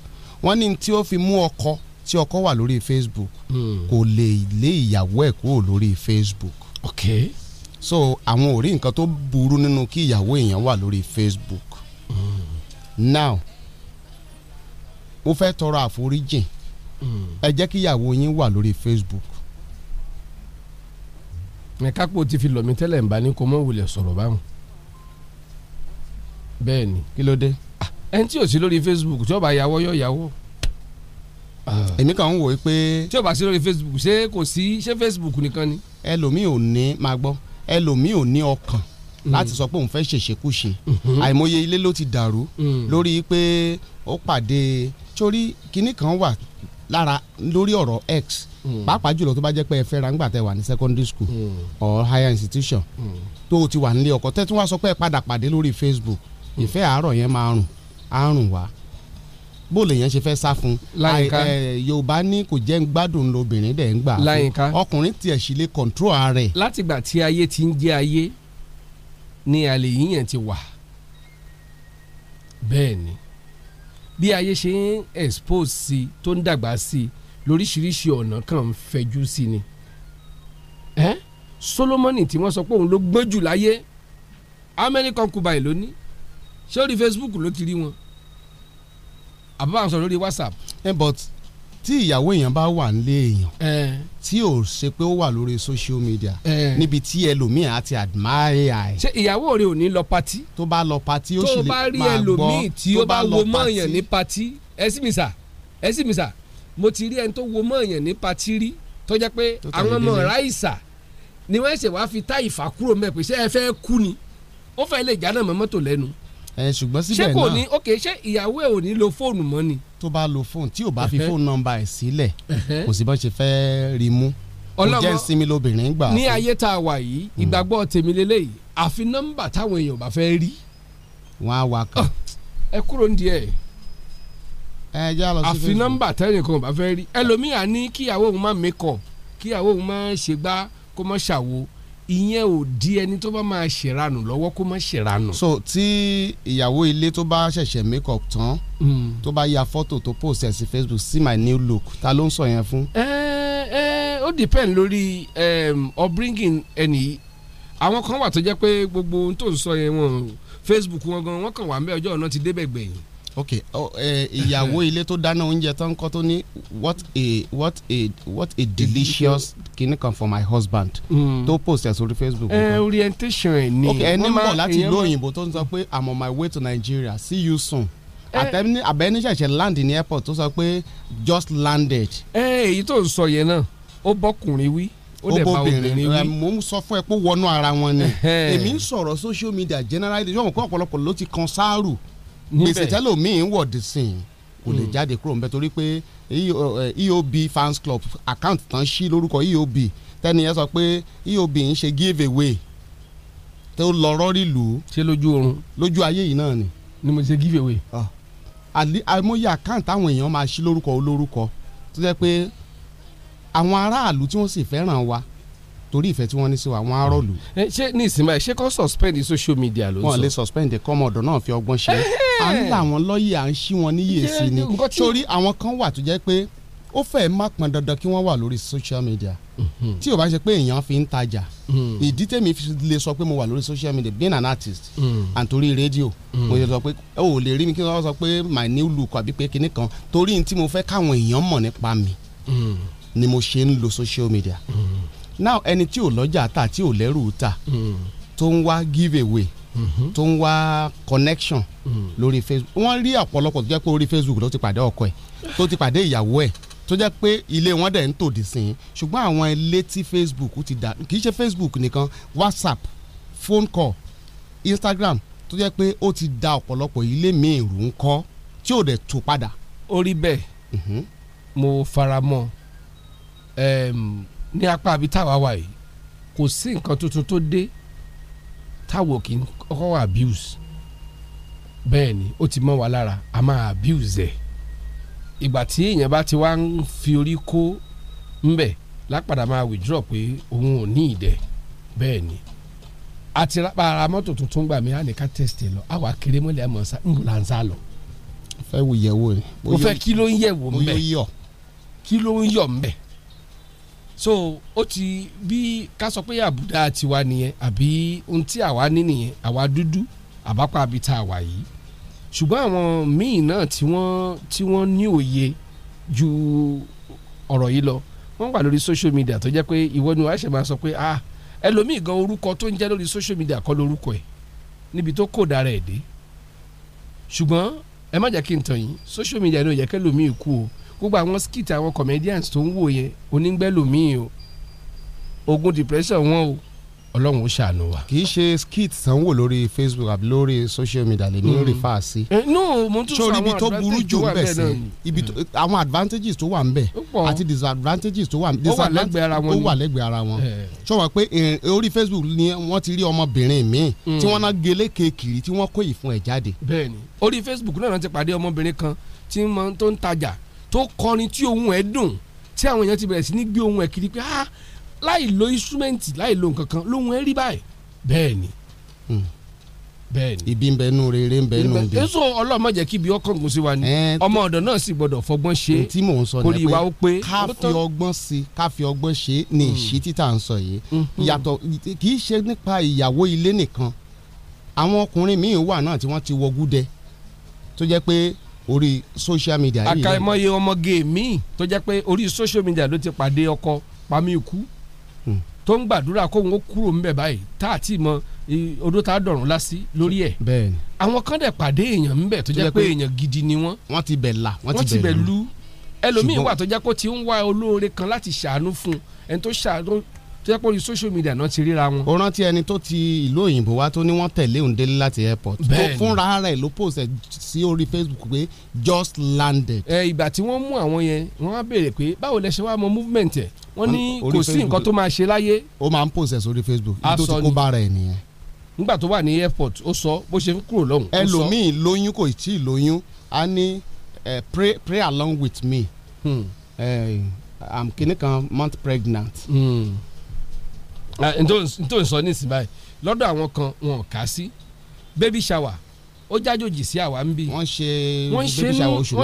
wọ́n ní tí ó fi mú ọkọ tí ọkọ wà lórí Facebook hmm. kò lè lé ìyàwó ẹ̀ kúrò lórí Facebook. ok so àwọn ò rí nǹkan tó burú nínú kí ìyàwó èèyàn wà lórí Facebook. Mm. now mo fẹ́ tọrọ àforíjìn hmm. ẹ jẹ́ kí ìyàwó yín wà lórí Facebook kápò ti fi lọ̀ mí tẹ́lẹ̀ ń bá ní kó mọ̀ wulẹ̀ sọ̀rọ̀ báwọn. bẹ́ẹ̀ ni kí ló dé. Ah, ẹni tí ò sí lórí Facebook tí ó bá yàwọ́ yọ yàwọ́ èmi kàn ń wòye pé. tí o bá sí lórí facebook ṣé kò sí ṣé facebook nìkan ni. ẹlòmíì ò ní máa gbọ́ ẹlòmíì ò ní ọkàn hmm. láti sọ pé òun fẹ́ ṣèṣekúṣe hmm. àìmọye ilé ló ti dàrú hmm. lórí pé ó pàdé torí kinní kan wà lára lórí ọ̀rọ̀ x pàápàá jùlọ tó bá jẹ́ pé ẹ fẹ́ra ńgbà tẹ́ wà ní secondary school or higher institution tó o ti wà nílé ọkọ tẹ́ tún wá sọ pé ẹ padà pàdé lórí facebook ìfẹ́ àárọ̀ yẹn máa rùn á rùn wá bó lèèyàn ṣe fẹ́ sá fún un yorùbá ní kò jẹ́ ń gbádùn lóbìnrin dẹ̀ ń gbà fún ọkùnrin tiẹ̀ sì lè control ara ẹ̀. látìgbà tí ayé ti ń jẹ́ ayé ni àlè yíyàn ti wà bẹ́ẹ̀ ni bí ayé ṣe ń expose sí tó ń dàgbà sí lóríṣiríṣi ọ̀nà kan ń fẹjú sí ni eh? Solomoni tí wọ́n sọ pé òun ló gbọ́n jù láyé amẹ́ríkà kúba ẹ̀ lónìí ṣé orí Facebook ló ti rí wọn àbúrò àwọn sọ̀rọ̀ lórí whatsapp. ẹ eh, but tí ìyàwó èèyàn bá wà nílé èèyàn eh. tí ò ṣe pé ó wà lórí social media eh. níbi tí ẹlòmíì á admire ẹ. ṣé ìyàwó rẹ ò ní lọ patí. tó bá lọ patí ó sì lè máa gbọ́ tó bá rí ẹlòmíì tí ó bá wo mọ́ọ̀yàn ní patí ẹ sì mi sà ẹ sì mi sà mo ti rí ẹni tó wo mọ́ọ̀yàn ní patí rí tó jẹ́ pé àwọn ọmọ ráìsà ni wọ́n ṣe wá fi tá ìfà kúrò mẹ́pẹ́ ṣé ẹ fẹ́ kú ni ó fẹ́ lè jáná mọ́tò lẹ́nu ẹ ṣùgbọ́n síbẹ̀ náà ṣé kò ní ok ṣé ìyàwó ẹ ò ní lo fóònù mọ́ ni. tó bá lo fóònù tí ò bá fi fóònù nọ́mbà ẹ sílẹ̀ kò sí bọ́n ṣe fẹ́ rí mú kò jẹ́ ìsinmi lóbìnrin gbà. ní ayé tá a wà yìí hmm. ìgbàgbọ́ tèmi lélẹ́yìí àfi nọ́mbà táwọn èèyàn bá fẹ́ rí. wọ́n á wá kan. ẹ kúrò ń díẹ̀ ẹ jẹ́ àlọ́ sí Facebook àfi nọ́mbà tẹ́nìkan ò bá fẹ́ rí ẹlòmíà ní kíyàwó òun má mẹ́kọ̀ kíyàwó òun má ṣègbà kó má ṣàwo ìyẹn ò di ẹni tó bá máa ṣèranù lọ́wọ́ kó má ṣèranù. so tí ìyàwó ilé tó bá ṣẹ̀ṣẹ̀ make up tán hmm. tó bá ya fọ́tò tó post ẹ̀ sí Facebook see my new look ta ló ń sọ yẹn fún. ẹ ẹ ó depend lórí upbringing ẹni àwọn kan wà tó jẹ́ pé gbogbo ohun tó ń sọ yẹn wọn Facebook wọn gan wọn kàn wà ń bẹ ọjọ́ ọ̀nà ti débẹ̀ gbẹ̀yìn ok oh, eh, ìyàwó ilé tó dáná oúnjẹ tó ń kọ́ tó ní what a what a what a delicious kinní kan for my husband hmm. tó post ẹ̀ sórí facebook. ẹ eh, orientation ẹ ni. ok ẹni ń bọ̀ láti ìlú òyìnbó tó ń sọ pé i'm on my way to nigeria see you soon eh. àtẹ̀mí àbẹ̀ni ṣẹ̀ṣẹ̀ land ní airport tó sọ pé just landed. ẹ èyí tó ń sọ yẹn náà ó bọ́kùnrin wí ó dẹ̀ bá obìnrin wí. mo ń sọ fún ẹ pé wọnú ara wọn ni èmi ń sọ̀rọ̀ social media generally ṣọ́mọ̀ pé ọ̀pọ̀lọpọ̀ ló ti kan sáàrù gbèsè tẹ́lòmíì ń wọ̀dì sìn kò lè hmm. jáde kúrò níbẹ̀ torí pé eob eh, e fans club account tán ṣí lórúkọ eob tẹ́ni yẹn sọ pé eob ń ṣe give away tó lọ rọ́rí lù ú. ṣé lójú oorun. lójú ayé yìí náà ni. ni mo ṣe give away. Ah. àìmọye account àwọn èèyàn máa ṣí lórúkọ olórúkọ tó jẹ́ pé àwọn aráàlú tí wọ́n sì fẹ́ràn wa torí ìfẹ́ tí wọ́n ní sí wa wọ́n á rọ̀lù. ẹ ṣé ní ìsinmi ṣé kò suspend social media ló ń sọ. wọn lè suspend kọ́mọ ọ̀dọ́ náà fi ọgbọ́n ṣe à ń là wọn lọ́yẹ̀ à ń ṣí wọn níyè sí ni torí àwọn kan wà tó jẹ́ pé ó fẹ́ má pọn dandan kí wọ́n wà lórí social media mhm. tí o bá ṣe pé èèyàn fi ń tajà mhm. ìdí tèmi lè sọ pé mo wà lórí social media being an artist mhm. and torí rédíò mo ṣe sọ pé o lè rí mi kí wọ́n sọ pé my new look àbí pé kinní kan torí tí mo fẹ́ káwọn èèyàn mọ̀ nípa mi ni mo ṣe ń lo social media now ẹni tí ò lọ́jà tà tí ò lẹ́rù tà hmm. tó ń wá give away hmm. tó ń wá connection hmm. lórí facebook wọ́n rí ọ̀pọ̀lọpọ̀ tó jẹ́ pé orí facebook ló ti pàdé ọkọ ẹ̀ tó ti pàdé ìyàwó ẹ̀ tó jẹ́ pé ilé wọn dẹ̀ ń tòdì sí i ṣùgbọ́n àwọn ilé tí facebook ti dà kì í ṣe facebook nìkan whatsapp phone call instagram tó jẹ́ pé ó ti da ọ̀pọ̀lọpọ̀ ilé míì rú ń kọ́ tí ò dẹ̀ tó padà. ó rí bẹ́ẹ̀ mm-hmm. mo fara mọ́ um, ní apá àbí táwa wà yìí kò sí nǹkan tuntun tó dé táwo kì í kọ́kọ́ abuse bẹ́ẹ̀ ni ó ti mọ́ wa lára a máa abuse ẹ̀ ìgbà tí èèyàn bá ti wá ń fi orí kó ńbẹ̀ lápàdà máa withdraw pé òun ò ní ìdẹ̀ bẹ́ẹ̀ ni àti ara mọ́tò tuntun gbà mí àníká test lọ àwa kéré mọ́lẹ̀ àmọ́ ńlá ń sá lọ. fẹ́ wo yẹ̀wò rẹ̀. mo fẹ́ kí ló ń yẹ̀wò ńbẹ̀ kí ló ń yọ̀ ńbẹ̀ so ó ti bí ká sọ pé àbùdá tiwa nìyẹn àbí ohun tí àwa ní nìyẹn àwa dúdú àbápá àbí tá a wà yìí ṣùgbọ́n àwọn míì náà tí wọ́n tí wọ́n ní òye ju ọ̀rọ̀ yìí lọ wọ́n wà lórí social media tó jẹ́ pé ìwọ ni wàá ṣe máa sọ pé ah ẹlòmíì gan orúkọ tó ń jẹ́ lórí social media kọ́ lórúkọ ẹ̀ níbi tó kò dára ẹ̀ dé ṣùgbọ́n ẹ má jẹ́ kí n tàn yín social media ni ò yẹ kẹlòmíì kú o gbogbo àwọn skit àwọn comedians tó ń wò yẹn onígbẹ́lòmíì o ogun depression wọn o ọlọ́run ó ṣàánú wa. kì í ṣe skit sanwó lórí facebook àbí lórí social media lè ní mm. rìfà sí. Eh, no mo tún sọ àwọn ibi tó burú jù ń bẹ̀ sí ibi tó àwọn advantages tó wà ń bẹ̀ àti disadvantages tó wà ń bẹ̀ disadvantages tó wà lẹ́gbẹ̀ẹ́ ara wọn. sọ eh. wá pé eh, orí facebook ni wọ́n ti rí ọmọbìnrin míì tí mm. wọ́n náà gelé kékeré tí wọ́n kó ìfun ẹ̀ jáde. bẹ́ẹ̀ni orí facebook náà ti pàdé ọmọbìnrin kan tí mo tó ń tajà tó kọrin tí ohun ẹ̀ dùn tí àwọn èèyàn ti bẹ̀rẹ̀ sí ní gbé ohun ẹ̀ kiri pé ah láì lo instrument láì lo nǹkan kan lóhun ẹ̀ rí báyìí bẹ́ẹ̀ ni hmm. bẹ́ẹ̀ ni. ibi ń bẹ nù rere ń bẹ nù bí. èso ọlọ́mọ jẹ́ kí ibi ọkàn gùn sí wa ni ọmọ ọ̀dọ̀ náà sì gbọ́dọ̀ fọgbọ́n ṣe é tí mò ń sọ ni pé ká fi ọgbọ́n sí ká fi ọgbọ́n ṣe é hmm. ìṣí títà ń sọ yìí hmm. yàtọ̀ kì í ṣe nípa ìyàwó ilé nìkan àwọn ọkùnrin míì wà náà tí wọ́n ti wọ tó jẹ́ pé orí social media yìí. àkàìmọye ọmọge mi tó jẹ́ pé orí social media ló ti pàdé ọkọ pàmí ikú hmm. tó ń gbàdúrà kóun ó kúrò ńbẹ̀ báyìí tá a ti mọ odó tá a dọ̀rùn lásì lórí ẹ̀. bẹ́ẹ̀ni. àwọn kan dẹ̀ pàdé èèyàn ńbẹ̀ tó jẹ́ pé èèyàn gidi ni wọ́n. wọ́n ti bẹ̀ la wọ́n ti bẹ̀ lu ẹlòmíín wà tó jẹ́ kó ti ń wá olóore kan láti ṣàánú fún ẹni tó ṣàánú tó yẹ pé orí social media náà ti ríra wọn. ó rántí ẹni tó ti ìlú òyìnbó wá tó ní wọ́n tẹ̀lé òun délé láti airport. bẹ́ẹ̀ni tó fúnra rẹ̀ ló post sí orí Facebook pé just landed. ẹ ìgbà tí wọ́n mú àwọn yẹn wọ́n á béèrè pé báwo lẹ ṣe wá mọ movement ẹ̀ wọ́n ní kò sí nǹkan tó máa ṣe láyé. ó máa ń post sórí Facebook ibi tó ti kó bára ẹ̀ nìyẹn nígbà tó wà ní airport ó sọ bó ṣe ń kúrò lọ́hùn. ẹlòmíì lóyún kò tí ì lóyún a ní pray along with me hmm. uh, n tó ń sọ ní ìsìn lọ́dọ̀ àwọn kan wọn ò kà sí baby shower ó jájòjì sí àwa ń bí. wọ́n ṣe baby shower oṣù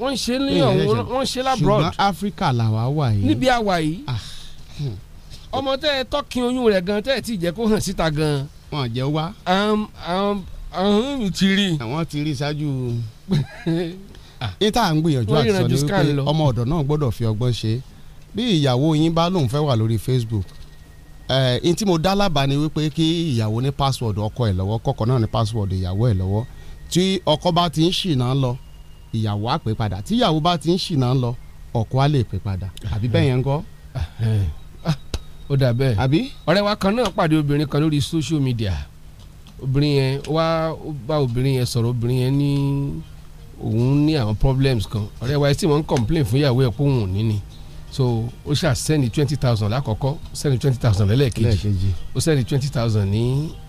wọ́n ṣe ní ọ̀hún wọ́n ṣe labroad. ṣùgbọ́n áfíríkà làwa wà yìí. níbi àwa yìí ah. ọmọ tẹ́ ẹ tọ́kin oyún rẹ̀ gan tẹ́ ẹ ti jẹ́ kó hàn síta gan. wọn jẹ́ wá. Um, um, um, ti rí. àwọn ah, ti rí ṣáájú níta ah, à ń gbìyànjú àti sọ ni wípé ọmọ ọ̀dọ̀ náà gbọ́dọ̀ fi ọgbọ́n ṣe bí ìyàwó yín bá lóun fẹ́ wà lórí Facebook ẹ̀ẹ́n eh, tí mo dá lábàá ni wípé kí ìyàwó ní password ọkọ ẹ̀ lọ́wọ́ kọ́kọ́ náà ní password ìyàwó ẹ̀ lọ́wọ́ tí ọkọ bá ti ń ṣìnà lọ ìyàwó á pè padà tí ìyàwó bá ti ń ṣìnà lọ ọkọ á lè pè padà àbí bẹ́ẹ̀ yẹn ń kọ́. ó dà bẹ́ẹ̀ àbí. ọ̀rẹ́ wa kan náà pàdé obìnrin kan lórí social media obìnrin yẹn wá bá obìnrin yẹn sọ̀rọ̀ obìnrin yẹn ní òun ní àwọn problems kan ọ̀rẹ́ wa ẹ̀ sì wọ́n ń complain fún ìyàwó ẹ̀ pé òun ò ní ni so ó ṣáà sẹ́ni twenty thousand lákọ̀ọ́kọ́ sẹ́ni twenty thousand lẹ́lẹ́kejì ó sẹ́ni twenty thousand ní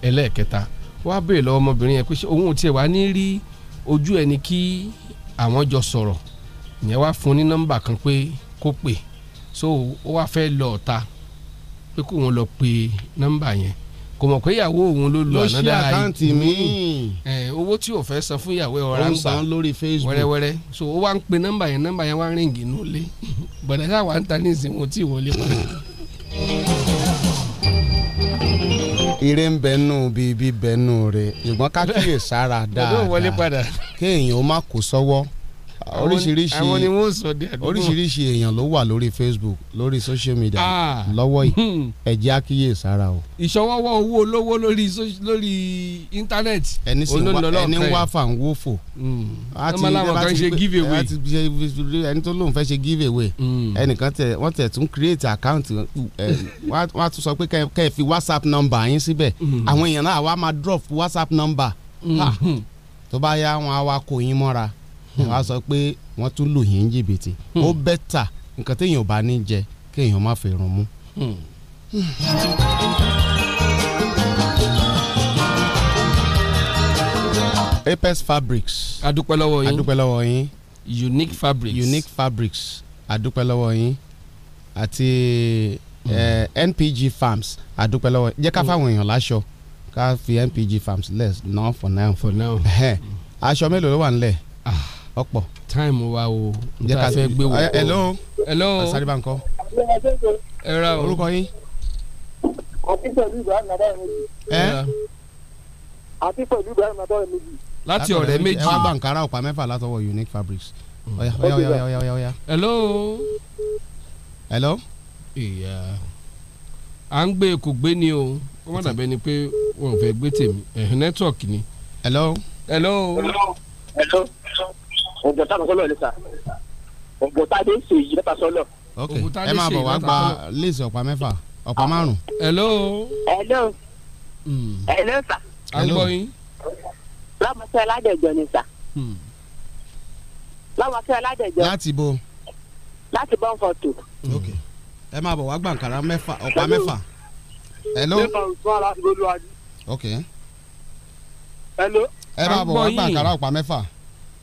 ẹlẹ́ẹ̀kẹta wàá béèrè lọ́wọ́ ọmọbìnrin yẹn pé òun ò tiẹ̀ wá ní rí ojú ẹni kí àwọn jọ sọ̀rọ̀ ìyẹn wàá fún ní nọ́mbà kan pé kó pè so ó wàá fẹ́ lọ ọ̀ta pé kóun lọ pe nọ́mbà yẹn kò mọ̀ pé ìyàwó òun ló lu ànádà ló ṣí àkáǹtì míì hmm. eh, owó tí ò fẹ́ san fún ìyàwó ẹ̀ ọ̀rá ń gbà Facebook wẹ́rẹ́wẹ́rẹ́ so ó wá ń pe nọ́mbà yẹn nọ́mbà yẹn wá ń ríǹgì nù lé bọ̀dá sáà wà ń ta ní ìsìn wọn tí ì wọlé wọn ire ń bẹnu bíi bíbẹnu rẹ ṣùgbọ́n ká kíyè sára dáadáa kéèyàn ó má kó sọ́wọ́ oríṣiríṣi oríṣiríṣi èèyàn ló wà lórí Facebook lórí social media ah. lọ́wọ́ yìí hmm. ẹ jẹ́ àkíyèsí ara o. ìṣọwọ́wọ́ owó olówó lórí lórí internet ẹni sì ẹni ń wá fà ń wó fò. Hmm. ọmọ làwọn kan ṣe give away. ẹni tó lóun fẹ́ ṣe give away hmm. ẹnìkan tẹ wọ́n tẹ̀ tún create account wọ́n á tún sọ pé kẹ́ ẹ fi WhatsApp number yín síbẹ̀ àwọn èèyàn náà wàá máa drop WhatsApp number tó bá yá wọn á wá kó yín mọ́ra ẹ sọ pé wọ́n tún lù yín jìbìtì ó hmm. bẹ́tà nǹkan téèyàn bá ní jẹ kéèyàn má fi rún mú. Hmm. Apex Fabrics. adúpẹ́ lọ́wọ́ yín adúpẹ́ lọ́wọ́ yín. Unique Fabrics Unique Fabrics adúpẹ́ lọ́wọ́ yín àti hmm. eh, NPG Farms adúpẹ́ lọ́wọ́ yín jẹ́ ká fáwọn èèyàn láṣọ ká fi NPG Farms Less now for now. for now. aṣọ mélòó ló wà nílẹ̀. ah ọ̀pọ̀ táìmù wa o njẹ́ ká fẹ́ gbé wò ó. hello hello asaribanko. ẹ ra o orúkọ yín. àti pẹ̀lú ibrahim nadáyọ̀ méjì. ẹ àti pẹ̀lú ibrahim nadáyọ̀ méjì. láti ọ̀rẹ́ méjì. ẹ wá gba ọ̀pá mẹ́fà látọwọ́ unique fabrics. ọ̀yà ọ̀yà ọ̀yà ọ̀yà ọ̀yà. hello. hello. ìyá à ń gbé kò gbé ni o wọ́n dàbẹ́ ni pé wọn ò fẹ́ gbé tèmi nẹ́tíwọ̀kì ni. hello. hello. hello. hello. hello ọ̀gbọ̀tà àkọ́kọ́ lọ́ọ̀lẹ́sà ọ̀gbọ̀tà dé ṣe yí lẹ́ta sọ́lọ̀. ok ẹ máa bọ̀ wá gba léèsì ọ̀pá mẹ́fà ọ̀pá márùn. hello. hello. hello sà. a ń gbọ́ yín. lámọ̀sẹ́ aládẹ̀jọ ni sà. lámọ̀sẹ́ aládẹ̀jọ. láti bo. láti bọ́ fọ̀tò. ok ẹ máa bọ̀ wá gba nkàrà mẹ́fà ọ̀pá mẹ́fà. hello. ok. hello. ẹ máa bọ̀ wá gba nkàrà ọ̀pá mẹ́fà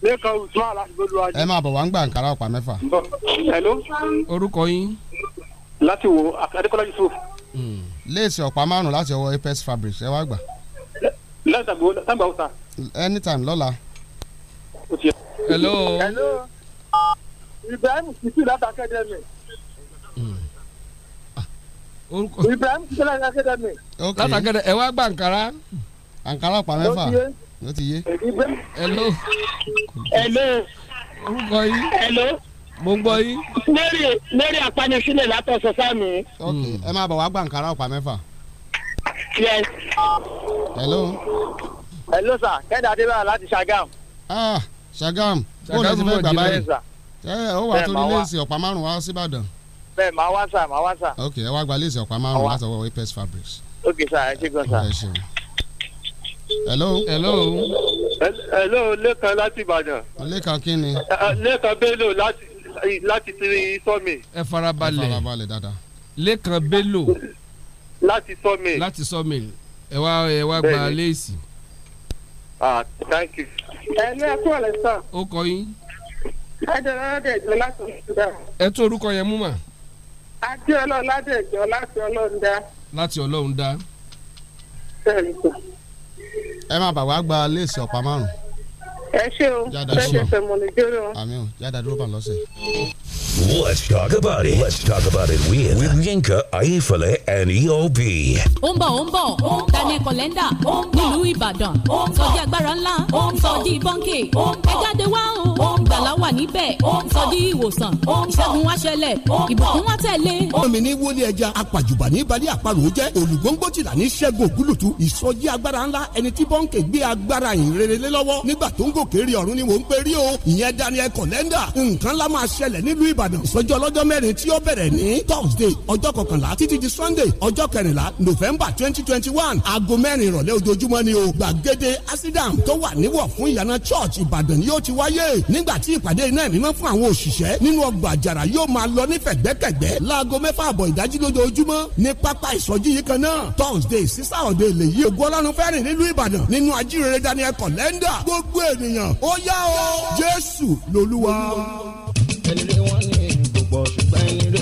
lẹ́kọ̀ọ́ usman aládùúgbò lu ajé. ẹ máa bọ̀ wá ń gba nkàrà ọ̀pá mẹ́fà. hello. orúkọ yín. láti wo adékọ́lá yusuf. Hmm. léèsì ọ̀pá márùn-ún láti ọwọ́ apex fabric ẹ wá gbà. lẹ́yìn tàgbà ó ta. anytime lọ́la. hello. hello. ibrahim kìsì láti akademi. Hmm. Ah. orúkọ. ibrahim kìsì láti akademi. ok láti akademi ẹ wá gba nkàrà. ànkàrà ọ̀pá mẹ́fà. ó ti yé wọ́n ti yé. hello. hello. orúkọ yìí. hello. mo ń gbọ́ yín. mary mary apanisílẹ̀ látọ̀sọ̀ sáàmì. ok hmm. ẹ máa bọ̀ wá gbàǹkárá ọ̀pá mẹ́fà. yes. hello. hello sir kẹ́hìndé adébáyọ̀ láti Ṣàgámù. ah Ṣàgámù kó o lọ sí fẹ́ gbà báyìí ẹ ó wà tó ní léèsì ọ̀pá márùn-ún wá síbàdàn. bẹ́ẹ̀ máa wá sà máa wá sà. ok ẹ wá gba léèsì ọ̀pá márùn-ún látọwọ́ apes fabrics. ok sir ẹ ṣe gan sir hello. hello. hello lẹ́kan láti ìbàdàn. lẹ́kan kí ni. lẹ́kan bello láti láti ti sọ́mi. ẹ farabalẹ̀ ẹ farabalẹ̀ dáadáa. lẹ́kan bello. láti sọ́mi. láti sọ́mi ẹ wá ẹ wá gba léèsì. ah thank you. ẹ ní ẹ kú ọ̀lẹ́ sàn. ó kọ yín. adéọlá ládẹjọ láti ọlọ́ọ̀dá. ẹ tún orúkọ yẹn mú mà. adéọlá ládẹjọ láti ọlọ́ọ̀dá. láti ọlọ́ọ̀dá. bẹ́ẹ̀ ni sọ ẹ má bàa wá gba léèsì ọ̀pá márùn. Let's talk about it. Let's talk about it with, with Yinka, Ayefele and EOB. Ó ń bọ̀ Kolenda nílùú Ìbàdàn. Sọjí agbára ńlá. Sọjí bọ́ńkì. Ẹ jáde wá o. Gbàlá wà níbẹ̀. Sọjí ìwòsàn. Omi ní wọlé ẹja apàjùbà ní balẹ̀ àparò jẹ́. Olùgbóngbò tìlà ní Ṣẹ́gun Ògúlùtù. Ìsọjí agbára ńlá ẹni tí bọ́ńkì gbé agbára ìhìnrere lé lọ́wọ́ nígbà tó ń g gòkè ọ̀run ni mò ń pè rí o ìyẹn Daniel Kọ̀lẹ́ndà nǹkan la máa ṣẹlẹ̀ nílùú Ìbàdàn ìsọjí ọlọ́jọ́ mẹ́rin tí ó bẹ̀rẹ̀ ní Thursday ọjọ́ kọkànlá títí di Sunday ọjọ́ kẹrìnlá November twenty twenty one aago mẹ́rin ìrọ̀lẹ́ ojoojúmọ́ ni o gbàgede asidam tó wà níwọ̀ fún ìyànà church Ìbàdàn ni yóò ti wáyé nígbà tí ìpàdé iná ìmímọ́ fún àwọn òṣìṣẹ́ nínú ọgbà àjàrà yóò máa lọ ní fẹ̀gbẹ́kẹ̀gbẹ́ láago mẹ́fà àbọ̀ ìdájí lójoojúmọ́ ní pápá ìsọjí yìí kan náà Thursday sísá ọ̀dẹ̀ èlé yìí ògùn ọlọ́run fẹ́rìn nílùú Ìbàdàn nínú ajíire Daniel Kọ̀lẹ́ndà ènìyàn ó yá o Jésù lolúwa. ẹni rí wọn ní gbogbo ṣùgbọ́n ẹni rí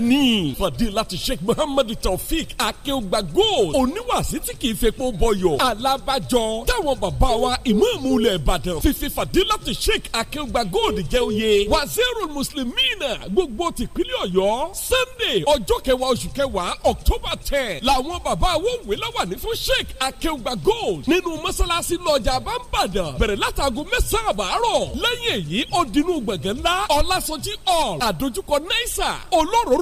bẹ́ẹ̀ ni fadilati sheikh muhammadu taofik akeogba gold oníwàásí tí kì í fepo bọyọ̀ alábàjọ táwọn bàbá wa ìmáàmù ilẹ̀ ìbàdàn fífi fadilati sheikh akeogba gold jẹ́ oyè wazirul muslimina gbogbo tìpínlẹ̀ ọ̀yọ́ sunday ọjọ́ kẹwàá oṣù kẹwàá october ten làwọn bàbá wo wé láwàní fún sheikh akeogba gold nínú mọ́sálásí lọ́jà àbámbàdàn bẹ̀rẹ̀ látàgọ́ mẹ́sàn-án àbárọ̀ lẹ́yìn èyí ó dinú gbọ̀ngàn ńlá ọlásọjí hall àdójúkọ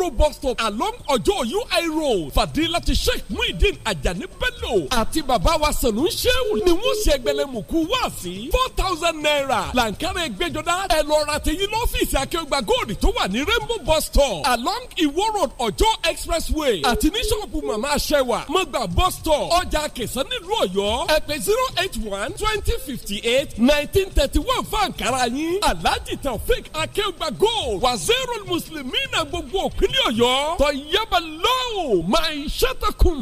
Koro bus stop along ọjọ́ UI road Fadilati Sheikh Muhyiddin Ajani Bello àti bàbá wa Sanu Shehu ni wọ́n ṣe ẹgbẹ̀lẹ́mùkú wá sí four thousand naira làǹkàrẹ̀ gbẹjọdá ẹ lọ ra tẹ̀yìn lọ́fíìsì Akéwàgbà Gold tó wà ní Rainbow bus stop along Iwo road ọjọ́ expressway àti ní ṣọ́ọ̀bù màmá aṣẹ́wà mọ́gbà bus stop ọjà kẹsàn-án nílùú Ọ̀yọ́ ẹ̀pẹ̀ zero eight one twenty fifty eight nineteen thirty one fún àǹkàrà yín Alhaji Taofik Akéwàgbà Gold wazirul muslimina gbogbo òpin ìpínlẹ̀ ọ̀yọ́ tọ̀yẹ́bà lọ́wọ́ máa ń ṣàtàkùn.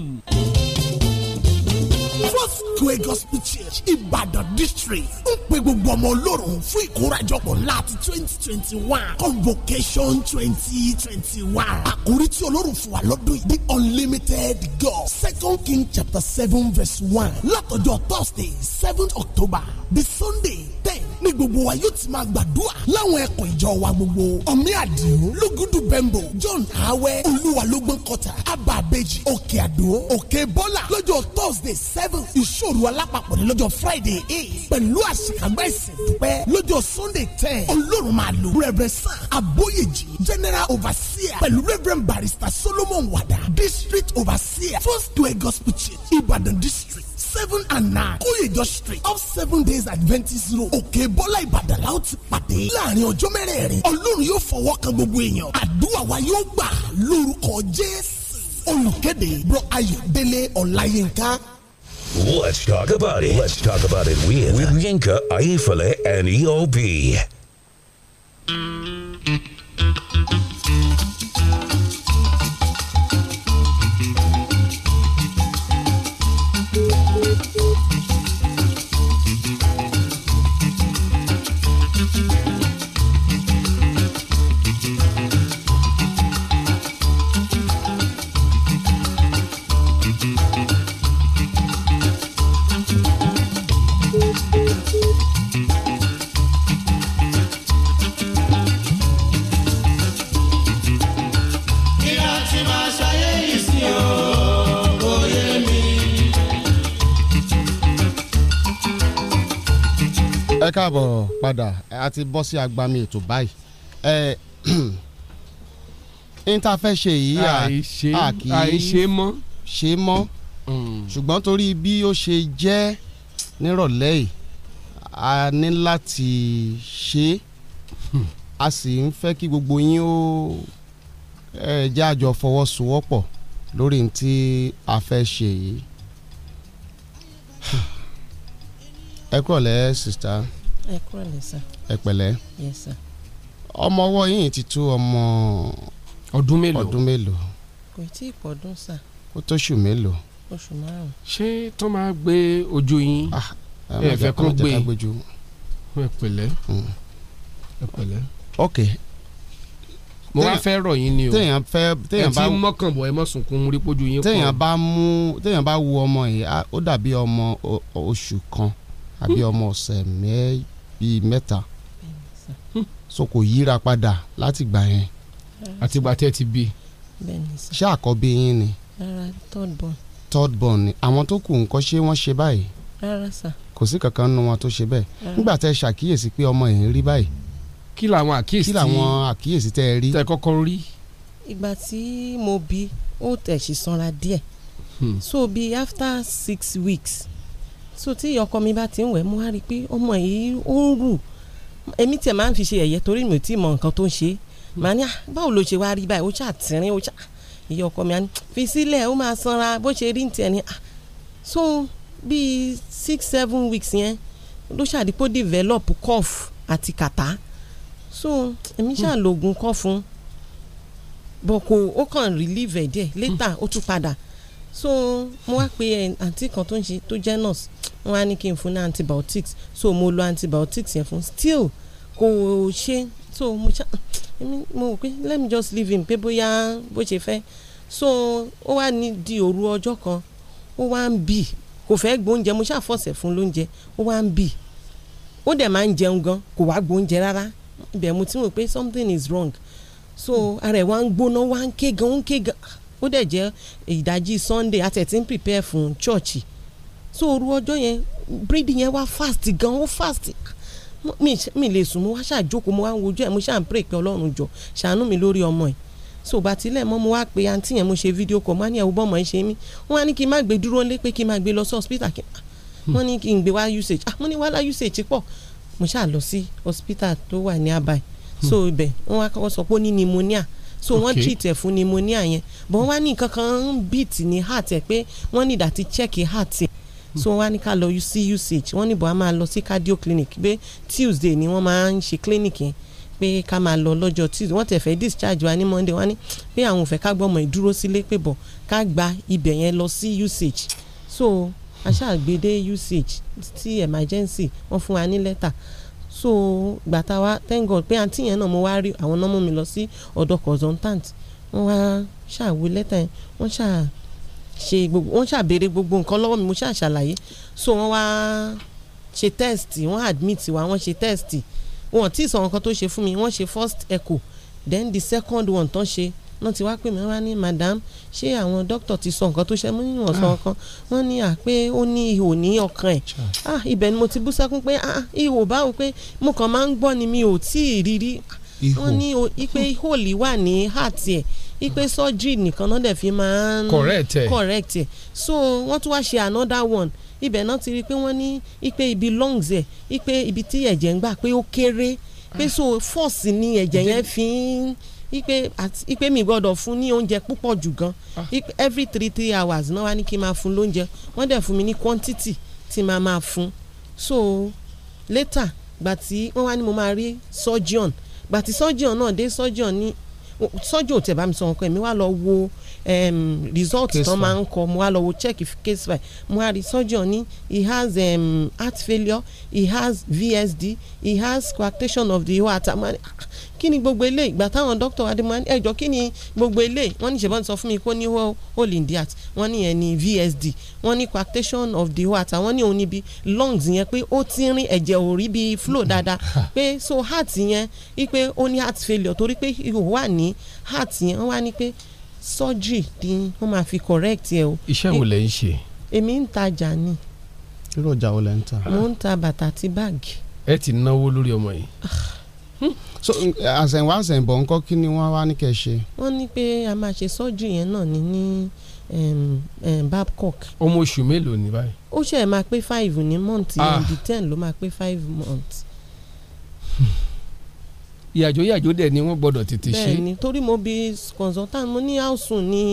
First Square Gospel Church Ìbàdàn district ń pe gbogbo ọmọ Ọlọ́run fún ìkórajọpọ̀ láti twenty twenty one convocation twenty twenty one. Àkórí tí Ọlọ́run fún wa lọ́dún yìí the unlimited God Second King chapter seven verse one látọjọ́ Thursday seventh October the Sunday ten ní gbogbo wa yóò ti máa gbàdúrà láwọn ẹ̀kọ́ ìjọ wa gbogbo ọ̀mí àdìo lógúdù bẹ́ńbò john awẹ́ olúwalógbọ́n kọta abba abeji òkè àdó òkè bọ́là lọ́jọ́ thursday seven ìṣòro alápapọ̀ ní lọ́jọ́ friday eight pẹ̀lú àṣekágbá ìsìn lọ́jọ́ sunday ten ọlọ́run máa lò reverend sam aboyeji general overseer pẹ̀lú reverend barrister solomon wada district overseer first square gospel church ibadan district seven and nine just street Of seven days adventist road òkè bọ́lá ìbàdàn la ó ti pàdé láàrin ọjọ́ mẹ́rẹ̀ẹ̀rin ọlọ́run yóò fọwọ́ kan gbogbo èèyàn àdúrà wa yóò gbà lórúkọ jésù olùkéde bro ayọ̀délé ọláyínká. Let's talk about it. Let's talk about it with, with Yinka, Aifale, and EOB. ẹ káàbọ̀ padà a ti bọ́ sí agbami ètò báyìí ẹ n ta ṣe yìí a kì í ṣe mọ́ ṣe mọ́ mm. ṣùgbọ́n torí bí ó ṣe jẹ́ nírọ̀lẹ́ yìí a ní láti ṣe a sì ń fẹ́ kí gbogbo yín ó jẹ́ àjọ fọwọ́sowọ́pọ̀ lórí n tí a fẹ́ ṣe yìí ẹ kúrọ̀lẹ́ sista ẹ kúrò lè sà. ẹ yes sà. ọmọ ọwọ́ yìí ti tó ọmọ. ọdún mélòó ọdún mélòó. kò tí ì pọ̀dún sà. kó tó ṣù mélòó. oṣù márùn. ṣé tó máa gbé ojú yín. Ah, ẹ fẹ́ kó gbé ẹ pẹ̀lẹ́ mm. ẹ pẹ̀lẹ́. ok mo wá fẹ́ rọ̀ yín ni o téèyàn fẹ́ téèyàn bá ẹ ti mọ́kànbọ̀ ẹ mọ́ sunkún rí pójú yín pọ̀ téèyàn bá mú téèyàn bá wo ọmọ yìí ó dàbí ọmọ oṣù kan àbí hmm. ọmọ ọ̀sẹ̀ mẹ́ẹ̀ẹ́ bíi mẹ́ta so kò yíra padà láti gbà yẹn. àti gbà tẹ́ ti bí. ṣé àkọ́bí yín ni. third born. third born ni àwọn tó kù ńkọ́ ṣé wọ́n ṣe báyìí. rárá sà. kò sí kankan nínú wọn tó ṣe bẹ́ẹ̀ nígbà tẹ́ ṣàkíyèsí pé ọmọ yìí ń rí báyìí. kí làwọn àkíyèsí kí làwọn àkíyèsí tẹ́ ẹ rí. tẹ́ kọ́kọ́ rí. ìgbà tí mo bí ó tẹ̀ sí sanra díẹ̀ hmm. so bí after six weeks so tí ọkọ mi bá ti ń wẹ̀ mo wá rí i pé ọmọ yìí ó ń rù èmi tiẹ̀ máa ń fi ṣe ẹ̀yẹ torí mi ò tí ì mọ nǹkan tó ń ṣe màá ní ah, báwo ló ṣe wá rí báyìí ó ṣáà tìrín ó ṣáà ah. ìyá ọkọ mi á ní fi sílẹ̀ ó máa sanra bó ṣe rí tiẹ̀ ni ah, so bíi six seven weeks yẹn ló ṣàdìpọ̀ develop cough àti kàtá so èmi ṣáà lògùn kọ́ fún bọ̀ kò ó kàn relieve ẹ̀ díẹ̀ later ó tún padà so mo wá pe àǹtí kan tó ń ṣe tó jẹ́ nurse wọ́n á ní kí n fún ní antibiotics so mo lo antibiotics yẹn fún still kò ṣe so mo ṣá èmi mo rò pé let me just leave him pé bóyá bó ṣe fẹ́ so ó wá ní di òru ọjọ́ kan ó wá ń bì kò fẹ́ gbóúnjẹ mo ṣáà fọ̀sẹ̀ fún lóúnjẹ ó wá ń bì ó dẹ̀ máa ń jẹun gan kò wá gbóúnjẹ rárá ibẹ̀ mo ti mọ̀ pé something is wrong so ara ẹ̀ wá ń gbóná wá ń ké gan ń ké gan ó dẹ̀ jẹ́ ìdajì Sunday àtẹ̀tí ń prepare fún chọ́ọ̀chì so oru ọjọ́ yẹn breeding yẹn wá fast gan ó fast mi lè sùn mo wá ṣàjókòó mo wá ń wojú ẹ̀ mo ṣà ń pray pé ọlọ́run jọ ṣàánú mi lórí ọmọ ẹ̀ so bàtí ilẹ̀ mọ́ mo wá pe àǹtí yẹn mo ṣe fídíò kọ̀ mo á ní ẹ̀wọ́ bọ́mọ̀ ẹ̀ ṣe mí wọ́n á ní kí n má gbé dúró lé pé kí n má gbé lọ sí hospital kí hmm. wọ́n ní kí n gbé wá usage ah mo ní wàhálà usage pọ̀ mo ṣáà lọ sí hospital tó wà ní abai hmm. so ibẹ̀ wọ́n wá kọ́kọ́ sọ pé ó ní pneumonia so wọ́n treat ẹ̀ fún pneumonia yẹn but wọ́n wá ní nǹkan beat ní heart ẹ̀ pé wọ́n ní ìdàtí check heart ẹ̀ so wọ́n á ní ká lọ sí UCH wọ́n níbo a máa lọ sí cardio clinic pé Tuesday ni wọ́n máa ń ṣe clinic yẹn pé ká máa lọ lọ́jọ́ Tuesday wọ́n tẹ̀ discharge wa ní Monday wọ́n á ní pé àwọn ò fẹ́ ká gbọ́mọ̀ ìdúró sílé pé bọ̀ ká gba ibẹ̀ yẹn lọ sí UCH so aṣáàgbédé UCH ti emergency wọ́n fún wa ní lẹ́tà so gbàtà wa thank God pé àǹtí yẹn náà mo wá rí àwọn náà mi lọ sí ọ̀dọ̀ consultant wọ́n wá ṣàwé lẹ́tà yẹn wọ́n ṣàwé ṣe gbogbo wọ́n ṣàbèrè gbogbo nǹkan lọ́wọ́ mi mo ṣàṣàlàyé so wọ́n wá ṣe test wọ́n admit wa wọ́n ṣe test wọn tí sọ nǹkan tó ṣe fún mi wọ́n ṣe first echo then the second one tán ṣe wọ́n ti wá pè mí wá ní madam ṣé àwọn doctor ti sọ nǹkan tó ṣe mú ìwọ̀n sọ ah. nǹkan wọ́n ní à pé ó ní ihò ní ọkàn ẹ̀ ah ibẹ̀ ni mo ti bú sẹ́kún pé ah ihò báwo pé mo kàn máa ń gbọ́ ni mi ò tí ì rírí wọ́n ní pé ihò lì wà ní heart ẹ̀ ipe surgery nìkan náà dẹ̀ fi máa ń correct ẹ̀ correct ẹ̀ so wọ́n tún wá ṣe another one ibẹ̀ náà ti rí i pé wọ́n ní ipe ibi lungs ẹ̀ ipe ibi tí ẹ̀jẹ̀ ń gbà pé ó kéré pé so force ni ẹ̀jẹ̀ yẹn fi ń ipe àti ipe mi gbọ́dọ̀ fún ní oúnjẹ púpọ̀ jù gan ah. every three three hours náà wá ní kí n máa fún lóúnjẹ wọ́n dẹ̀ fún mi ní quantity tí màá máa fún so later gbà tí wọ́n wá ní mo máa rí surgeon gbà tí surgeon náà dé surgeon ní sọ́jọ́ ò tẹ̀ bá mi sọ nǹkan èmi wá lọ wo um, result tán máa ń kọ mo wá lọ wo check if case file mo wá rí sọ́jọ́ ní he has um, heart failure he has VSD he has coarctation of the heart kí ni gbogbo ilé ìgbà táwọn dókítà adémọ́ni ẹjọ́ kí ni gbogbo ilé wọ́n ní ṣèbọn sọ fún mi kó ní hole in the ní ẹni VSD wọ́n ní coarctation of the heart àwọn ní òun níbi lungs yẹn pé ó ti rin ẹ̀jẹ̀ ò rí bí flow dáadáa pé so heart yẹn wípé ó ní heart failure torí pé ihò wà ní heart yẹn wọ́n wá ní pé surgery ni wọ́n máa fi correct ẹ o. iṣẹ́ wo lẹ̀ ń ṣe. èmi ń tajà ni. irú ọjà wo lẹ̀ ń ta. mo ń ta bàtà àti báàgì. ẹ ti náwó lórí ọmọ yìí. Ah so àṣẹ̀wá àṣẹ̀bọ̀ ńkọ́ kí ni wọ́n wá ní kẹ́ ṣe. wọ́n ní pé a máa ṣe sọ́jú yẹn náà ní ní Babcock. ọmọ oṣù mélòó ni báyìí. ó ṣe é máa pé five ní month yẹn bí ah. ten ló máa pé five months ìyàjò ìyàjò dẹ̀ ni wọ́n gbọ́dọ̀ tètè ṣe. bẹ́ẹ̀ni torí mo bi consultant mo ní how ni